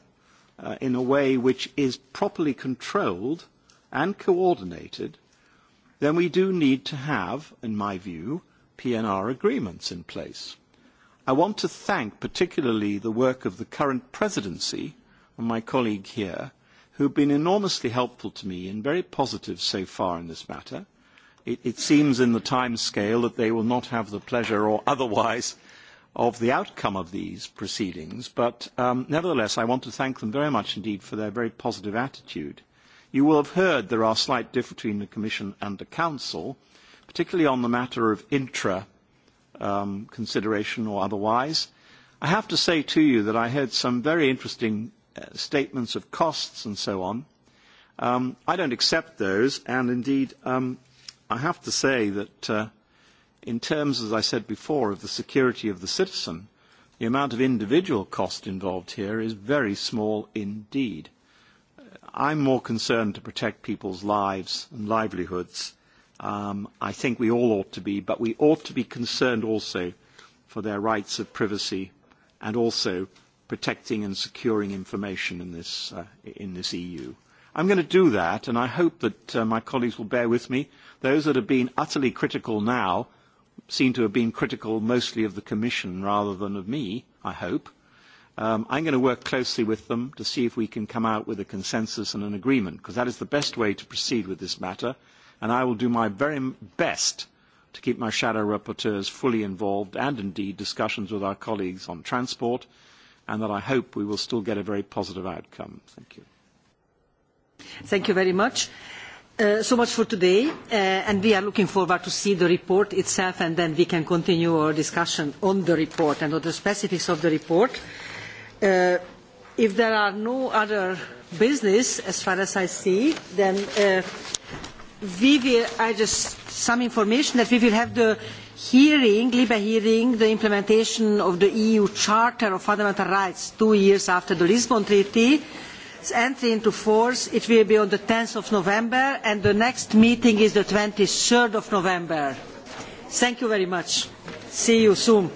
uh, in a way which is properly controlled and coordinated, then we do need to have, in my view, PNR agreements in place. I want to thank particularly the work of the current presidency and my colleague here, who have been enormously helpful to me and very positive so far in this matter it, seems in the time scale that they will not have the pleasure or otherwise of the outcome of these proceedings. But um, nevertheless, I want to thank them very much indeed for their very positive attitude. You will have heard there are slight differences between the Commission and the Council, particularly on the matter of intra um, consideration or otherwise. I have to say to you that I heard some very interesting uh, statements of costs and so on. Um, I don't accept those, and indeed um, I have to say that uh, in terms, as I said before, of the security of the citizen, the amount of individual cost involved here is very small indeed. Uh, I'm more concerned to protect people's lives and livelihoods. Um, I think we all ought to be, but we ought to be concerned also for their rights of privacy and also protecting and securing information in this, uh, in this EU. I'm going to do that, and I hope that uh, my colleagues will bear with me. Those that have been utterly critical now seem to have been critical mostly of the Commission rather than of me, I hope. Um, I'm going to work closely with them to see if we can come out with a consensus and an agreement, because that is the best way to proceed with this matter. And I will do my very best to keep my shadow rapporteurs fully involved and indeed discussions with our colleagues on transport, and that I hope we will still get a very positive outcome. Thank you. Thank you very much. Uh, so much for today, uh, and we are looking forward to see the report itself, and then we can continue our discussion on the report and on the specifics of the report. Uh, if there are no other business, as far as I see, then we will, I just some information that we will have the hearing, LIBE hearing, the implementation of the EU Charter of Fundamental Rights two years after the Lisbon Treaty, its entry into force it will be on the 10th of november and the next meeting is the 23rd of november thank you very much see you soon